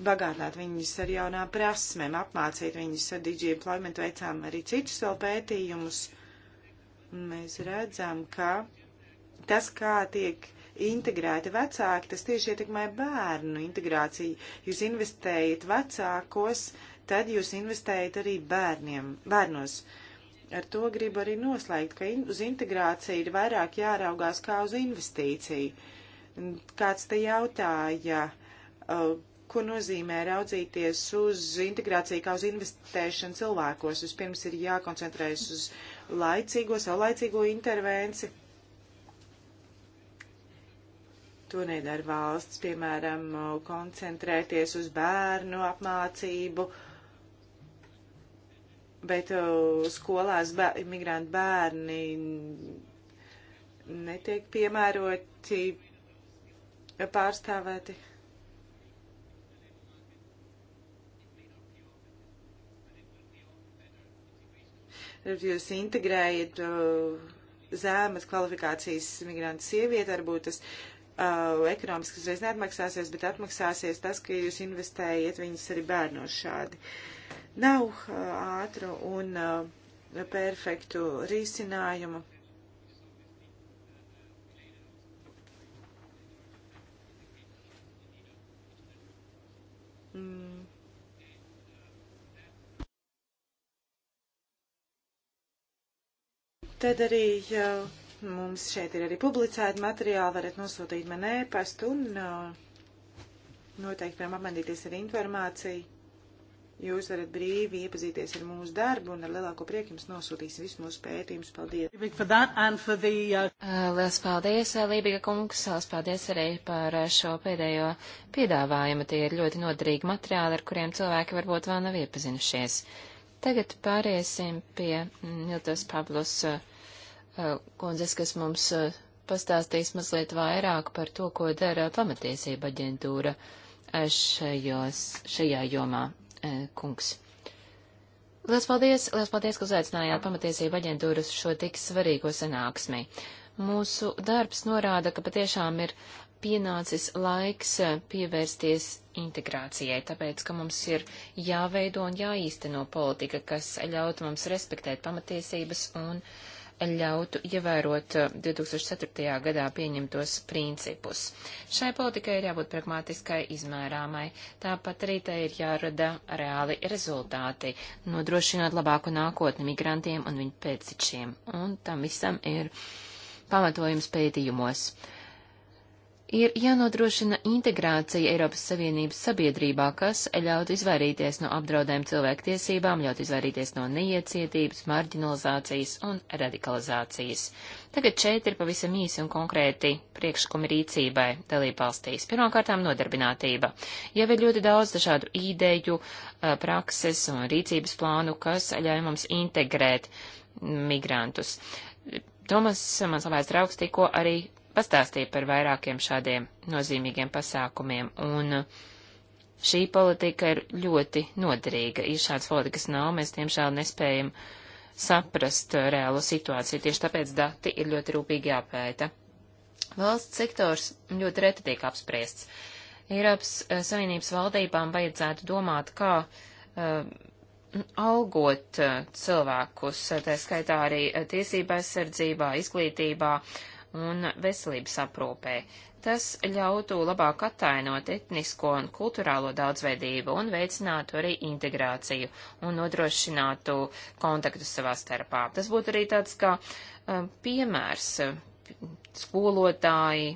bagātināt viņus ar jaunām prasmēm, apmācīt viņus ar Digi Employment veicām arī citus vēl pētījumus. Uh, mēs redzam, ka tas, kā tiek integrēti vecāki, tas tieši ietekmē bērnu integrāciju. Jūs investējat vecākos, tad jūs investējat arī bērniem, bērnos. Ar to gribu arī noslēgt, ka in uz integrāciju ir vairāk jāraugās kā uz investīciju. Kāds te jautāja, uh, ko nozīmē raudzīties uz integrāciju kā uz investēšanu cilvēkos. Vispirms ir jākoncentrējas uz. Uh, laicīgo, saulaicīgo intervenci. To nedara valsts, piemēram, koncentrēties uz bērnu apmācību, bet uh, skolās bēr, imigrantu bērni netiek piemēroti pārstāvēti. jūs integrējat uh, zēmas kvalifikācijas migrantu sievieti, varbūt tas uh, ekonomiski uzreiz neatmaksāsies, bet atmaksāsies tas, ka jūs investējat viņas arī bērnos šādi. Nav uh, ātru un perfektu risinājumu Tad arī uh, mums šeit ir arī publicēti materiāli, varat nosūtīt man ēpastu un uh, noteikti varam apmainīties ar informāciju. Jūs varat brīvi iepazīties ar mūsu darbu un ar lielāko prieku jums nosūtīsim visu mūsu pētījumus. Paldies! Uh, Lielas paldies, Lībija kungs! Lielas paldies arī par šo pēdējo piedāvājumu. Tie ir ļoti noderīgi materiāli, ar kuriem cilvēki varbūt vēl nav iepazinušies. Tagad pāriesim pie Miltos mm, Pablos. Uh, Eh, kundzes, kas mums eh, pastāstīs mazliet vairāk par to, ko dara pamatiesība aģentūra eh, šajos, šajā jomā, kungs. Lielas paldies, lielas paldies, ka uzaicinājāt pamatiesību aģentūras šo tik svarīgo sanāksmi. Mūsu darbs norāda, ka patiešām ir pienācis laiks pievērsties integrācijai, tāpēc, ka mums ir jāveido un jāīsteno politika, kas ļautu mums respektēt pamatiesības un uh, ļautu ievērot 2004. Eh, gadā pieņemtos principus. Šai politikai ir jābūt pragmatiskai, izmērāmai, tāpat arī tai ir jārada reāli rezultāti, nodrošinot labāku nākotni migrantiem un viņu pēciciem, un tam visam ir pamatojums pētījumos. Ir jānodrošina integrācija Eiropas Savienības sabiedrībā, kas ļaut izvairīties no apdraudēm cilvēktiesībām, ļaut izvairīties no neiecietības, marginalizācijas un radikalizācijas. Tagad šeit ir pavisam īsi un konkrēti priekšlikumi rīcībai dalībvalstīs. Pirmkārtām nodarbinātība. Jau ir ļoti daudz dažādu ideju, eh, prakses un rīcības plānu, kas ļauj mums integrēt migrantus. Tomas, mans labais draugs, tikko arī pastāstīja par vairākiem šādiem nozīmīgiem pasākumiem, un šī politika ir ļoti noderīga. Ja šādas politikas nav, mēs tiemžēl nespējam saprast reālo situāciju, tieši tāpēc dati ir ļoti rūpīgi jāpēta. Valsts sektors ļoti reti tiek apspriests. Eiropas eh, Savienības valdībām vajadzētu domāt, kā uh, algot eh, cilvēkus, tā skaitā arī tiesībā aizsardzībā, izglītībā, un veselības aprūpē. Tas ļautu labāk attainot etnisko un kulturālo daudzveidību un veicinātu arī integrāciju un nodrošinātu kontaktus savā starpā. Tas būtu arī tāds kā um, piemērs um, skolotāji,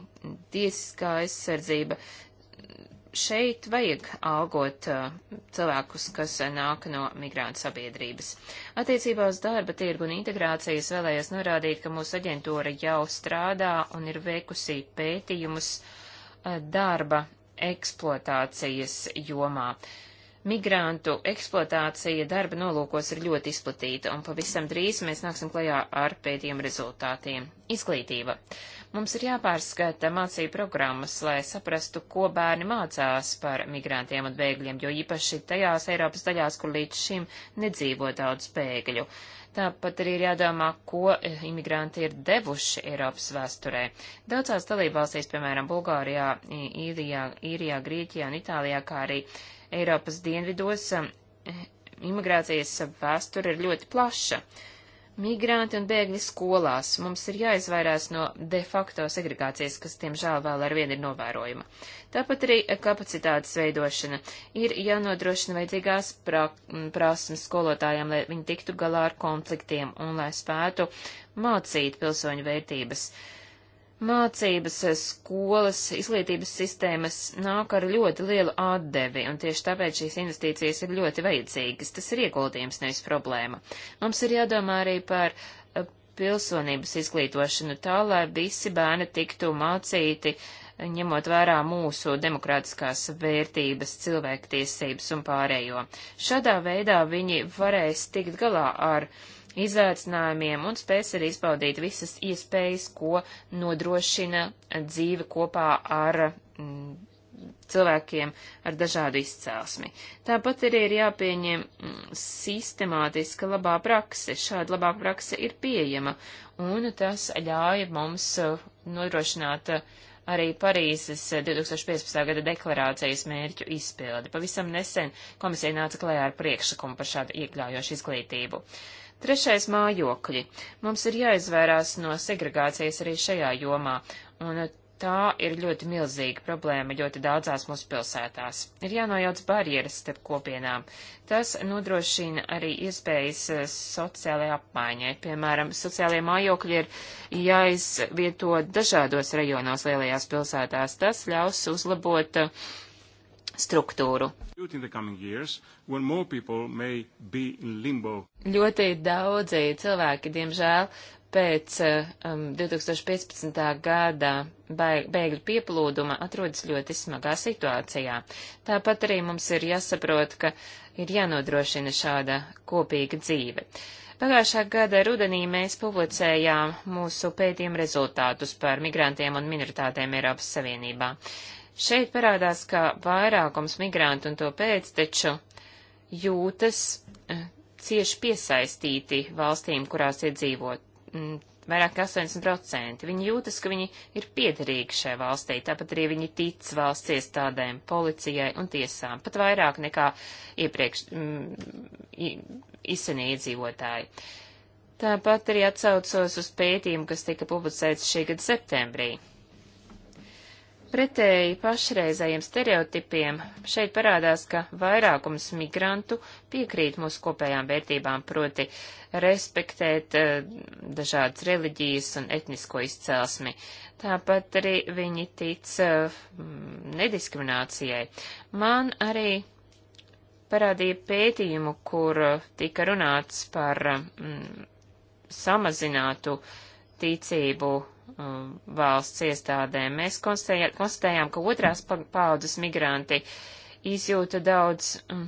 tiesiskā aizsardzība, šeit vajag algot uh, cilvēkus, kas uh, nāk no migrāntu sabiedrības. Attiecībā uz darba tirgu un integrācijas vēlējos norādīt, ka mūsu aģentūra jau strādā un ir veikusi pētījumus uh, darba eksploatācijas jomā. Migrantu eksploatācija darba nolūkos ir ļoti izplatīta, un pavisam drīz mēs nāksim klajā ar pētījumu rezultātiem. Izglītība. Uh, Mums ir jāpārskata mācību programmas, lai saprastu, ko bērni mācās par migrantiem un bēgļiem, jo īpaši tajās Eiropas daļās, kur līdz šim nedzīvo daudz bēgļu. Tāpat arī ir jādomā, ko eh, imigranti ir devuši Eiropas vēsturē. Daudzās dalībvalstīs, piemēram, Bulgārijā, Īrijā, Īrijā, Grieķijā un Itālijā, kā arī Eiropas dienvidos, eh, imigrācijas vēsture ir ļoti plaša. Migranti un bēgļi skolās. Mums ir jāizvairās no de facto segregācijas, kas, tiemžēl, vēl ar vienu ir novērojama. Tāpat arī kapacitātes veidošana. Ir jānodrošina vajadzīgās prā, prasmes skolotājiem, lai viņi tiktu galā ar konfliktiem un lai spētu mācīt pilsoņu vērtības. Uh, Mācības, eh, skolas, izglītības sistēmas nāk ar ļoti lielu atdevi, un tieši tāpēc šīs investīcijas ir ļoti vajadzīgas. Tas ir ieguldījums, nevis problēma. Mums ir jādomā arī par eh, pilsonības izglītošanu tā, lai visi bērni tiktu mācīti, eh, ņemot vērā mūsu demokrātiskās vērtības, cilvēktiesības un pārējo. Šādā veidā viņi varēs tikt galā ar uh, izaicinājumiem un spēs arī izbaudīt visas iespējas, ko nodrošina dzīve kopā ar mm, cilvēkiem ar dažādu izcelsmi. Tāpat arī ir jāpieņem mm, sistemātiska labā prakse. Šāda labā prakse ir pieejama, un tas ļauj mums eh, nodrošināt uh, arī Parīzes 2015. Eh, gada deklarācijas mērķu izpildi. Pavisam nesen komisija nāca klajā ar priekšlikumu par šādu iekļaujošu izglītību. Trešais mājokļi. Mums ir jāizvērās no segregācijas arī šajā jomā, un Tā ir ļoti milzīga problēma ļoti daudzās mūsu pilsētās. Ir jānojauc barjeras starp kopienām. Tas nodrošina arī iespējas eh, sociālajai apmaiņai. Piemēram, sociālajie mājokļi ir jāizvieto dažādos rajonos lielajās pilsētās. Tas ļaus uzlabot eh, struktūru. Years, ļoti daudzi cilvēki, diemžēl, pēc um, 2015. gada bēgļu pieplūduma atrodas ļoti smagā situācijā. Tāpat arī mums ir jāsaprot, ka ir jānodrošina šāda kopīga dzīve. Pagājušā gada rudenī mēs publicējām mūsu pētījumu rezultātus par migrantiem un minoritātēm Eiropas Savienībā. Šeit parādās, ka vairākums migrantu un to pēcteču jūtas eh, cieši piesaistīti valstīm, kurās iedzīvot mm, vairāk kā 80%. Viņi jūtas, ka viņi ir piederīgi šai valstī, tāpat arī viņi tic valsts iestādēm, policijai un tiesām, pat vairāk nekā iepriekš mm, izsenie iedzīvotāji. Tāpat arī atsaucos uz pētījumu, kas tika publicēts šī gada septembrī. Pretēji pašreizējiem stereotipiem šeit parādās, ka vairākums migrantu piekrīt mūsu kopējām vērtībām, proti respektēt eh, dažādas reliģijas un etnisko izcelsmi. Tāpat arī viņi tic eh, nediskriminācijai. Man arī parādīja pētījumu, kur tika runāts par mm, samazinātu ticību um, valsts iestādēm. Mēs konstatējām, ka otrās paudzes migranti izjūta daudz um,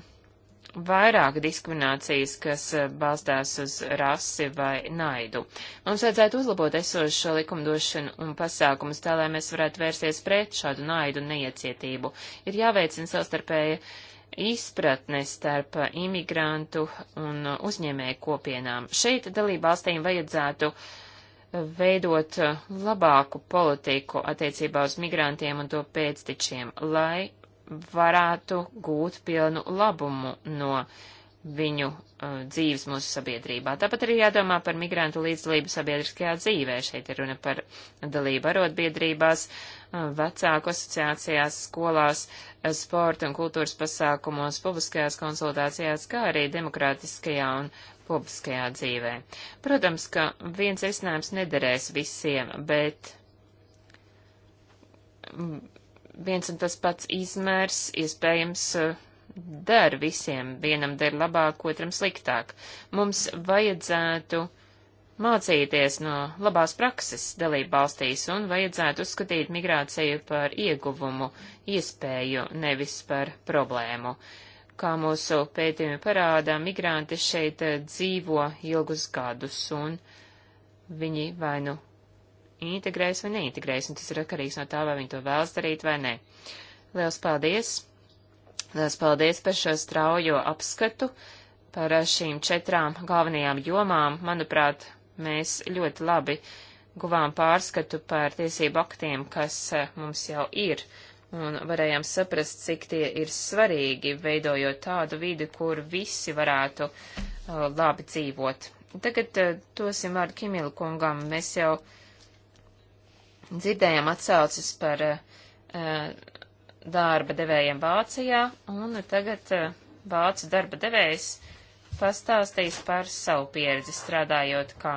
vairāk diskriminācijas, kas uh, balstās uz rasi vai naidu. Mums vajadzētu uzlabot esošo likumdošanu un pasākumus tā, lai mēs varētu vērsties pret šādu naidu un neiecietību. Ir jāveicina savstarpēja izpratne starp imigrantu un uzņēmēju kopienām. Šeit dalībvalstīm vajadzētu uh, veidot eh, labāku politiku attiecībā uz migrantiem un to pēctečiem, lai varētu gūt pilnu labumu no viņu uh, dzīves mūsu sabiedrībā. Tāpat arī jādomā par migrantu līdzdalību sabiedriskajā dzīvē. Šeit ir runa par dalību arotbiedrībās, uh, vecāku asociācijās, skolās, sporta un kultūras pasākumos, publiskajās konsultācijās, kā arī demokrātiskajā un publiskajā dzīvē. Protams, ka viens risinājums nederēs visiem, bet viens un tas pats izmērs iespējams eh, der visiem, vienam der labāk, otram sliktāk. Mums vajadzētu uh, mācīties no labās prakses dalību valstīs un vajadzētu uzskatīt migrāciju par ieguvumu, iespēju, nevis par problēmu. Kā mūsu pētījumi parādā, migranti šeit eh, dzīvo ilgus gadus un viņi vai nu integrēs vai neintegrēs, un tas ir atkarīgs no tā, vai viņi to vēlas darīt vai nē. Liels paldies! Liels paldies par šo straujo apskatu, par šīm četrām galvenajām jomām. Manuprāt, Mēs ļoti labi guvām pārskatu par tiesību aktiem, kas eh, mums jau ir, un varējām saprast, cik tie ir svarīgi, veidojot tādu vidi, kur visi varētu uh, labi dzīvot. Tagad uh, dosim vārdu Kimilu kungam. Mēs jau dzirdējām atsaucis par uh, darba devējiem Vācijā, un tagad vācu darba devējs pastāstīs par savu pieredzi strādājot kā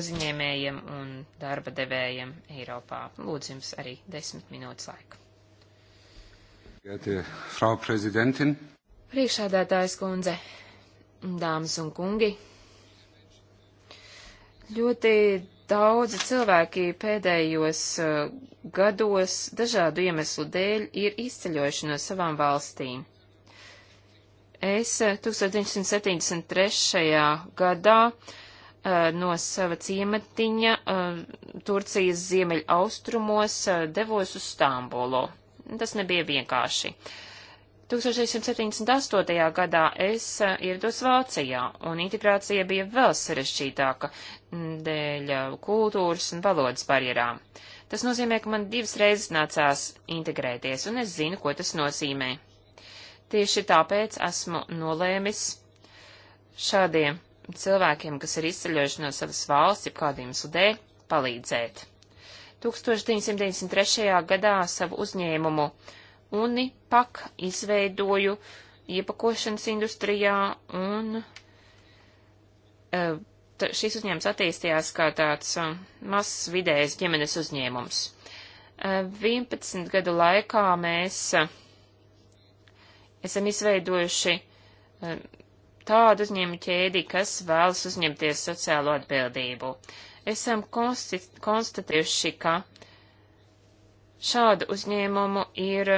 uzņēmējiem un darba devējiem Eiropā. Lūdzu jums arī desmit minūtes laika. Priekšādātājs kundze, dāmas un kungi, ļoti daudzi cilvēki pēdējos uh, gados dažādu iemeslu dēļ ir izceļojuši no savām valstīm. Es 1973. Eh, gadā eh, no sava ciematiņa eh, Turcijas ziemeļa austrumos devos uz Stambulu. Tas nebija vienkārši. 1678. gadā es ierados Vācijā, un integrācija bija vēl sarežģītāka dēļ kultūras un valodas barjerām. Tas nozīmē, ka man divas reizes nācās integrēties, un es zinu, ko tas nozīmē. Tieši tāpēc esmu nolēmis šādiem cilvēkiem, kas ir izceļojuši no savas valsts, jeb kādiem sudēļ, palīdzēt. 1993. gadā savu uzņēmumu Unipak izveidoju iepakošanas industrijā, un e, šis uzņēmums attīstījās kā tāds e, mazs vidējs ģimenes uzņēmums. 11 e, gadu laikā mēs esam izveidojuši eh, tādu uzņēmu ķēdi, kas vēlas uzņemties sociālo atbildību. Esam konstatējuši, ka šādu uzņēmumu ir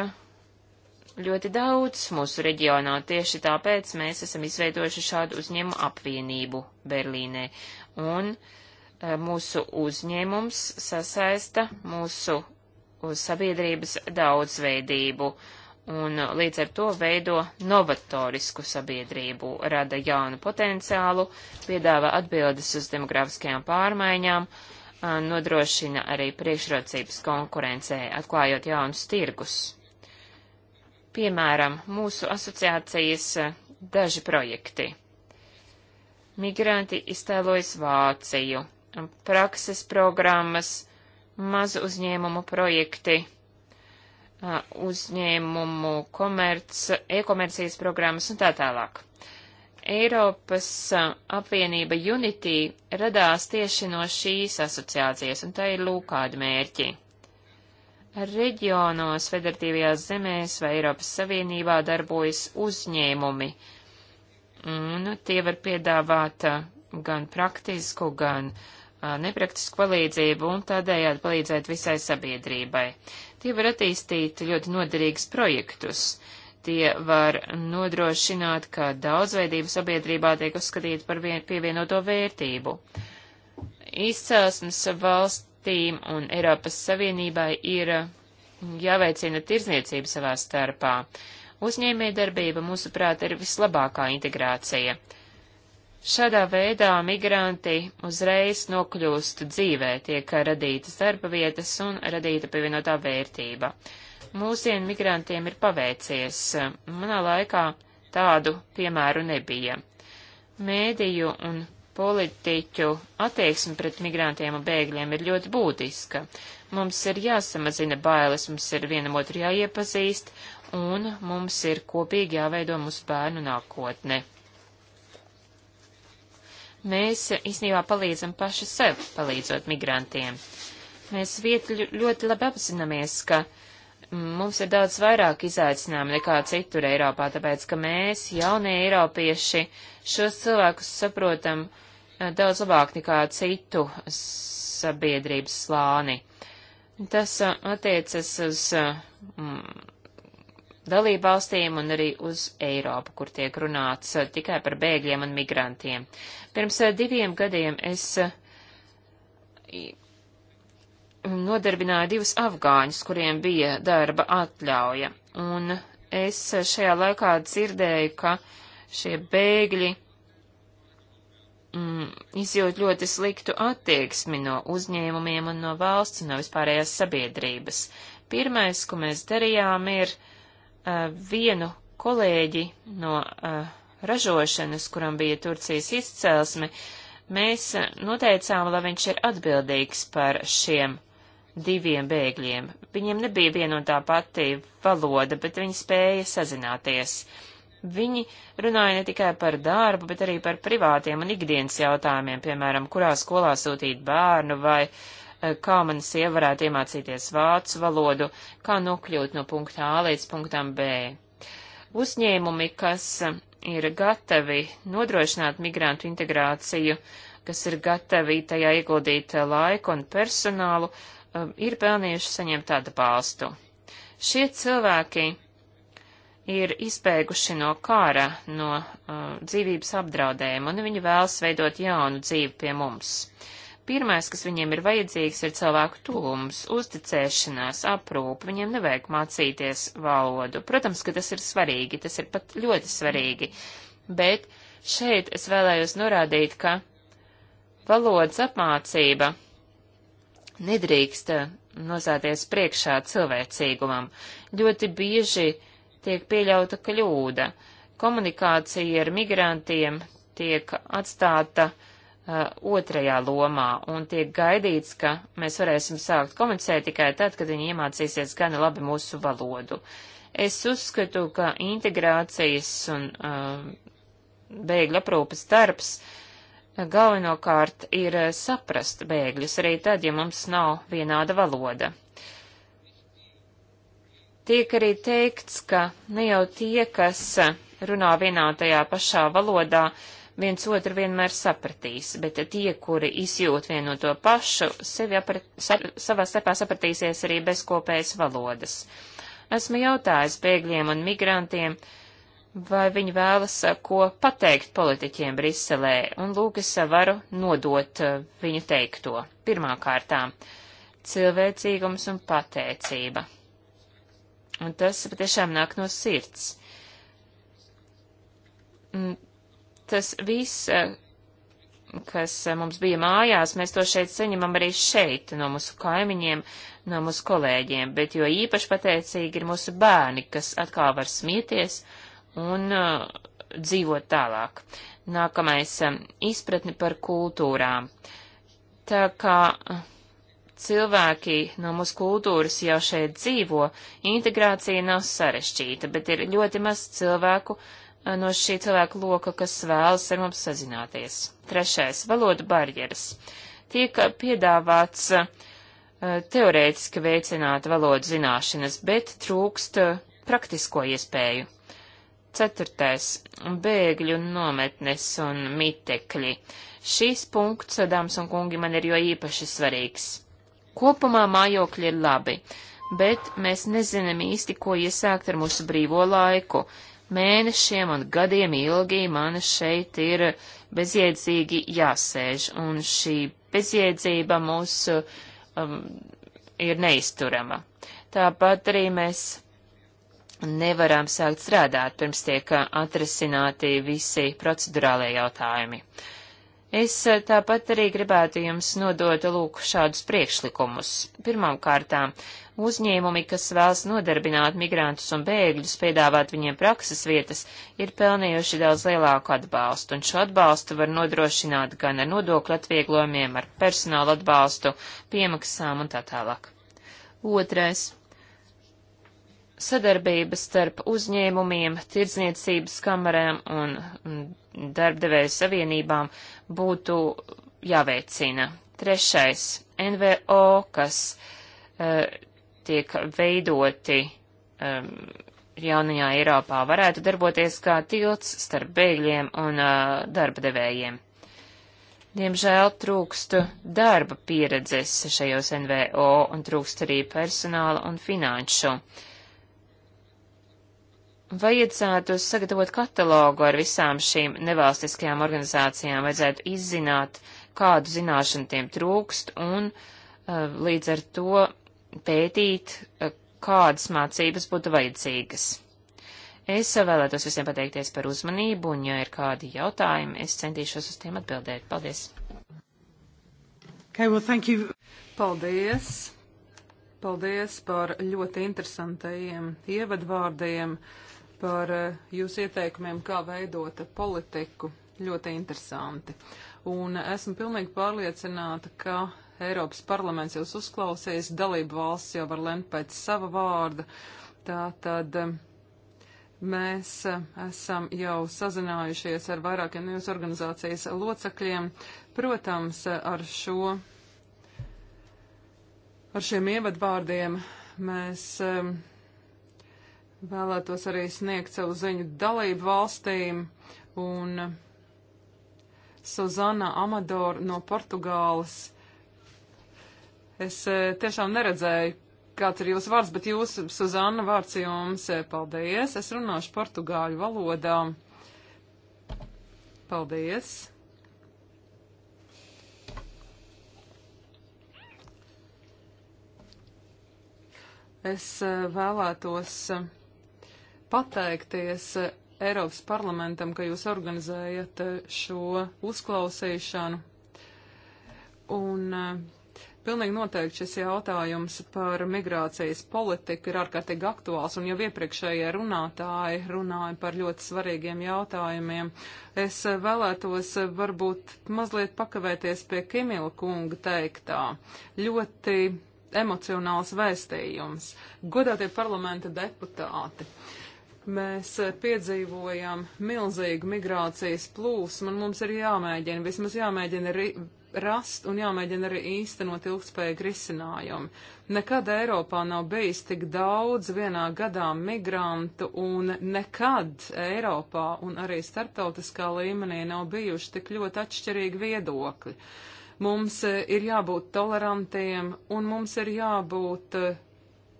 ļoti daudz mūsu reģionā, tieši tāpēc mēs esam izveidojuši šādu uzņēmumu apvienību Berlīnē. Un e, mūsu uzņēmums sasaista mūsu uz eh, sabiedrības daudzveidību, un uh, līdz ar to veido novatorisku sabiedrību, rada jaunu potenciālu, piedāvā atbildes uz demografiskajām pārmaiņām, uh, nodrošina arī priekšrocības konkurencē, atklājot jaunus tirgus. Piemēram, mūsu asociācijas uh, daži projekti. Migranti iztēlojas Vāciju, prakses programmas, mazu uzņēmumu projekti uzņēmumu, komerc, e-komercijas programmas un tā tālāk. Eiropas apvienība Unity radās tieši no šīs asociācijas, un tā ir lūkāda mērķi. Reģionos, federatīvajās zemēs vai Eiropas Savienībā darbojas uzņēmumi, un tie var piedāvāt gan praktisku, gan nepraktisku palīdzību un tādējādi palīdzēt visai sabiedrībai. Tie var attīstīt ļoti noderīgus projektus. Tie var nodrošināt, ka daudzveidība sabiedrībā tiek uzskatīta par vien, pievienoto vērtību. Izcelsmes valstīm un Eiropas Savienībai ir jāveicina tirzniecība savā starpā. Uzņēmējdarbība, mūsuprāt, ir vislabākā integrācija. Šādā veidā migranti uzreiz nokļūst dzīvē, tiek radītas darba vietas un radīta pievienotā vērtība. Mūsdienu migrantiem ir paveicies. Manā laikā tādu piemēru nebija. Mēdīju un politiķu attieksme pret migrantiem un bēgļiem ir ļoti būtiska. Mums ir jāsamazina bailes, mums ir vienam otru jāiepazīst, un mums ir kopīgi jāveido mūsu bērnu nākotne mēs īstenībā palīdzam paši sev, palīdzot migrantiem. Mēs vietļu ļoti labi apzināmies, ka mums ir daudz vairāk izaicinājumu nekā citur Eiropā, tāpēc, ka mēs, jaunie eiropieši, šos cilvēkus saprotam eh, daudz labāk nekā citu sabiedrības slāni. Tas eh, attiecas uz mm, dalībvalstīm un arī uz Eiropu, kur tiek runāts eh, tikai par bēgļiem un migrantiem. Pirms eh, diviem gadiem es eh, nodarbināju divus afgāņus, kuriem bija darba atļauja, un es šajā laikā dzirdēju, ka šie bēgļi mm, izjūt ļoti sliktu attieksmi no uzņēmumiem un no valsts un no vispārējās sabiedrības. Pirmais, ko mēs darījām, ir uh, Eh, vienu kolēģi no eh, ražošanas, kuram bija Turcijas izcelsme, mēs eh, noteicām, lai viņš ir atbildīgs par šiem diviem bēgļiem. Viņiem nebija viena un tā pati valoda, bet viņi spēja sazināties. Viņi runāja ne tikai par darbu, bet arī par privātiem un ikdienas jautājumiem, piemēram, kurā skolā sūtīt bērnu vai uh, Eh, kā mana sieva varētu iemācīties vācu valodu, kā nokļūt no punktā A līdz punktam B. Uzņēmumi, kas eh, ir gatavi nodrošināt migrantu integrāciju, kas ir gatavi tajā ieguldīt eh, laiku un personālu, ir pelnījuši saņemt atbalstu. Šie cilvēki ir izbēguši no kara, no uh, dzīvības apdraudējuma, un viņi vēlas veidot jaunu dzīvi pie mums. Uh, Pirmais, kas viņiem ir vajadzīgs, ir cilvēku tuvums, uzticēšanās, aprūpe. Viņiem nevajag mācīties valodu. Protams, ka tas ir svarīgi, tas ir pat ļoti svarīgi. Bet šeit es vēlējos norādīt, ka valodas apmācība nedrīkst nozāties priekšā cilvēcīgumam. Ļoti bieži tiek pieļauta kļūda. Komunikācija ar migrantiem tiek atstāta uh, uh, otrajā lomā, un tiek gaidīts, ka mēs varēsim sākt komunicēt tikai tad, kad viņi iemācīsies gan labi mūsu valodu. Es uzskatu, ka integrācijas un uh, bēgļu aprūpas darbs galvenokārt ir uh, saprast bēgļus arī tad, ja mums nav vienāda valoda. Tiek arī teikts, ka ne jau tie, kas runā vienā tajā pašā valodā, uh, viens otru vienmēr sapratīs, bet tie, kuri izjūt vienu no to pašu, sevi aprat, sa, savā starpā sapratīsies arī bez kopējas valodas. Esmu jautājis bēgļiem un migrantiem, vai viņi vēlas eh, ko pateikt politiķiem Briselē, un lūk, es eh, varu nodot eh, viņu teikto. Pirmā kārtā - cilvēcīgums un pateicība. Un tas patiešām nāk no sirds tas viss, eh, kas eh, mums bija mājās, mēs to šeit saņemam arī šeit, no mūsu kaimiņiem, no mūsu kolēģiem, bet jo īpaši pateicīgi ir mūsu bērni, kas atkal var smieties un uh, dzīvot tālāk. Nākamais - izpratni par kultūrām. Tā kā cilvēki no mūsu kultūras jau šeit dzīvo, integrācija nav sarešķīta, bet ir ļoti maz cilvēku, uh, no šī cilvēka loka, kas vēlas ar mums sazināties. Trešais - valodu barjeras. Tiek piedāvāts uh, teorētiski veicināt valodu zināšanas, bet trūkst uh, praktisko iespēju. Ceturtais - bēgļu nometnes un mitekļi. Šīs punkts, dāmas un kungi, man ir jo īpaši svarīgs. Kopumā mājokļi ir labi, bet mēs nezinām īsti, ko iesākt ar mūsu brīvo laiku mēnešiem un gadiem ilgi man šeit ir bezjēdzīgi jāsēž, un šī bezjēdzība mūs um, ir neizturama. Tāpat arī mēs nevaram sākt strādāt, pirms tiek atrisināti visi procedurālie jautājumi. Es uh, tāpat arī gribētu jums nodot lūk šādus priekšlikumus. Pirmām kārtām, Uzņēmumi, kas vēlas nodarbināt migrantus un bēgļus, piedāvāt viņiem prakses vietas, ir pelnījuši daudz lielāku atbalstu, un šo atbalstu var nodrošināt gan ar nodokļu atvieglojumiem, ar personāla atbalstu, piemaksām un tā tālāk. Otrais sadarbības starp uzņēmumiem, tirdzniecības kamerām un darbdevēju savienībām būtu jāveicina. Trešais - NVO, kas uh, tiek veidoti um, jaunajā Eiropā, varētu darboties kā tilts starp bēgļiem un uh, darba devējiem. Diemžēl trūkstu darba pieredzes šajos NVO un trūkst arī personāla un finanšu. Vajadzētu sagatavot katalogu ar visām šīm nevalstiskajām organizācijām, vajadzētu izzināt, kādu zināšanu tiem trūkst un uh, līdz ar to pētīt, eh, kādas mācības būtu vajadzīgas. Es vēlētos visiem pateikties par uzmanību, un, ja ir kādi jautājumi, es centīšos uz tiem atbildēt. Paldies! Okay, well, thank you. Paldies! Paldies par ļoti interesantajiem ievadvārdiem, par eh, jūsu ieteikumiem, kā veidot politiku. Ļoti interesanti. Un esmu pilnīgi pārliecināta, ka Eiropas parlaments jūs uzklausīs, dalību valsts jau var lemt pēc sava vārda. Tā tad eh, mēs eh, esam jau sazinājušies ar vairākiem jūsu organizācijas locekļiem. Protams, eh, ar šo, ar šiem ievadvārdiem mēs vēlētos arī sniegt savu ziņu dalību valstīm un Suzana Amador no Portugāles Es eh, tiešām neredzēju, kāds ir jūsu vārds, bet jūs, Suzanna, vārds jums eh, paldies. Es runāšu portugāļu valodā. Paldies! Es eh, vēlētos pateikties Eiropas parlamentam, ka jūs organizējat šo uzklausīšanu. Un uh, Pilnīgi noteikti šis jautājums par migrācijas politiku ir ārkārtīgi aktuāls, un jau iepriekšējie runātāji runāja par ļoti svarīgiem jautājumiem. Es vēlētos varbūt mazliet pakavēties pie Kimila kunga teiktā. Ļoti emocionāls vēstījums. Godātie parlamenta deputāti! Mēs piedzīvojam milzīgu migrācijas plūsmu, un mums ir jāmēģina, vismaz jāmēģina rast un jāmēģina arī īstenot ilgspējīgi risinājumi. Nekad Eiropā nav bijis tik daudz vienā gadā migrantu un nekad Eiropā un arī starptautiskā līmenī nav bijuši tik ļoti atšķirīgi viedokļi. Mums ir jābūt tolerantiem un mums ir jābūt eh,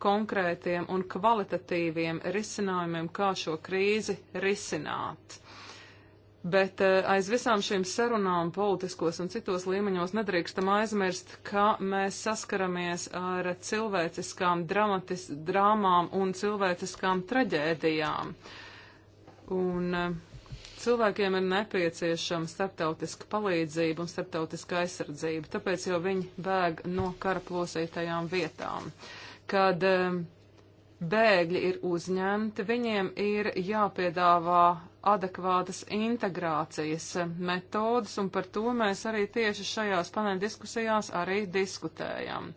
konkrētiem un kvalitatīviem risinājumiem, kā šo krīzi risināt. Bet eh, aiz visām šīm sarunām politiskos un citos līmeņos nedrīkstam aizmirst, ka mēs saskaramies ar cilvēciskām dramatis, drāmām un cilvēciskām traģēdijām. Un eh, cilvēkiem ir nepieciešama starptautiska palīdzība un starptautiska aizsardzība, tāpēc jau viņi bēg no kara plosītajām vietām. Kad eh, bēgļi ir uzņemti, viņiem ir jāpiedāvā adekvātas integrācijas metodas, un par to mēs arī tieši šajās paneļdiskusijās arī diskutējam.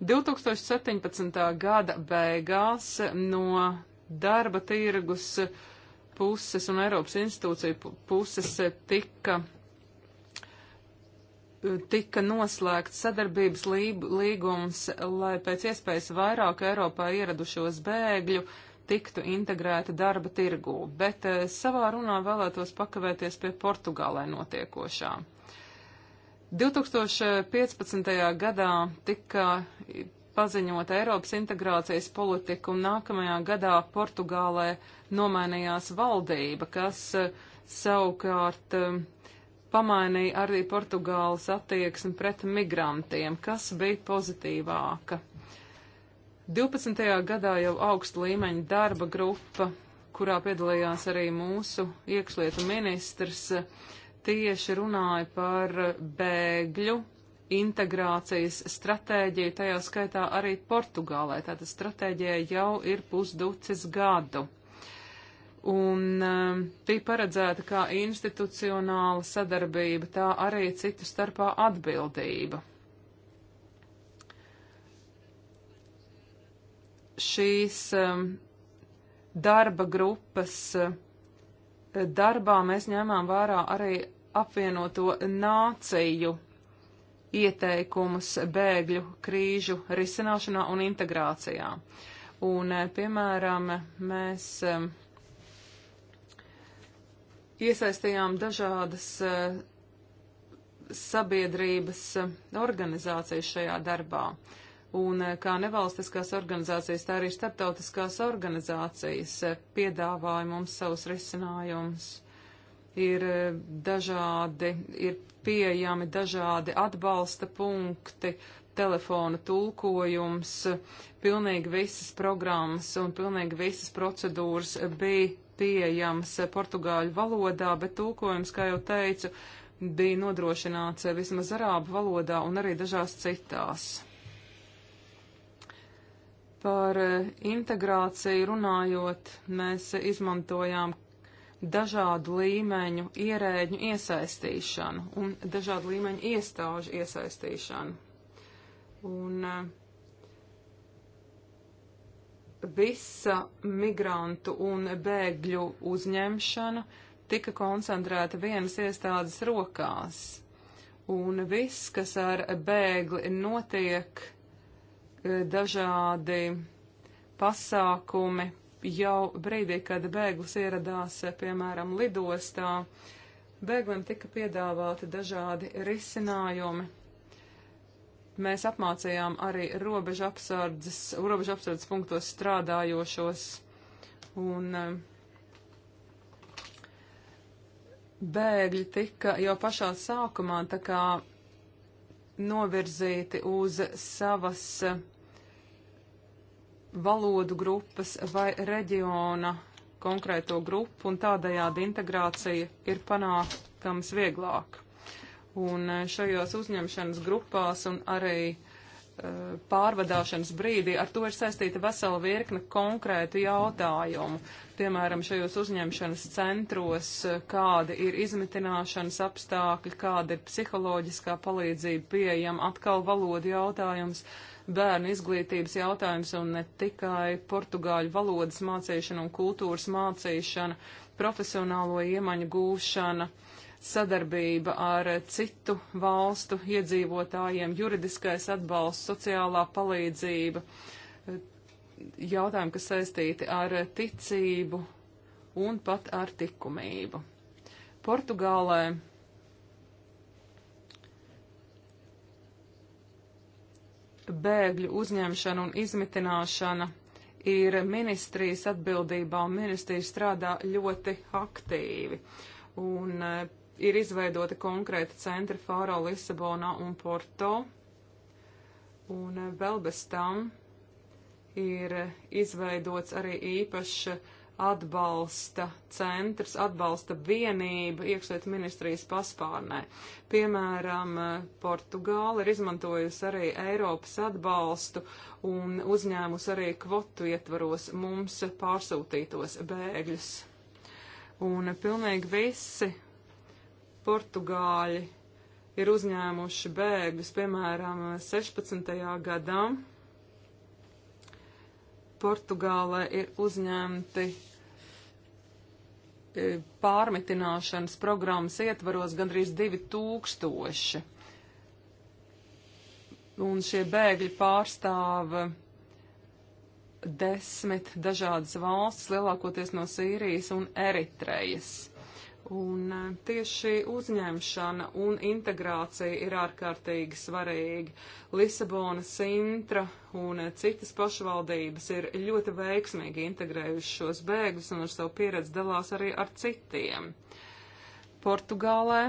2017. gada beigās no darba tirgus puses un Eiropas institūciju puses tika tika noslēgts sadarbības līgums, lai pēc iespējas vairāk Eiropā ieradušos bēgļu tiktu integrēta darba tirgū, bet eh, savā runā vēlētos pakavēties pie Portugālē notiekošā. 2015. gadā tika paziņot Eiropas integrācijas politiku, un nākamajā gadā Portugālē nomainījās valdība, kas eh, savukārt eh, pamainīja arī Portugāles attieksmi pret migrantiem, kas bija pozitīvāka. 12. gadā jau augsta līmeņa darba grupa, kurā piedalījās arī mūsu iekšlietu ministrs, tieši runāja par bēgļu integrācijas stratēģiju, tajā skaitā arī Portugālē. Tātad stratēģija jau ir pusducis gadu. Un bija um, paredzēta kā institucionāla sadarbība, tā arī citu starpā atbildība. šīs um, darba grupas uh, darbā mēs ņēmām vērā arī apvienoto nāciju ieteikumus bēgļu krīžu risināšanā un integrācijā. Un, uh, piemēram, mēs um, iesaistījām dažādas uh, sabiedrības organizācijas šajā darbā un eh, kā nevalstiskās organizācijas, tā arī starptautiskās organizācijas eh, piedāvāja mums savus risinājumus. Ir eh, dažādi, ir pieejami dažādi atbalsta punkti, telefona tulkojums, pilnīgi visas programmas un pilnīgi visas procedūras bija pieejams portugāļu valodā, bet tulkojums, kā jau teicu, bija nodrošināts vismaz arābu valodā un arī dažās citās. Par eh, integrāciju runājot, mēs izmantojām dažādu līmeņu ierēģu iesaistīšanu un dažādu līmeņu iestāžu iesaistīšanu. Un eh, visa migrantu un bēgļu uzņemšana tika koncentrēta vienas iestādes rokās. Un viss, kas ar bēgli notiek, Eh, dažādi pasākumi jau brīdī, kad bēglis ieradās, eh, piemēram, lidostā. Bēglim tika piedāvāti dažādi risinājumi, mēs apmācījām arī robežu apsardzes, robežu apsardzes punktos strādājošos. Un eh, bēgļi tika jau pašā sākumā tā kā novirzīti uz savas valodu grupas vai reģiona konkrēto grupu, un tādējādi integrācija ir panākams vieglāk. Un eh, šajos uzņemšanas grupās un arī uh, pārvadāšanas brīdī ar to ir saistīta vesela virkne konkrētu jautājumu. Piemēram, šajos uzņemšanas centros, eh, kādi ir izmitināšanas apstākļi, kāda ir psiholoģiskā palīdzība pieejama, atkal valodu jautājums. Uh, bērnu izglītības jautājums un ne tikai portugāļu valodas mācīšana un kultūras mācīšana, profesionālo iemaņu gūšana, sadarbība ar citu valstu iedzīvotājiem, juridiskais atbalsts, sociālā palīdzība, jautājumi, kas saistīti ar ticību un pat ar likumību. Portugālē bēgļu uzņemšana un izmitināšana ir ministrijas atbildībā, un ministrija strādā ļoti aktīvi. Un e, ir izveidoti konkrēti centri Fāro, Lisabonā un Porto. Un e, vēl bez tam ir izveidots arī īpašs atbalsta centrs, atbalsta vienība iekšlietu ministrijas paspārnē. Piemēram, Portugāla ir izmantojusi arī Eiropas atbalstu un uzņēmusi arī kvotu ietvaros mums pārsūtītos bēgļus. Un pilnīgi visi Portugāļi ir uzņēmuši bēgļus, piemēram, 16. gadam Portugālē ir uzņemti e, pārmitināšanas programmas ietvaros gandrīz 2000. Un šie bēgļi pārstāv desmit dažādas valstis, lielākoties no Sīrijas un Eritrejas. Un e, tieši uzņemšana un integrācija ir ārkārtīgi svarīga. Lisabona, Sintra un e, citas pašvaldības ir ļoti veiksmīgi integrējuši šos bēgļus un ar savu pieredzi dalās arī ar citiem. Portugālē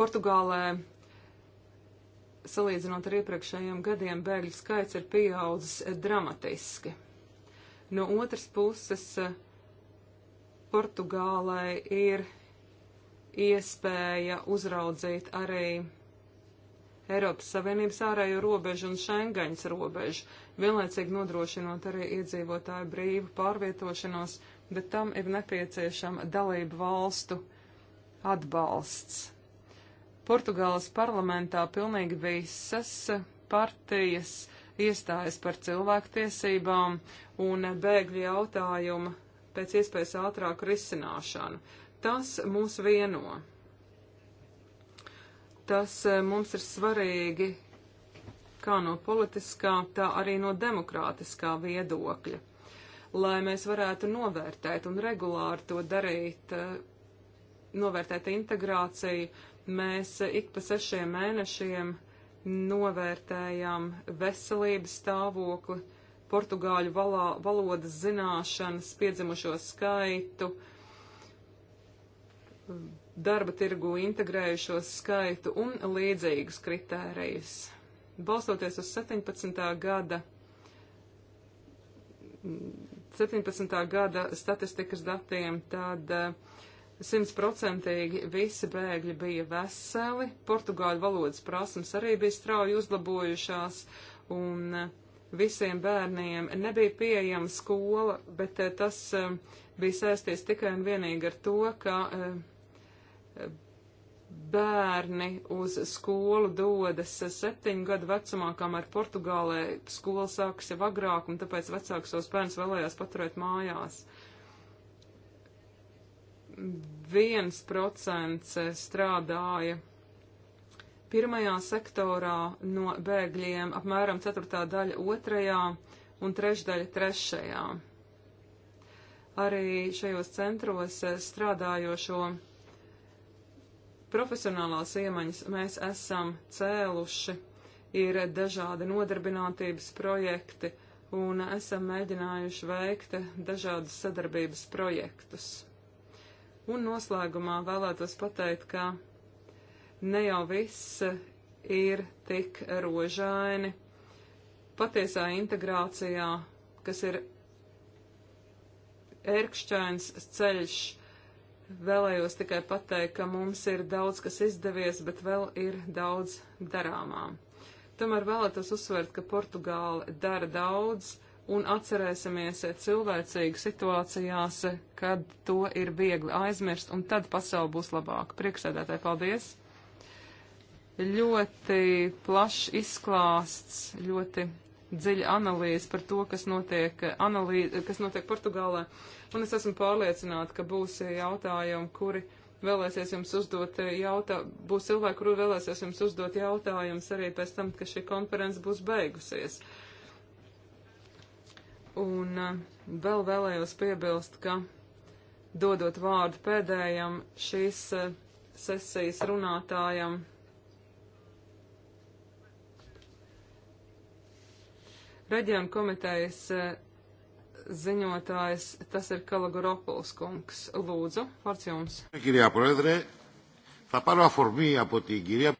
Portugālē, salīdzinot ar iepriekšējiem gadiem, bēgļu skaits ir pieaudzis dramatiski. No otras puses, eh, Portugālai ir iespēja uzraudzīt arī Eiropas Savienības ārējo robežu un Šengaņas robežu, vienlaicīgi nodrošinot arī iedzīvotāju brīvu pārvietošanos, bet tam ir nepieciešama dalību valstu atbalsts. Portugāles parlamentā pilnīgi visas partijas iestājas par cilvēktiesībām un bēgļu jautājumu pēc iespējas ātrāku risināšanu. Tas mūs vieno. Tas eh, mums ir svarīgi kā no politiskā, tā arī no demokrātiskā viedokļa, lai mēs varētu novērtēt un regulāri to darīt, eh, novērtēt integrāciju. Mēs eh, ik pa sešiem mēnešiem uh, novērtējam veselības stāvokli, portugāļu valā, valodas zināšanas, piedzimušo skaitu, darba tirgu integrējušos skaitu un līdzīgus kritērijus. Balstoties uz 17. gada 17. gada statistikas datiem, tad uh, simtprocentīgi visi bēgļi bija veseli, portugāļu valodas prasmes arī bija strauji uzlabojušās, un eh, visiem bērniem nebija pieejama skola, bet eh, tas eh, bija saistīts tikai un vienīgi ar to, ka bērni uz skolu dodas septiņu gadu vecumā, kamēr Portugālē skola sākas jau agrāk, un tāpēc vecāks savus bērnus vēlējās paturēt mājās. Uh, viens procents strādāja pirmajā sektorā no bēgļiem, apmēram ceturtā daļa otrajā un trešdaļa trešajā. Arī šajos centros strādājošo profesionālās iemaņas mēs esam cēluši, ir dažādi nodarbinātības projekti un esam mēģinājuši veikt dažādas sadarbības projektus. Un noslēgumā vēlētos pateikt, ka ne jau viss ir tik rožaini. Patiesā integrācijā, kas ir ērkšķains ceļš, vēlējos tikai pateikt, ka mums ir daudz, kas izdevies, bet vēl ir daudz darāmām. Tomēr vēlētos uzsvērt, ka Portugāla dara daudz, uh, un atcerēsimies cilvēcīgi situācijās, kad to ir viegli aizmirst, un tad pasauli būs labāk. Prieksēdētāji, paldies! Ļoti plašs izklāsts, ļoti dziļa analīze par to, kas notiek, analīze, kas notiek Portugālē. Un es esmu pārliecināta, ka būs jautājumi, kuri vēlēsies jums uzdot jautājumus, būs cilvēki, kuri vēlēsies jums uzdot jautājumus arī pēc tam, ka šī konferences būs beigusies. Un eh, vēl vēlējos piebilst, ka dodot vārdu pēdējam šīs eh, sesijas runātājam, reģionu komitejas eh, ziņotājs, tas ir Kalaguropuls kungs. Lūdzu, vārds jums. Kirjā proedrē, θα πάρω αφορμή από την κυρία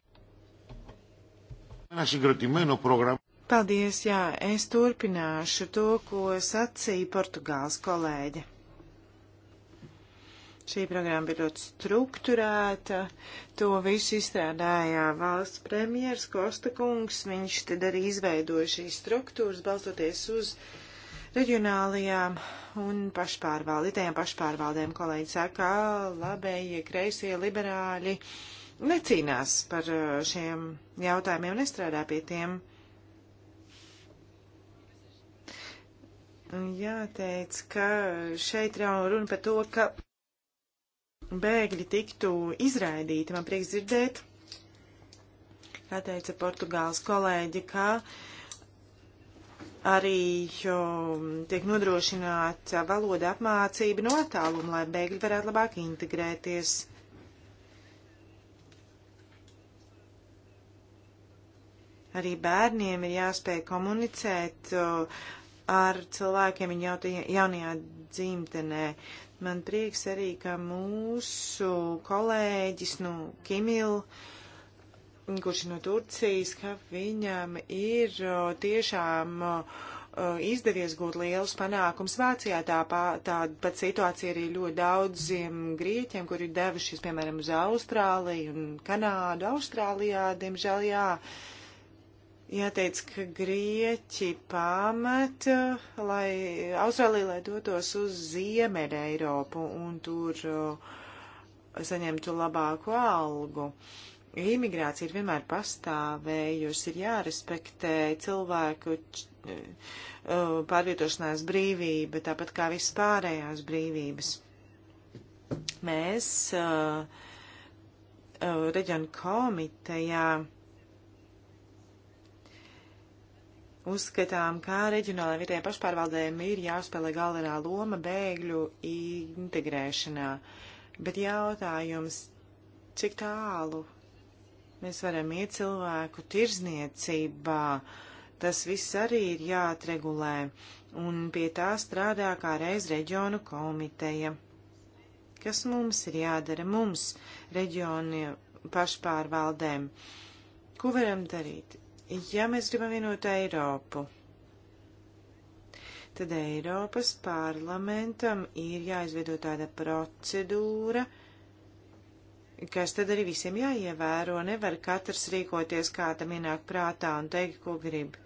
ένα συγκροτημένο πρόγραμμα. Paldies, jā, es turpināšu to, ko sacīja Portugāls kolēģe. Šī programma bija ļoti strukturēta. To visu izstrādājā valsts premjers Kosta Kungs. Viņš tad arī izveidoja šīs struktūras, balstoties uz reģionālajām un pašpārvaldītajām pašpārvaldēm. Kolēģi saka, labējie, kreisie, liberāļi necīnās par šiem jautājumiem, nestrādā pie tiem. Jāteic, ka šeit jau runa par to, ka bēgļi tiktu izraidīti. Man prieks dzirdēt, kā teica Portugāles kolēģi, ka arī jo, tiek nodrošināta valoda apmācība no attāluma, lai bēgļi varētu labāk integrēties. Arī bērniem ir jāspēj komunicēt, uh, ar cilvēkiem viņa jaunajā dzimtenē. Man prieks arī, ka mūsu kolēģis, nu, Kimil, kurš no Turcijas, ka viņam ir tiešām izdevies gūt lielus panākums Vācijā. Tā pā, tāda pat situācija arī ļoti daudziem grieķiem, kuri ir devušies, piemēram, uz Austrāliju un Kanādu. Austrālijā, diemžēl, jā. Uh, Jāteic, ka Grieķi pamat, eh, lai Austrālija, lai dotos uz Ziemeļa Eiropu un tur eh, saņemtu labāku algu. Imigrācija ir vienmēr pastāvējusi, ir jārespektē cilvēku eh, pārvietošanās brīvība, tāpat kā viss pārējās brīvības. Mēs reģionu komitejā. Ja Uzskatām, kā reģionālajiem vietējiem pašpārvaldējiem ir jāspēlē galvenā loma bēgļu integrēšanā. Bet jautājums, cik tālu mēs varam iet cilvēku tirzniecībā, tas viss arī ir jāatregulē, un pie tā strādā kā reiz reģionu komiteja. Kas mums ir jādara mums, reģioni pašpārvaldēm? Ko varam darīt? Ja mēs gribam vienot Eiropu, tad Eiropas parlamentam ir jāizveido tāda procedūra, kas tad arī visiem jāievēro. Nevar katrs rīkoties, kā tam ienāk prātā un teikt, ko grib.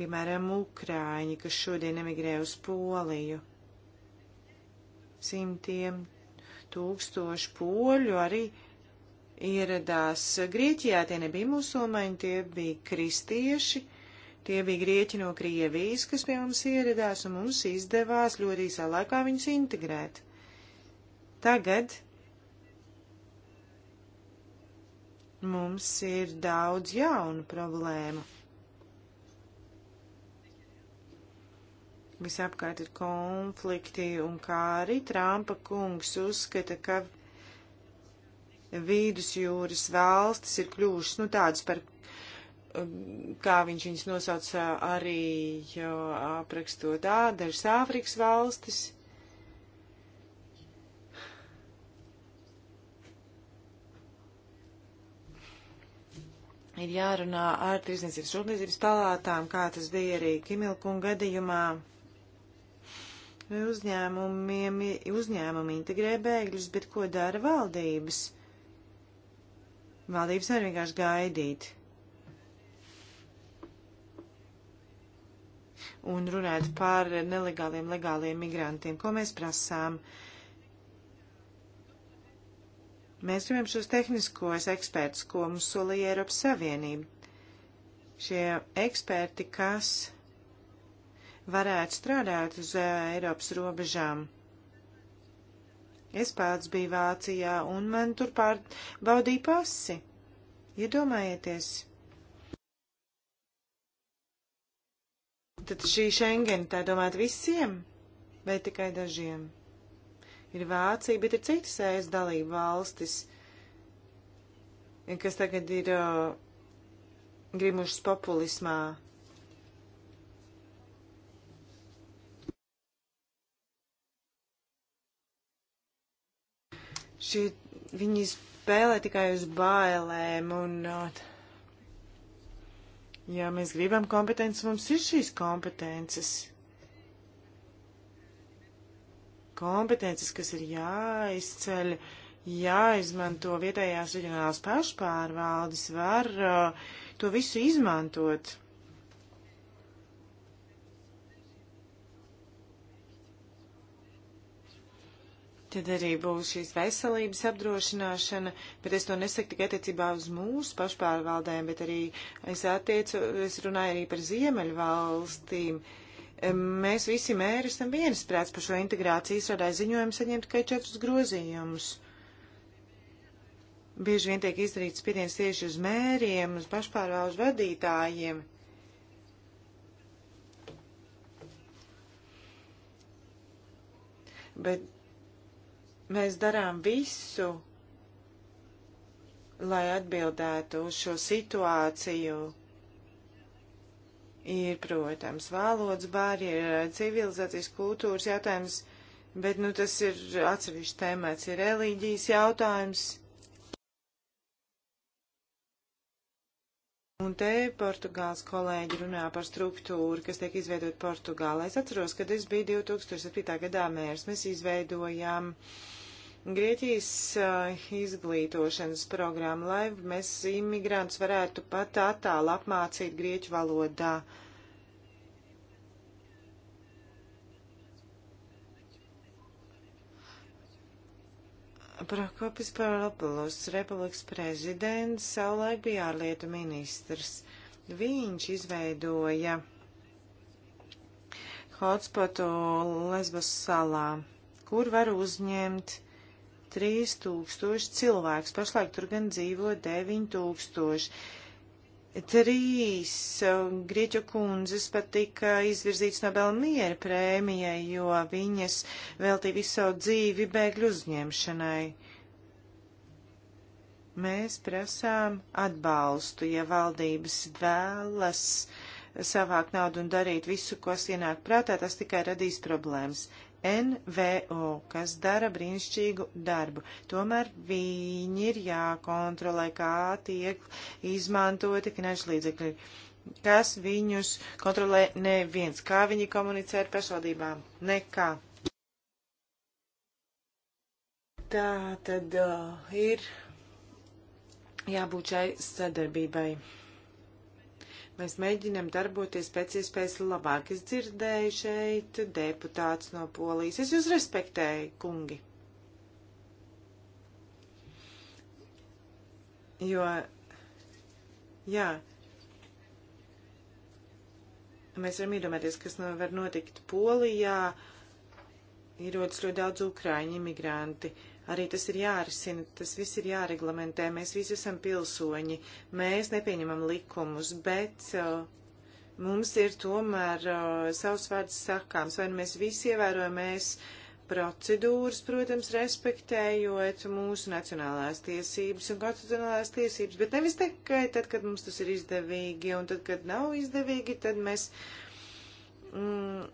Piemēram, Ukrāņi, kas šodien emigrē uz Poliju. Simtiem tūkstoši poļu arī ieradās Grieķijā, tie nebija musulmaņi, tie bija kristieši, tie bija grieķi no Krievijas, kas pie mums ieradās, un mums izdevās ļoti īsā laikā viņus integrēt. Tagad mums ir daudz jaunu problēmu. Visapkārt ir konflikti, un kā arī Trumpa kungs uzskata, ka vīdusjūras valstis ir kļuvušas, nu tādas par, um, kā viņš viņas nosauca arī aprakstot dažas Āfrikas valstis. Ir jārunā ar Tirzniecības rūpniecības palātām, kā tas bija arī Kimilkunga gadījumā. Uzņēmumiem, uzņēmumi integrē bēgļus, bet ko dara valdības? Valdības var vienkārši gaidīt. Un runāt par nelegāliem, legāliem migrantiem, ko mēs prasām. Mēs gribam šos tehniskos ekspertus, ko mums solīja Eiropas Savienība. Šie eksperti, kas varētu strādāt uz eh, Eiropas robežām Es pats biju Vācijā, un man tur pārbaudīja pasi. Iedomājieties! Tad šī Schengen, tā domāt visiem vai tikai dažiem? Ir Vācija, bet ir citas ēst dalība valstis, kas tagad ir uh, grimušas populismā, šī, viņi spēlē tikai uz bailēm un, uh, ja mēs gribam kompetences, mums ir šīs kompetences. Kompetences, kas ir jāizceļ, jāizmanto vietējās reģionālās pašpārvaldes, var uh, to visu izmantot. Tad arī būs šīs veselības apdrošināšana, bet es to nesaku tikai attiecībā uz mūsu pašpārvaldēm, bet arī es attiecu, es runāju arī par Ziemeļvalstīm. Mēs visi mēri esam viensprāts par šo integrācijas radā ziņojumu saņemt tikai četrus grozījumus. Bieži vien tiek izdarīts spiediens tieši uz mēriem, uz pašpārvaldes vadītājiem. Bet Mēs darām visu, lai atbildētu uz šo situāciju. Ir, protams, valodas barjera, civilizācijas kultūras jautājums, bet, nu, tas ir atsevišķi tēmēts, ir reliģijas jautājums. Un te Portugāls kolēģi runā par struktūru, kas tiek izveidot Portugālē. Es atceros, kad es biju 2007. gadā mērs, mēs izveidojām uh, Grieķijas uh, izglītošanas programmu, lai mēs imigrantus varētu pat attālu apmācīt grieķu valodā. Prokopis Parlopoulos, republikas prezidents, savulaik bija ārlietu ministrs. Viņš izveidoja hotspotu Lesbos salā, kur var uzņemt 3000 cilvēks. Pašlaik tur gan dzīvo 9000. Trīs um, Grieķu kundzes pat tika izvirzīts Nobel miera prēmijai, jo viņas veltīja visu savu dzīvi bēgļu uzņemšanai. Mēs prasām atbalstu, ja valdības vēlas savākt naudu un darīt visu, kas ienāk prātā, tas tikai radīs problēmas. NVO, kas dara brīnišķīgu darbu. Tomēr viņi ir jākontrolē, kā tiek izmantoti finanšu līdzekļi, kas viņus kontrolē neviens, kā viņi komunicē ar pašvaldībām, nekā. Tā tad uh, ir jābūt šai sadarbībai. Mēs mēģinam darboties pēc iespējas labāk. Es dzirdēju šeit deputāts no Polijas. Es jūs respektēju, kungi. Jo, jā, mēs varam iedomāties, kas no var notikt Polijā. Ir ļoti daudz ukrāņu imigranti. Uh, Arī tas ir jārisina, tas viss ir jāreglamentē. Mēs visi esam pilsoņi, mēs nepieņemam likumus, bet uh, mums ir tomēr uh, savs vārds sakāms. Vai nu mēs visi ievērojamies procedūras, protams, respektējot mūsu nacionālās tiesības un konstitucionālās tiesības, bet nevis tikai tad, kad mums tas ir izdevīgi, un tad, kad nav izdevīgi, tad mēs mm,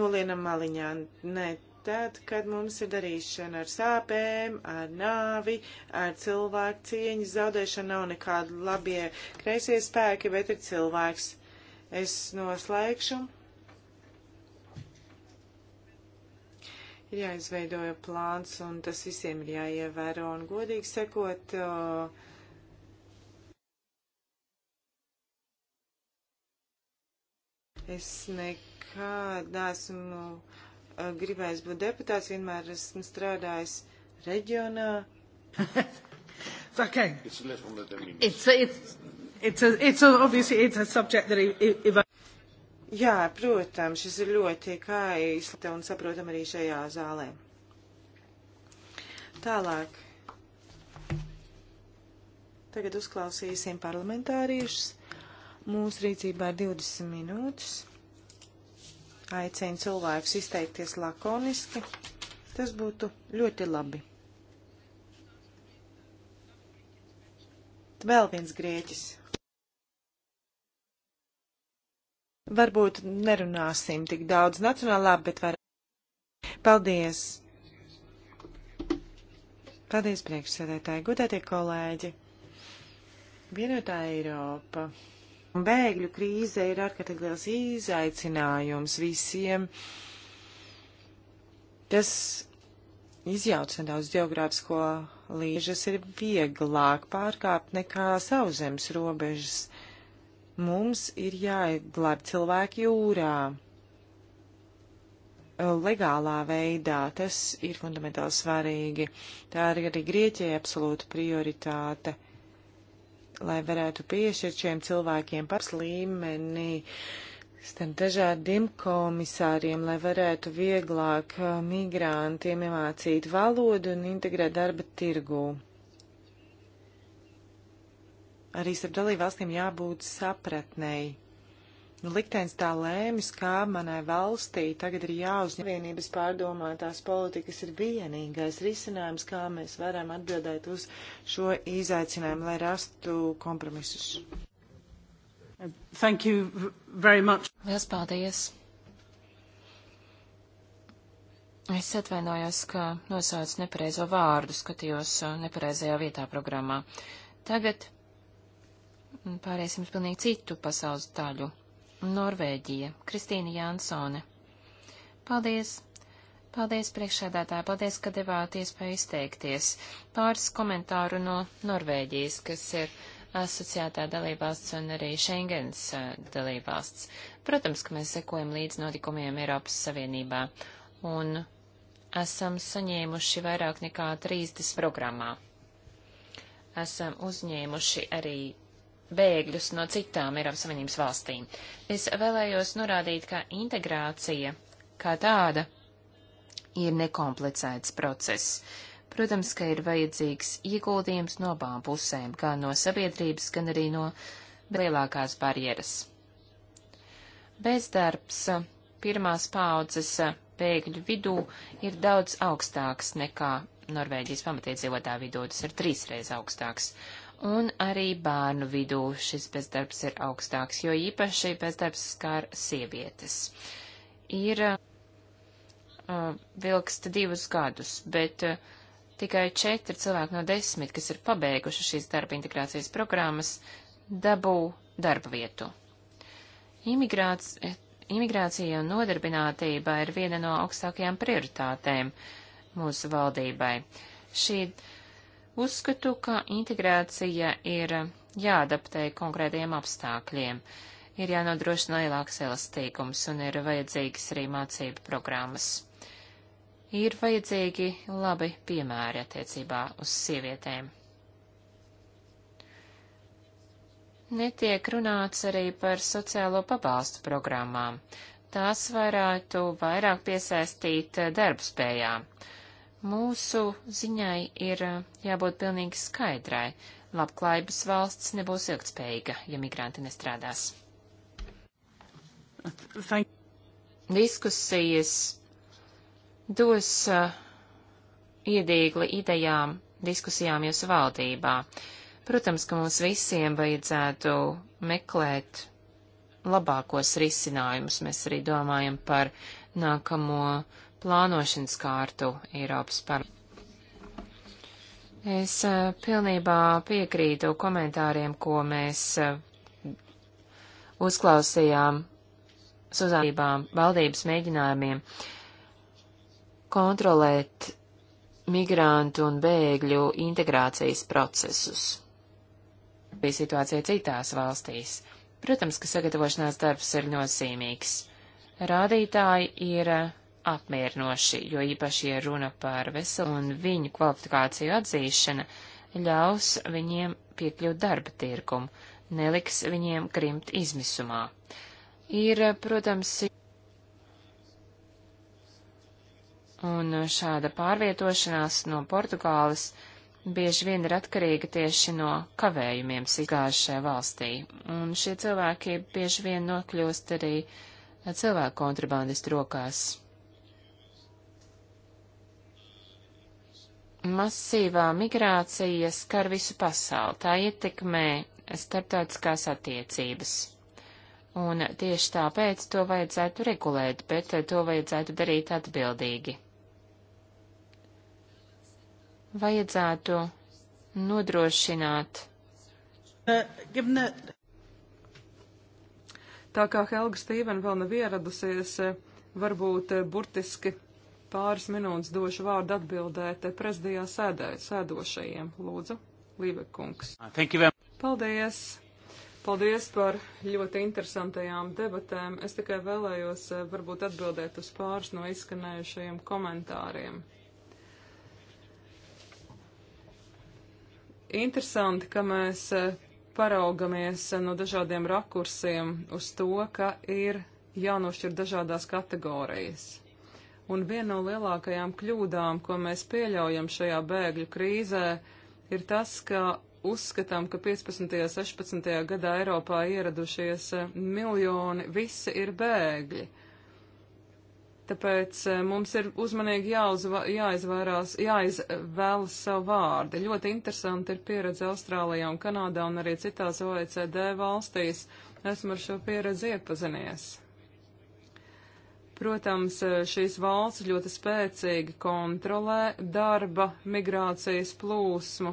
nolienam maliņā. Nē, tad, kad mums ir darīšana ar sāpēm, ar nāvi, ar cilvēku cieņas zaudēšanu, nav nekādi labie kreisie spēki, bet ir cilvēks. Es noslēgšu. Ir jāizveidoja plāns, un tas visiem ir jāievēro, un godīgi sekot. Uh, Es nekad neesmu Eh, gribējis būt deputāts, vienmēr esmu strādājis reģionā. okay. It's less on the it's, it's, it's, a, it's a, obviously it's a subject that if, if I... Jā, protams, šis ir ļoti kājis un saprotam arī šajā zālē. Tālāk. Tagad uzklausīsim parlamentāriešus. Mūsu rīcībā ir 20 minūtes aicina cilvēkus izteikties lakoniski, tas būtu ļoti labi. Vēl viens grieķis. Varbūt nerunāsim tik daudz nacionālā, bet var. Paldies! Paldies, priekšsēdētāji, gudētie kolēģi! Vienotā Eiropa Un bēgļu krīze ir ārkārtīgi liels izaicinājums visiem. Tas izjauc nedaudz geogrāfisko līžas, ir vieglāk pārkāpt nekā sauszemes robežas. Mums ir jāglāb cilvēki jūrā legālā veidā. Tas ir fundamentāli svarīgi. Tā ir arī Grieķijai absolūta prioritāte lai varētu piešķirt šiem cilvēkiem pars līmenī starp dažādiem komisāriem, lai varētu vieglāk uh, migrantiem iemācīt valodu un integrēt darba tirgū. Arī starp dalībvalstīm jābūt sapratnēji Nu, liktenis tā lēmis, kā manai valstī tagad ir jāuzņem vienības pārdomātās politikas ir vienīgais risinājums, kā mēs varam atbildēt uz šo izaicinājumu, lai rastu kompromisus. Thank you very much. Lielas paldies. Es atvainojos, ka nosaucu nepareizo vārdu, skatījos uh, nepareizajā vietā programmā. Tagad pāriesim uz pilnīgi citu pasaules daļu. Norvēģija, Kristīna Jānsone. Paldies! Paldies, priekšsēdētāji, paldies, ka devāt iespēju izteikties. Pāris komentāru no Norvēģijas, kas ir asociētā dalībvalsts un arī Schengens dalībvalsts. Protams, ka mēs sekojam līdz notikumiem Eiropas Savienībā un esam saņēmuši vairāk nekā 30 programmā. Esam uzņēmuši arī bēgļus no citām Eiropas Savienības valstīm. Es vēlējos norādīt, ka integrācija kā tāda ir nekomplicēts process. Protams, ka ir vajadzīgs ieguldījums no abām pusēm, gan no sabiedrības, gan arī no lielākās barjeras. Bezdarbs pirmās paudzes bēgļu vidū ir daudz augstāks nekā Norvēģijas pamatiedzīvotāju vidū, tas ir trīsreiz augstāks un arī bērnu vidū šis bezdarbs ir augstāks, jo īpaši bezdarbs skār sievietes. Ir uh, vilksta divus gadus, bet uh, tikai četri cilvēki no desmit, kas ir pabeiguši šīs darba integrācijas programmas, dabū darba vietu. Imigrāts, eh, imigrācija un nodarbinātība ir viena no augstākajām prioritātēm mūsu valdībai. Šī uh, Uzskatu, ka integrācija ir jāadaptē konkrētajiem apstākļiem, ir jānodrošina lielāks elastīgums un ir vajadzīgas arī mācību programmas. Ir vajadzīgi labi piemēri attiecībā uz sievietēm. Netiek runāts arī par sociālo pabalstu programmām. Tās varētu vairāk piesaistīt darbspējām. spējām Mūsu ziņai ir eh, jābūt pilnīgi skaidrai. Labklājības valsts nebūs ilgtspējīga, ja migranti nestrādās. Thank. Diskusijas dos uh, iedīgli idejām, diskusijām jūsu valdībā. Protams, ka mums visiem vajadzētu meklēt labākos risinājumus. Mēs arī domājam par nākamo plānošanas kārtu Eiropas parlamentā. Es eh, pilnībā piekrītu komentāriem, ko mēs eh, uzklausījām uzādībām valdības mēģinājumiem kontrolēt migrantu un bēgļu integrācijas procesus. Bija situācija citās valstīs. Protams, ka sagatavošanās darbs ir nozīmīgs. Rādītāji ir eh, apmierinoši, jo īpaši, ja runa par veselu un viņu kvalifikāciju atzīšana, ļaus viņiem piekļūt darba tirkumu, neliks viņiem krimt izmisumā. Ir, protams, un šāda pārvietošanās no Portugāles bieži vien ir atkarīga tieši no kavējumiem sigājušajā valstī, un šie cilvēki bieži vien nokļūst arī cilvēku kontrabandistu rokās. masīvā migrācija skar visu pasauli. Tā ietekmē starptautiskās attiecības. Un tieši tāpēc to vajadzētu regulēt, bet to vajadzētu darīt atbildīgi. Vajadzētu nodrošināt. Tā kā Helga Stīvena vēl nav ieradusies, varbūt burtiski pāris minūtes došu vārdu atbildēt prezidijā sēdē, sēdošajiem. Lūdzu, Līvekungs. Uh, Paldies! Paldies par ļoti interesantajām debatēm. Es tikai vēlējos uh, varbūt atbildēt uz pāris no izskanējušajiem komentāriem. Interesanti, ka mēs uh, paraugamies no dažādiem rakursiem uz to, ka ir jānošķir dažādās kategorijas. Un viena no lielākajām kļūdām, ko mēs pieļaujam šajā bēgļu krīzē, ir tas, ka uzskatām, ka 15. un 16. gadā Eiropā ieradušies eh, miljoni, visi ir bēgļi. Tāpēc eh, mums ir uzmanīgi jāuzva, jāizvairās, jāizvēlas savu vārdu. Ļoti interesanti ir pieredze Austrālijā un Kanādā un arī citās OECD valstīs. Esmu ar šo pieredzi iepazinies. Protams, šīs valsts ļoti spēcīgi kontrolē darba migrācijas plūsmu,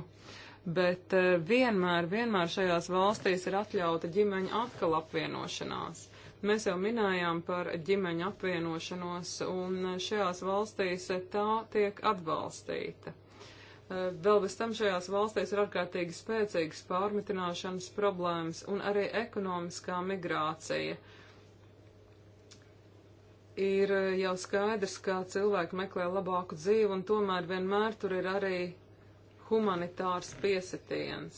bet eh, vienmēr, vienmēr šajās valstīs ir atļauta ģimeņa atkal apvienošanās. Mēs jau minējām par ģimeņa apvienošanos, un šajās valstīs tā tiek atbalstīta. Eh, vēl bez tam šajās valstīs ir ārkārtīgi spēcīgas pārmitināšanas problēmas un arī ekonomiskā migrācija. Uh, ir eh, jau skaidrs, ka cilvēki meklē labāku dzīvi, un tomēr vienmēr tur ir arī humanitārs piesitiens.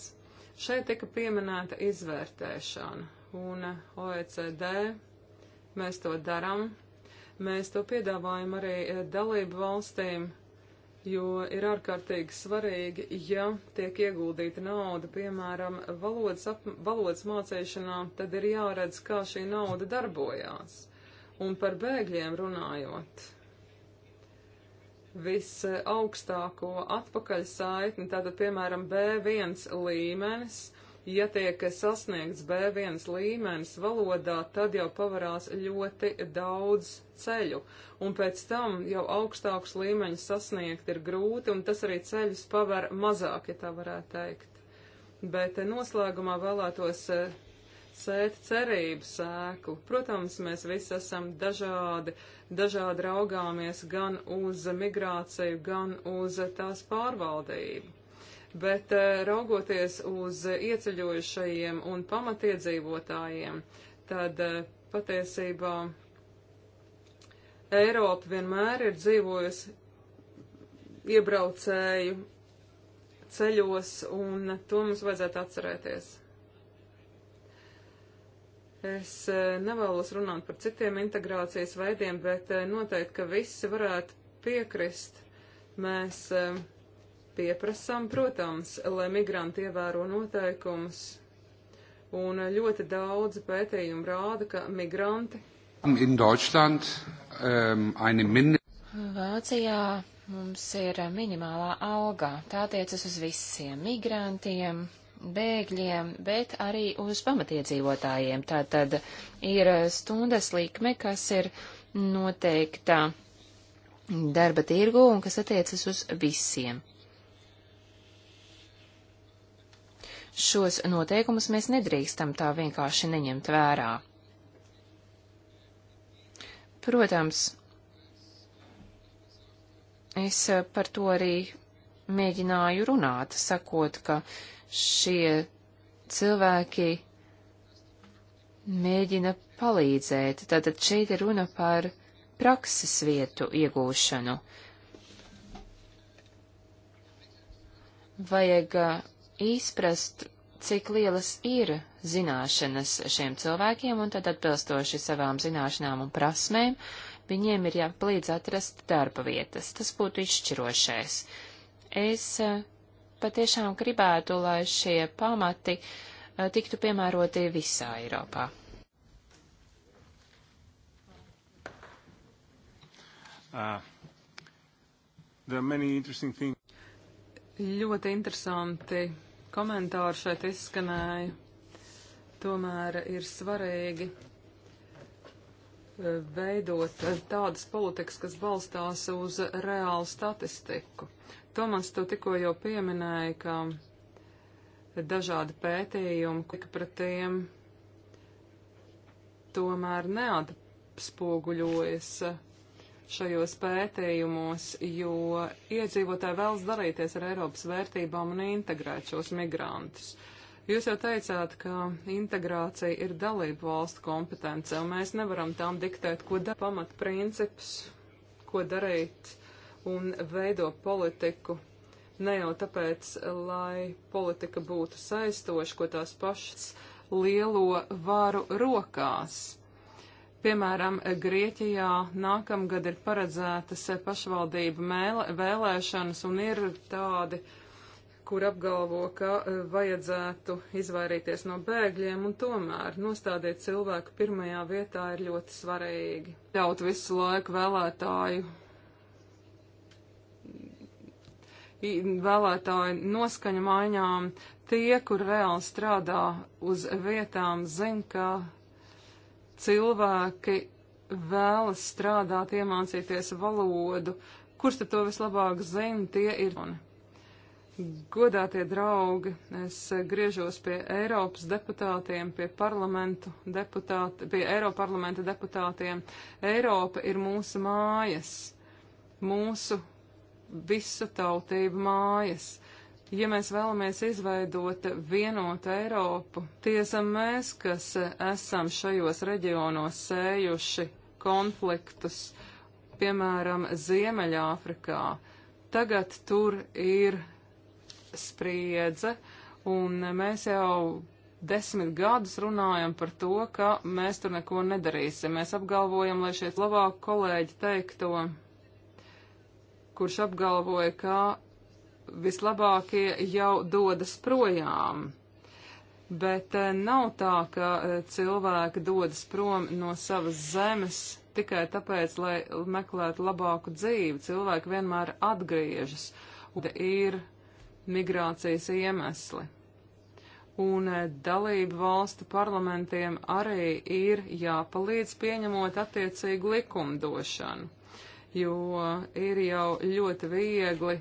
Šeit tika pieminēta izvērtēšana, un eh, OECD mēs to darām. Mēs to piedāvājam arī eh, dalību valstīm, jo ir ārkārtīgi svarīgi, ja tiek ieguldīta nauda, piemēram, valodas, ap, valodas mācīšanā, tad ir jāredz, kā šī nauda darbojās. Un par bēgļiem runājot, visaugstāko atpakaļ saitni, tātad, piemēram, B1 līmenis, ja tiek sasniegts B1 līmenis valodā, tad jau pavarās ļoti daudz ceļu, un pēc tam jau augstākus līmeņus sasniegt ir grūti, un tas arī ceļus paver mazāk, ja tā varētu teikt. Bet noslēgumā vēlētos eh, sēt cerību sēku. Protams, mēs visi esam dažādi, dažādi raugāmies gan uz migrāciju, gan uz tās pārvaldību. Bet eh, raugoties uz ieceļojušajiem un pamatiedzīvotājiem, tad eh, patiesībā Eiropa vienmēr ir dzīvojusi iebraucēju ceļos, un to mums vajadzētu atcerēties. Es eh, nevēlos runāt par citiem integrācijas veidiem, bet eh, noteikti, ka visi varētu piekrist. Mēs eh, pieprasām, protams, lai migranti ievēro noteikumus. Un ļoti daudzi pētījumi rāda, ka migranti. In Deutschland, um, eine min... Vācijā mums ir minimālā alga. Tā tiecas uz visiem migrantiem, bēgļiem, bet arī uz pamatiedzīvotājiem. Tātad ir stundas likme, kas ir noteikta darba tirgu un kas attiecas uz visiem. Šos noteikumus mēs nedrīkstam tā vienkārši neņemt vērā. Protams, es par to arī mēģināju runāt, sakot, ka šie cilvēki mēģina palīdzēt. Tātad šeit ir runa par prakses vietu iegūšanu. Vajag uh, izprast, cik lielas ir zināšanas šiem cilvēkiem, un tad atbilstoši savām zināšanām un prasmēm, viņiem ir jāpalīdz atrast darba vietas. Tas būtu izšķirošais. Uh, Es eh, patiešām gribētu, lai šie pamati eh, tiktu piemēroti visā Eiropā. Uh, Ļoti interesanti komentāri šeit izskanēja. Tomēr ir svarīgi Eh, veidot eh, tādas politikas, kas balstās uz reālu statistiku. Tomas, tu tikko jau pieminēji, ka dažādi pētījumi, ka pret tiem tomēr neatspoguļojas eh, šajos pētījumos, jo iedzīvotāji vēlas darīties ar Eiropas vērtībām un integrēt šos migrantus. Uh, Jūs jau teicāt, ka integrācija ir dalību valstu kompetence, un mēs nevaram tām diktēt, ko dara pamatprincips, ko darīt un veido politiku. Ne jau tāpēc, lai politika būtu saistoša, ko tās pašas lielo varu rokās. Piemēram, Grieķijā nākamgad ir paredzētas pašvaldību mēle, vēlēšanas un ir tādi uh, kur apgalvo, ka e, vajadzētu izvairīties no bēgļiem, un tomēr nostādīt cilvēku pirmajā vietā ir ļoti svarīgi. Ļaut visu laiku vēlētāju, vēlētāju noskaņa maiņām. Tie, kur reāli strādā uz vietām, zin, ka cilvēki vēlas strādāt, iemācīties valodu. Kurš tad to vislabāk zina, tie ir. Un Godātie draugi, es griežos pie Eiropas deputātiem, pie parlamentu deputāti, pie Eiroparlamenta deputātiem. Eiropa ir mūsu mājas, mūsu visu tautību mājas. Ja mēs vēlamies izveidot vienotu Eiropu, tiesam mēs, kas esam šajos reģionos sējuši konfliktus, piemēram, Ziemeļāfrikā, tagad tur ir spriedze, un mēs jau desmit gadus runājam par to, ka mēs tur neko nedarīsim. Mēs apgalvojam, lai šeit labāk kolēģi teikto, kurš apgalvoja, ka vislabākie jau dodas projām. Bet eh, nav tā, ka eh, cilvēki dodas prom no savas zemes tikai tāpēc, lai meklētu labāku dzīvi. Cilvēki vienmēr atgriežas. Un ir migrācijas iemesli. Un eh, dalību valstu parlamentiem arī ir jāpalīdz pieņemot attiecīgu likumdošanu, jo ir jau ļoti viegli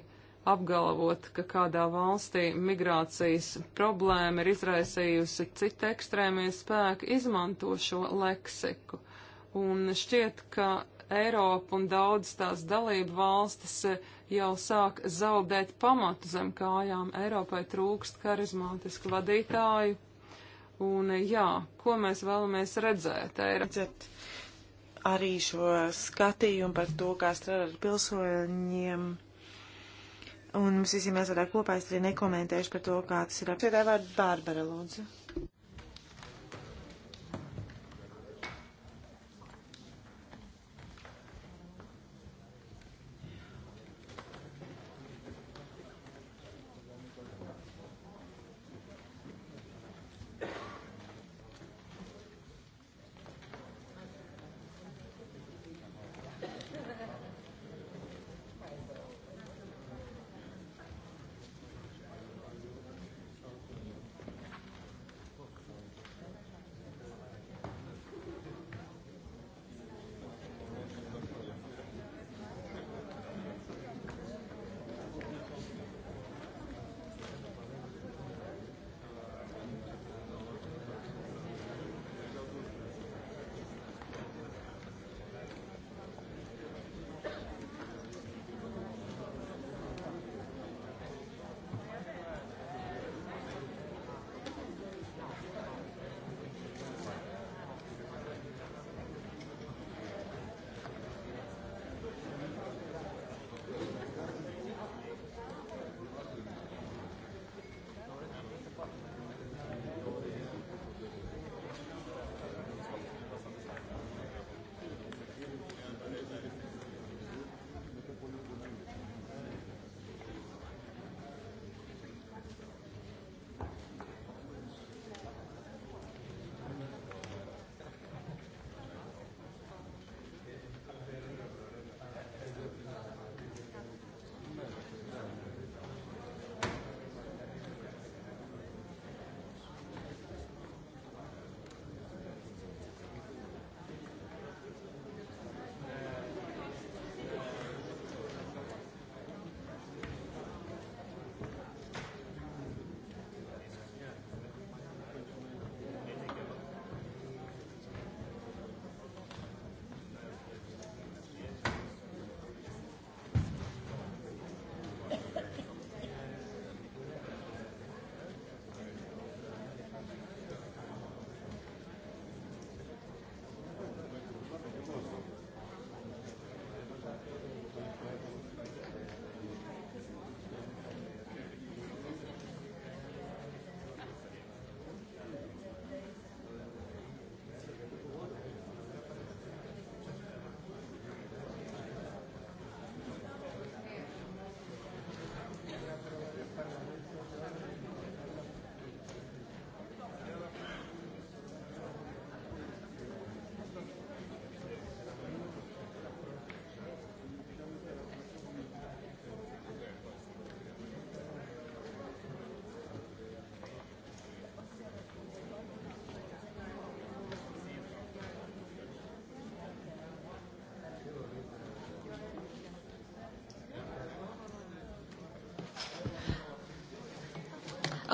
apgalvot, ka kādā valstī migrācijas problēma ir izraisījusi cita ekstrēmie spēki, izmanto šo leksiku. Un šķiet, ka Eiropa un daudz tās dalību valstis uh, jau sāk zaudēt pamatu zem kājām. Eiropai trūkst karizmātisku vadītāju. Un jā, ko mēs vēlamies redzēt? Redzēt arī šo skatījumu par to, kā strādāt ar pilsoņiem. Un mums visiem jāsadā kopā, es arī nekomentēšu par to, kā tas ir. Pēdējā vārda Bārbara, lūdzu.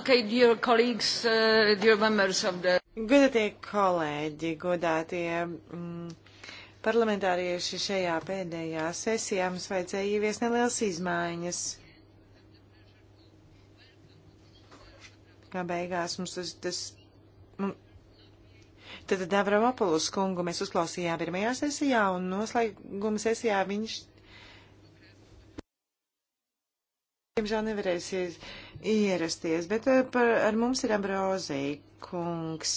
Okay, dear colleagues, uh, dear members of the... Godātie kolēģi, godātie mm, parlamentārieši šajā pēdējā sesijā mums vajadzēja ievies nelielas izmaiņas. Kā beigās mums tas, tas mums, tad Davramopulus kungu mēs uzklausījām pirmajā sesijā un noslēguma sesijā viņš, diemžēl, nevarēsies ierasties, bet eh, par, ar mums ir Ambrozija kungs,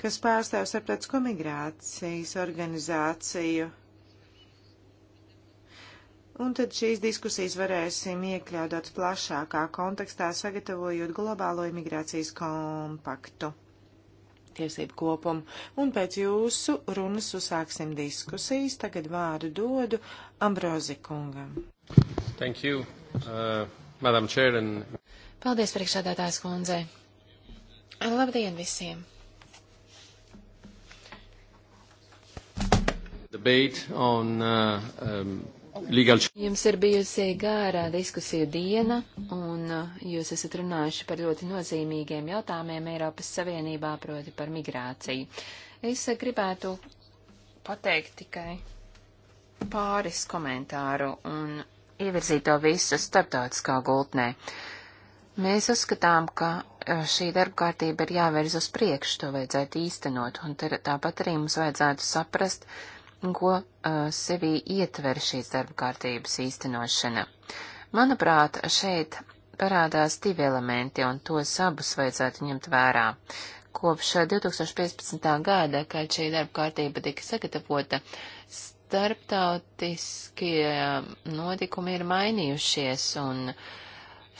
kas pārstāv starptautisko migrācijas organizāciju. Un tad šīs diskusijas varēsim iekļaut daudz plašākā kontekstā, sagatavojot globālo imigrācijas kompaktu tiesību kopumu. Un pēc jūsu runas uzsāksim diskusijas. Tagad vārdu dodu Ambrozi kungam. Thank you, uh, Madam Chair. And... Paldies, priekšādātājs kundze. Labdien visiem! Debate on uh, um, Jums ir bijusi gārā diskusiju diena, un uh, jūs esat runājuši par ļoti nozīmīgiem jautājumiem Eiropas Savienībā, proti par migrāciju. Es uh, gribētu pateikt tikai pāris komentāru un ievirzīt to visu starptautiskā gultnē. Uh, Mēs uzskatām, ka e, šī darba kārtība ir jāvērz uz priekšu, to vajadzētu īstenot, un ter, tāpat arī mums vajadzētu saprast, ko uh, sevī ietver šīs darba kārtības īstenošana. Manuprāt, šeit parādās divi elementi, un tos abus vajadzētu ņemt vērā. Kopš 2015. E, gada, kad šī darba kārtība tika sagatavota, starptautiskie notikumi ir mainījušies, un uh,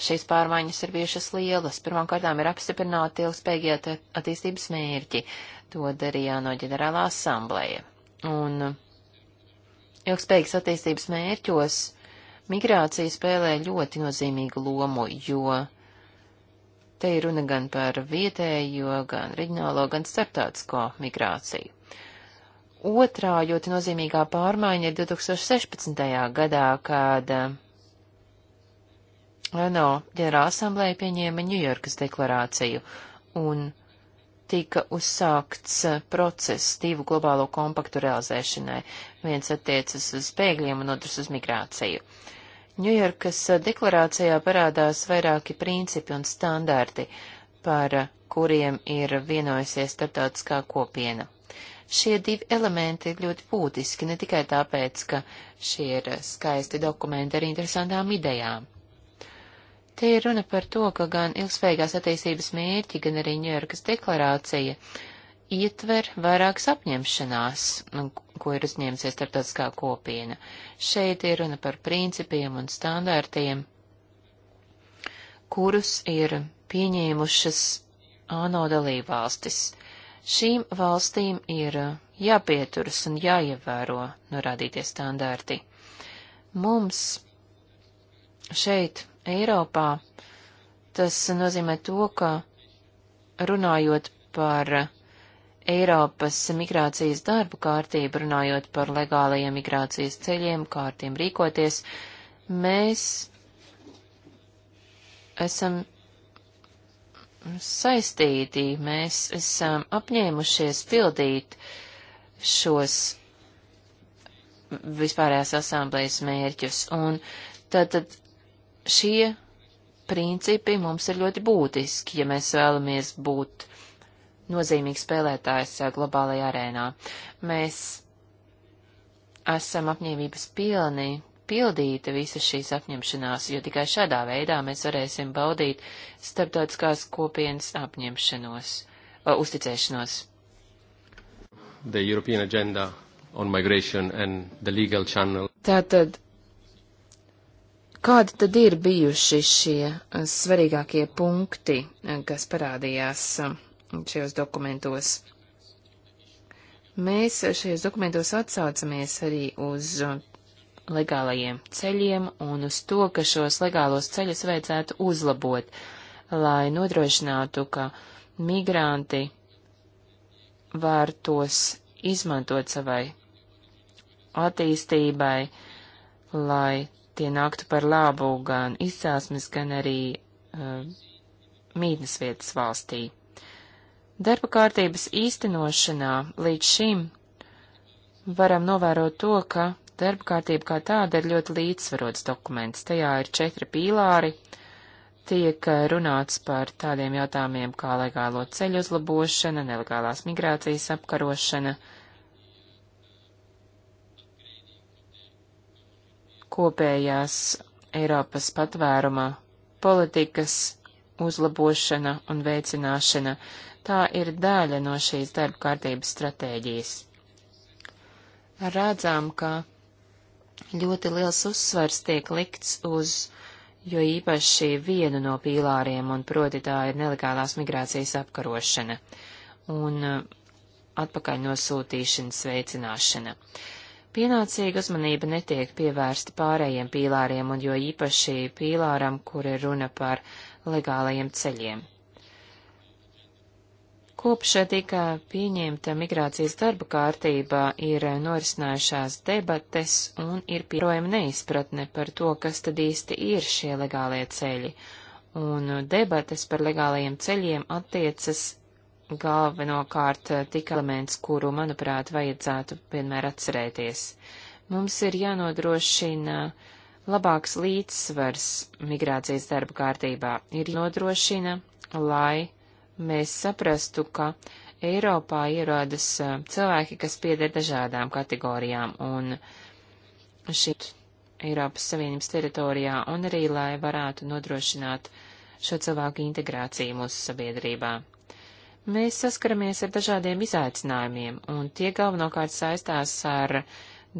Šīs pārmaiņas ir bijušas lielas. Pirmkārtām ir apstiprināti ilgspējīgie attīstības mērķi. To darīja no ģenerālā asamblēja. Un ilgspējīgas attīstības mērķos migrācija spēlē ļoti nozīmīgu lomu, jo te ir runa gan par vietējo, gan reģionālo, gan starptautisko migrāciju. Otrā ļoti nozīmīgā pārmaiņa ir 2016. gadā, kad ANO ģenerāla asamblēja pieņēma Ņujorkas deklarāciju un tika uzsākts eh, process divu globālo kompaktu realizēšanai. Viens attiecas uz bēgļiem un otrs uz migrāciju. Ņujorkas eh, deklarācijā parādās vairāki principi un standarti, par kuriem ir vienojusies starptautiskā kopiena. Šie divi elementi ir ļoti būtiski ne tikai tāpēc, ka šie ir skaisti dokumenti ar interesantām idejām. Te ir runa par to, ka gan ilgspējīgās attīstības mērķi, gan arī Ņujorkas deklarācija ietver vairākas apņemšanās, nu, ko ir uzņēmusies starptautiskā kopiena. Šeit ir runa par principiem un standārtiem, kurus ir pieņēmušas ANO dalībvalstis. Šīm valstīm ir jāpieturas un jāievēro norādītie standārti. Mums šeit Eiropā, tas nozīmē to, ka runājot par Eiropas migrācijas darbu kārtību, runājot par legālajiem migrācijas ceļiem, kārtiem rīkoties, mēs esam saistīti, mēs esam apņēmušies pildīt šos vispārējās asamblējas mērķus, un tad, tad šie principi mums ir ļoti būtiski, ja mēs vēlamies būt nozīmīgi spēlētājs eh, globālajā arēnā. Mēs esam apņēmības pilni pildīta visas šīs apņemšanās, jo tikai šādā veidā mēs varēsim baudīt starptautiskās kopienas apņemšanos, o, eh, uzticēšanos. The European agenda on migration and the legal channel. Tātad Kādi tad ir bijuši šie eh, svarīgākie punkti, eh, kas parādījās eh, šajos dokumentos? Mēs šajos dokumentos atsaucamies arī uz legālajiem ceļiem un uz to, ka šos legālos ceļus vajadzētu uzlabot, lai nodrošinātu, ka migranti var tos izmantot savai attīstībai, lai tie nāktu par labu gan izcelsmes, gan arī uh, mītnes vietas valstī. Darba kārtības īstenošanā līdz šim varam novērot to, ka darba kārtība kā tāda ir ļoti līdzsvarots dokuments. Tajā ir četri pīlāri, tiek uh, runāts par tādiem jautājumiem kā legālo ceļu uzlabošana, nelegālās migrācijas apkarošana, uh, kopējās Eiropas patvēruma politikas uzlabošana un veicināšana. Tā ir daļa no šīs darba kārtības stratēģijas. Redzām, ka ļoti liels uzsvars tiek likts uz, jo īpaši vienu no pīlāriem, un proti tā ir nelegālās migrācijas apkarošana un uh, atpakaļ nosūtīšanas veicināšana. Uh, Pienācīga uzmanība netiek pievērsta pārējiem pīlāriem un jo īpaši pīlāram, kur ir runa par legālajiem ceļiem. Kopš tika pieņemta migrācijas darba kārtība, ir norisinājušās debates un ir pierojama neizpratne par to, kas tad īsti ir šie legālie ceļi, un debates par legālajiem ceļiem attiecas galvenokārt eh, tik elements, kuru, manuprāt, vajadzētu vienmēr atcerēties. Mums ir jānodrošina labāks līdzsvars migrācijas darba kārtībā, ir jānodrošina, lai mēs saprastu, ka Eiropā ierodas eh, cilvēki, kas pieder dažādām kategorijām, un šī Eiropas Savienības teritorijā, un arī, lai varētu nodrošināt šo cilvēku integrāciju mūsu sabiedrībā. Mēs saskaramies ar dažādiem izaicinājumiem, un tie galvenokārt saistās ar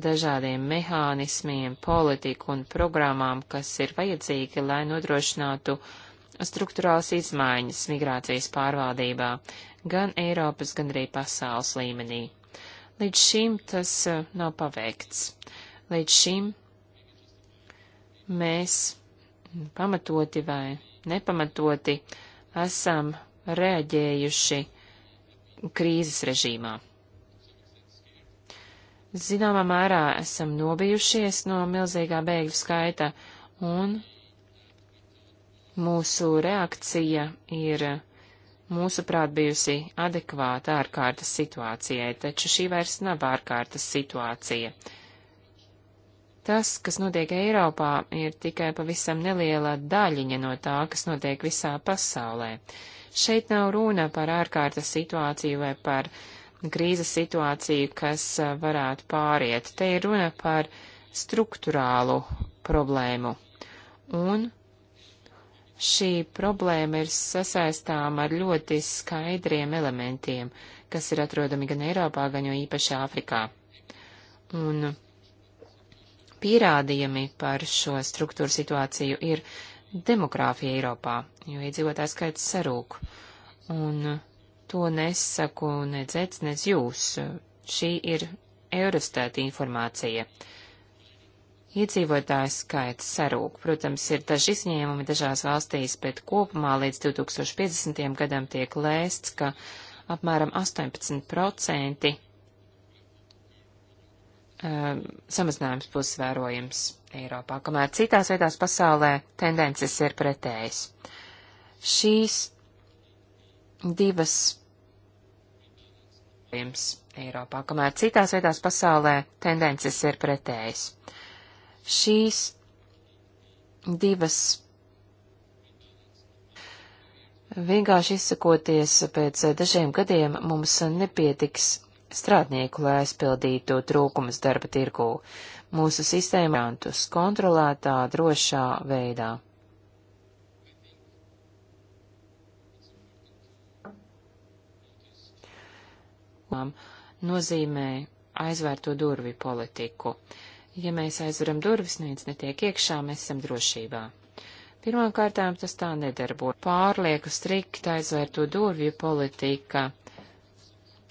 dažādiem mehānismiem, politiku un programmām, kas ir vajadzīgi, lai nodrošinātu struktūrāls izmaiņas migrācijas pārvaldībā, gan Eiropas, gan arī pasaules līmenī. Līdz šim tas eh, nav paveikts. Līdz šim mēs pamatoti vai nepamatoti esam reaģējuši krīzes režīmā. Zināmā mērā esam nobijušies no milzīgā bēgļu skaita, un mūsu reakcija ir mūsuprāt bijusi adekvāta ārkārtas situācijai, taču šī vairs nav ārkārtas situācija. Uh, Tas, kas notiek Eiropā, ir tikai pavisam neliela daļiņa no tā, kas notiek visā pasaulē. Šeit nav runa par ārkārtas situāciju vai par krīzes situāciju, kas varētu pāriet. Te ir runa par struktūrālu problēmu. Un šī problēma ir sasaistām ar ļoti skaidriem elementiem, kas ir atrodami gan Eiropā, gan jo īpaši Āfrikā. Un pierādījumi par šo struktūru situāciju ir demogrāfija Eiropā, jo iedzīvotāju skaits sarūk. Un to nesaku nec ec, nec jūs. Šī ir Eurostēta informācija. Iedzīvotāju skaits sarūk. Protams, ir daži izņēmumi dažās valstīs, bet kopumā līdz 2050. gadam tiek lēsts, ka apmēram 18% um, samazinājums būs vērojams Eiropā, kamēr citās vietās pasaulē tendences ir pretējas. Šīs divas vērojams Eiropā, kamēr citās vietās pasaulē tendences ir pretējas. Šīs divas vienkārši izsakoties pēc dažiem gadiem mums nepietiks strādnieku, lai aizpildītu trūkumus darba tirgū. Mūsu sistēma grantus kontrolētā, drošā veidā. Nozīmē aizvērto durvi politiku. Ja mēs aizveram durvis, neviens netiek iekšā, mēs esam drošībā. Pirmkārtām tas tā nedarbo. Pārlieku strikta aizvērto durvju politika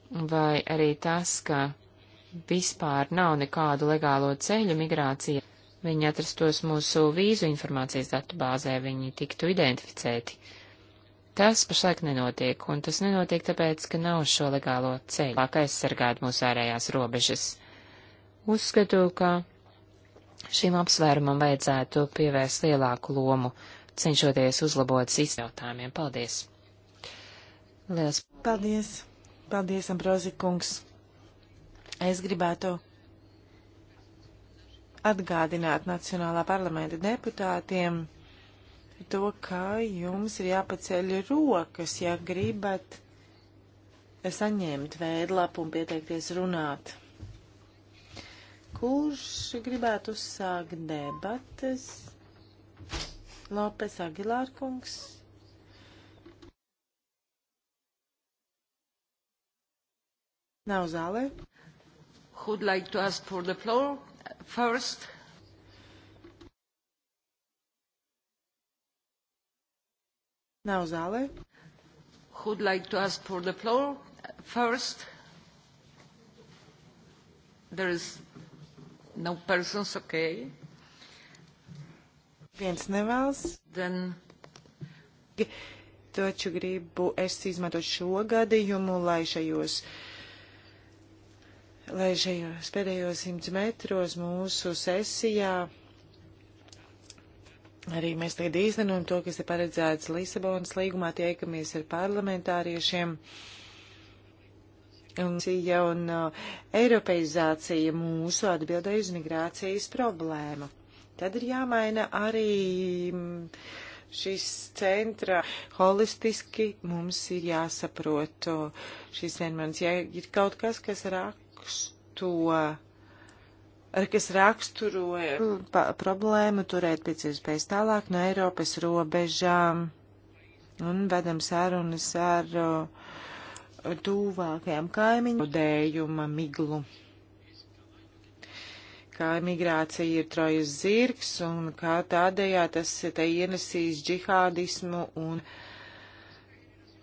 vai arī tas, ka vispār nav nekādu legālo ceļu migrācija, viņi atrastos mūsu vīzu informācijas datubāzē, viņi tiktu identificēti. Tas pašlaik nenotiek, un tas nenotiek tāpēc, ka nav šo legālo ceļu, kā aizsargāt mūsu ārējās robežas. Uzskatu, ka šim apsvērumam vajadzētu pievērst lielāku lomu, cenšoties uzlabot sistēmu jautājumiem. Paldies! Lielas paldies! Paldies, Ambrozi kungs. Es gribētu atgādināt Nacionālā parlamenta deputātiem to, ka jums ir jāpaceļ rokas, ja gribat saņemt veidlapu un pieteikties runāt. Kurš gribētu uzsākt debatas? Lopes Agilārkungs. Nav zālē. Who'd like to ask for the floor first? Nav zālē. Who'd like to ask for the floor first? There is no persons, okay. Viens nevēlas. Then... Taču gribu es izmantot šo gadījumu, lai šajos uh, lai šajos pēdējos simts metros mūsu sesijā arī mēs tagad īstenojam to, kas ir paredzēts Lisabonas līgumā, tiekamies ar parlamentāriešiem. Un, un uh, eiropeizācija mūsu atbildēja uz migrācijas problēmu. Tad ir jāmaina arī mm, šis centra holistiski, mums ir jāsaprot šis vienmans, ja ir kaut kas, kas rak raksto, ar kas raksturoja mm, pa, problēmu turēt pēc iespējas tālāk no Eiropas robežām un vedam sarunas ar uh, tūvākajām kaimiņu dējuma miglu kā migrācija ir trojas zirgs un kā tādējā tas te ienesīs džihādismu un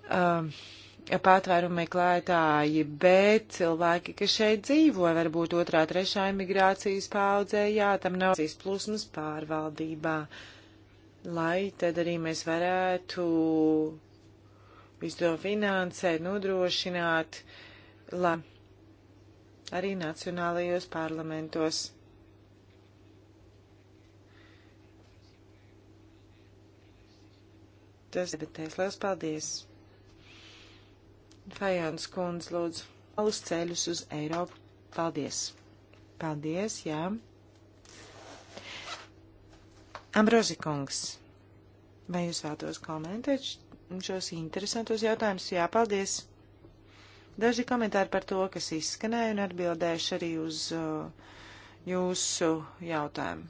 um, uh, patvērumu meklētāji, bet cilvēki, kas šeit dzīvo, varbūt otrā, trešā imigrācijas paudzē, jā, tam nav šīs plūsmas pārvaldībā, lai tad arī mēs varētu visu to finansēt, nodrošināt, lai arī nacionālajos parlamentos. Tas debatēs. Lielas paldies! Fajāns kundz, lūdzu, uz ceļus uz Eiropu. Paldies! Paldies, jā. Ambrozikungs, vai jūs vēlatos komentēt šos interesantos jautājumus? Jā, paldies! Daži komentāri par to, kas izskanēja, un atbildēšu arī uz uh, jūsu jautājumu.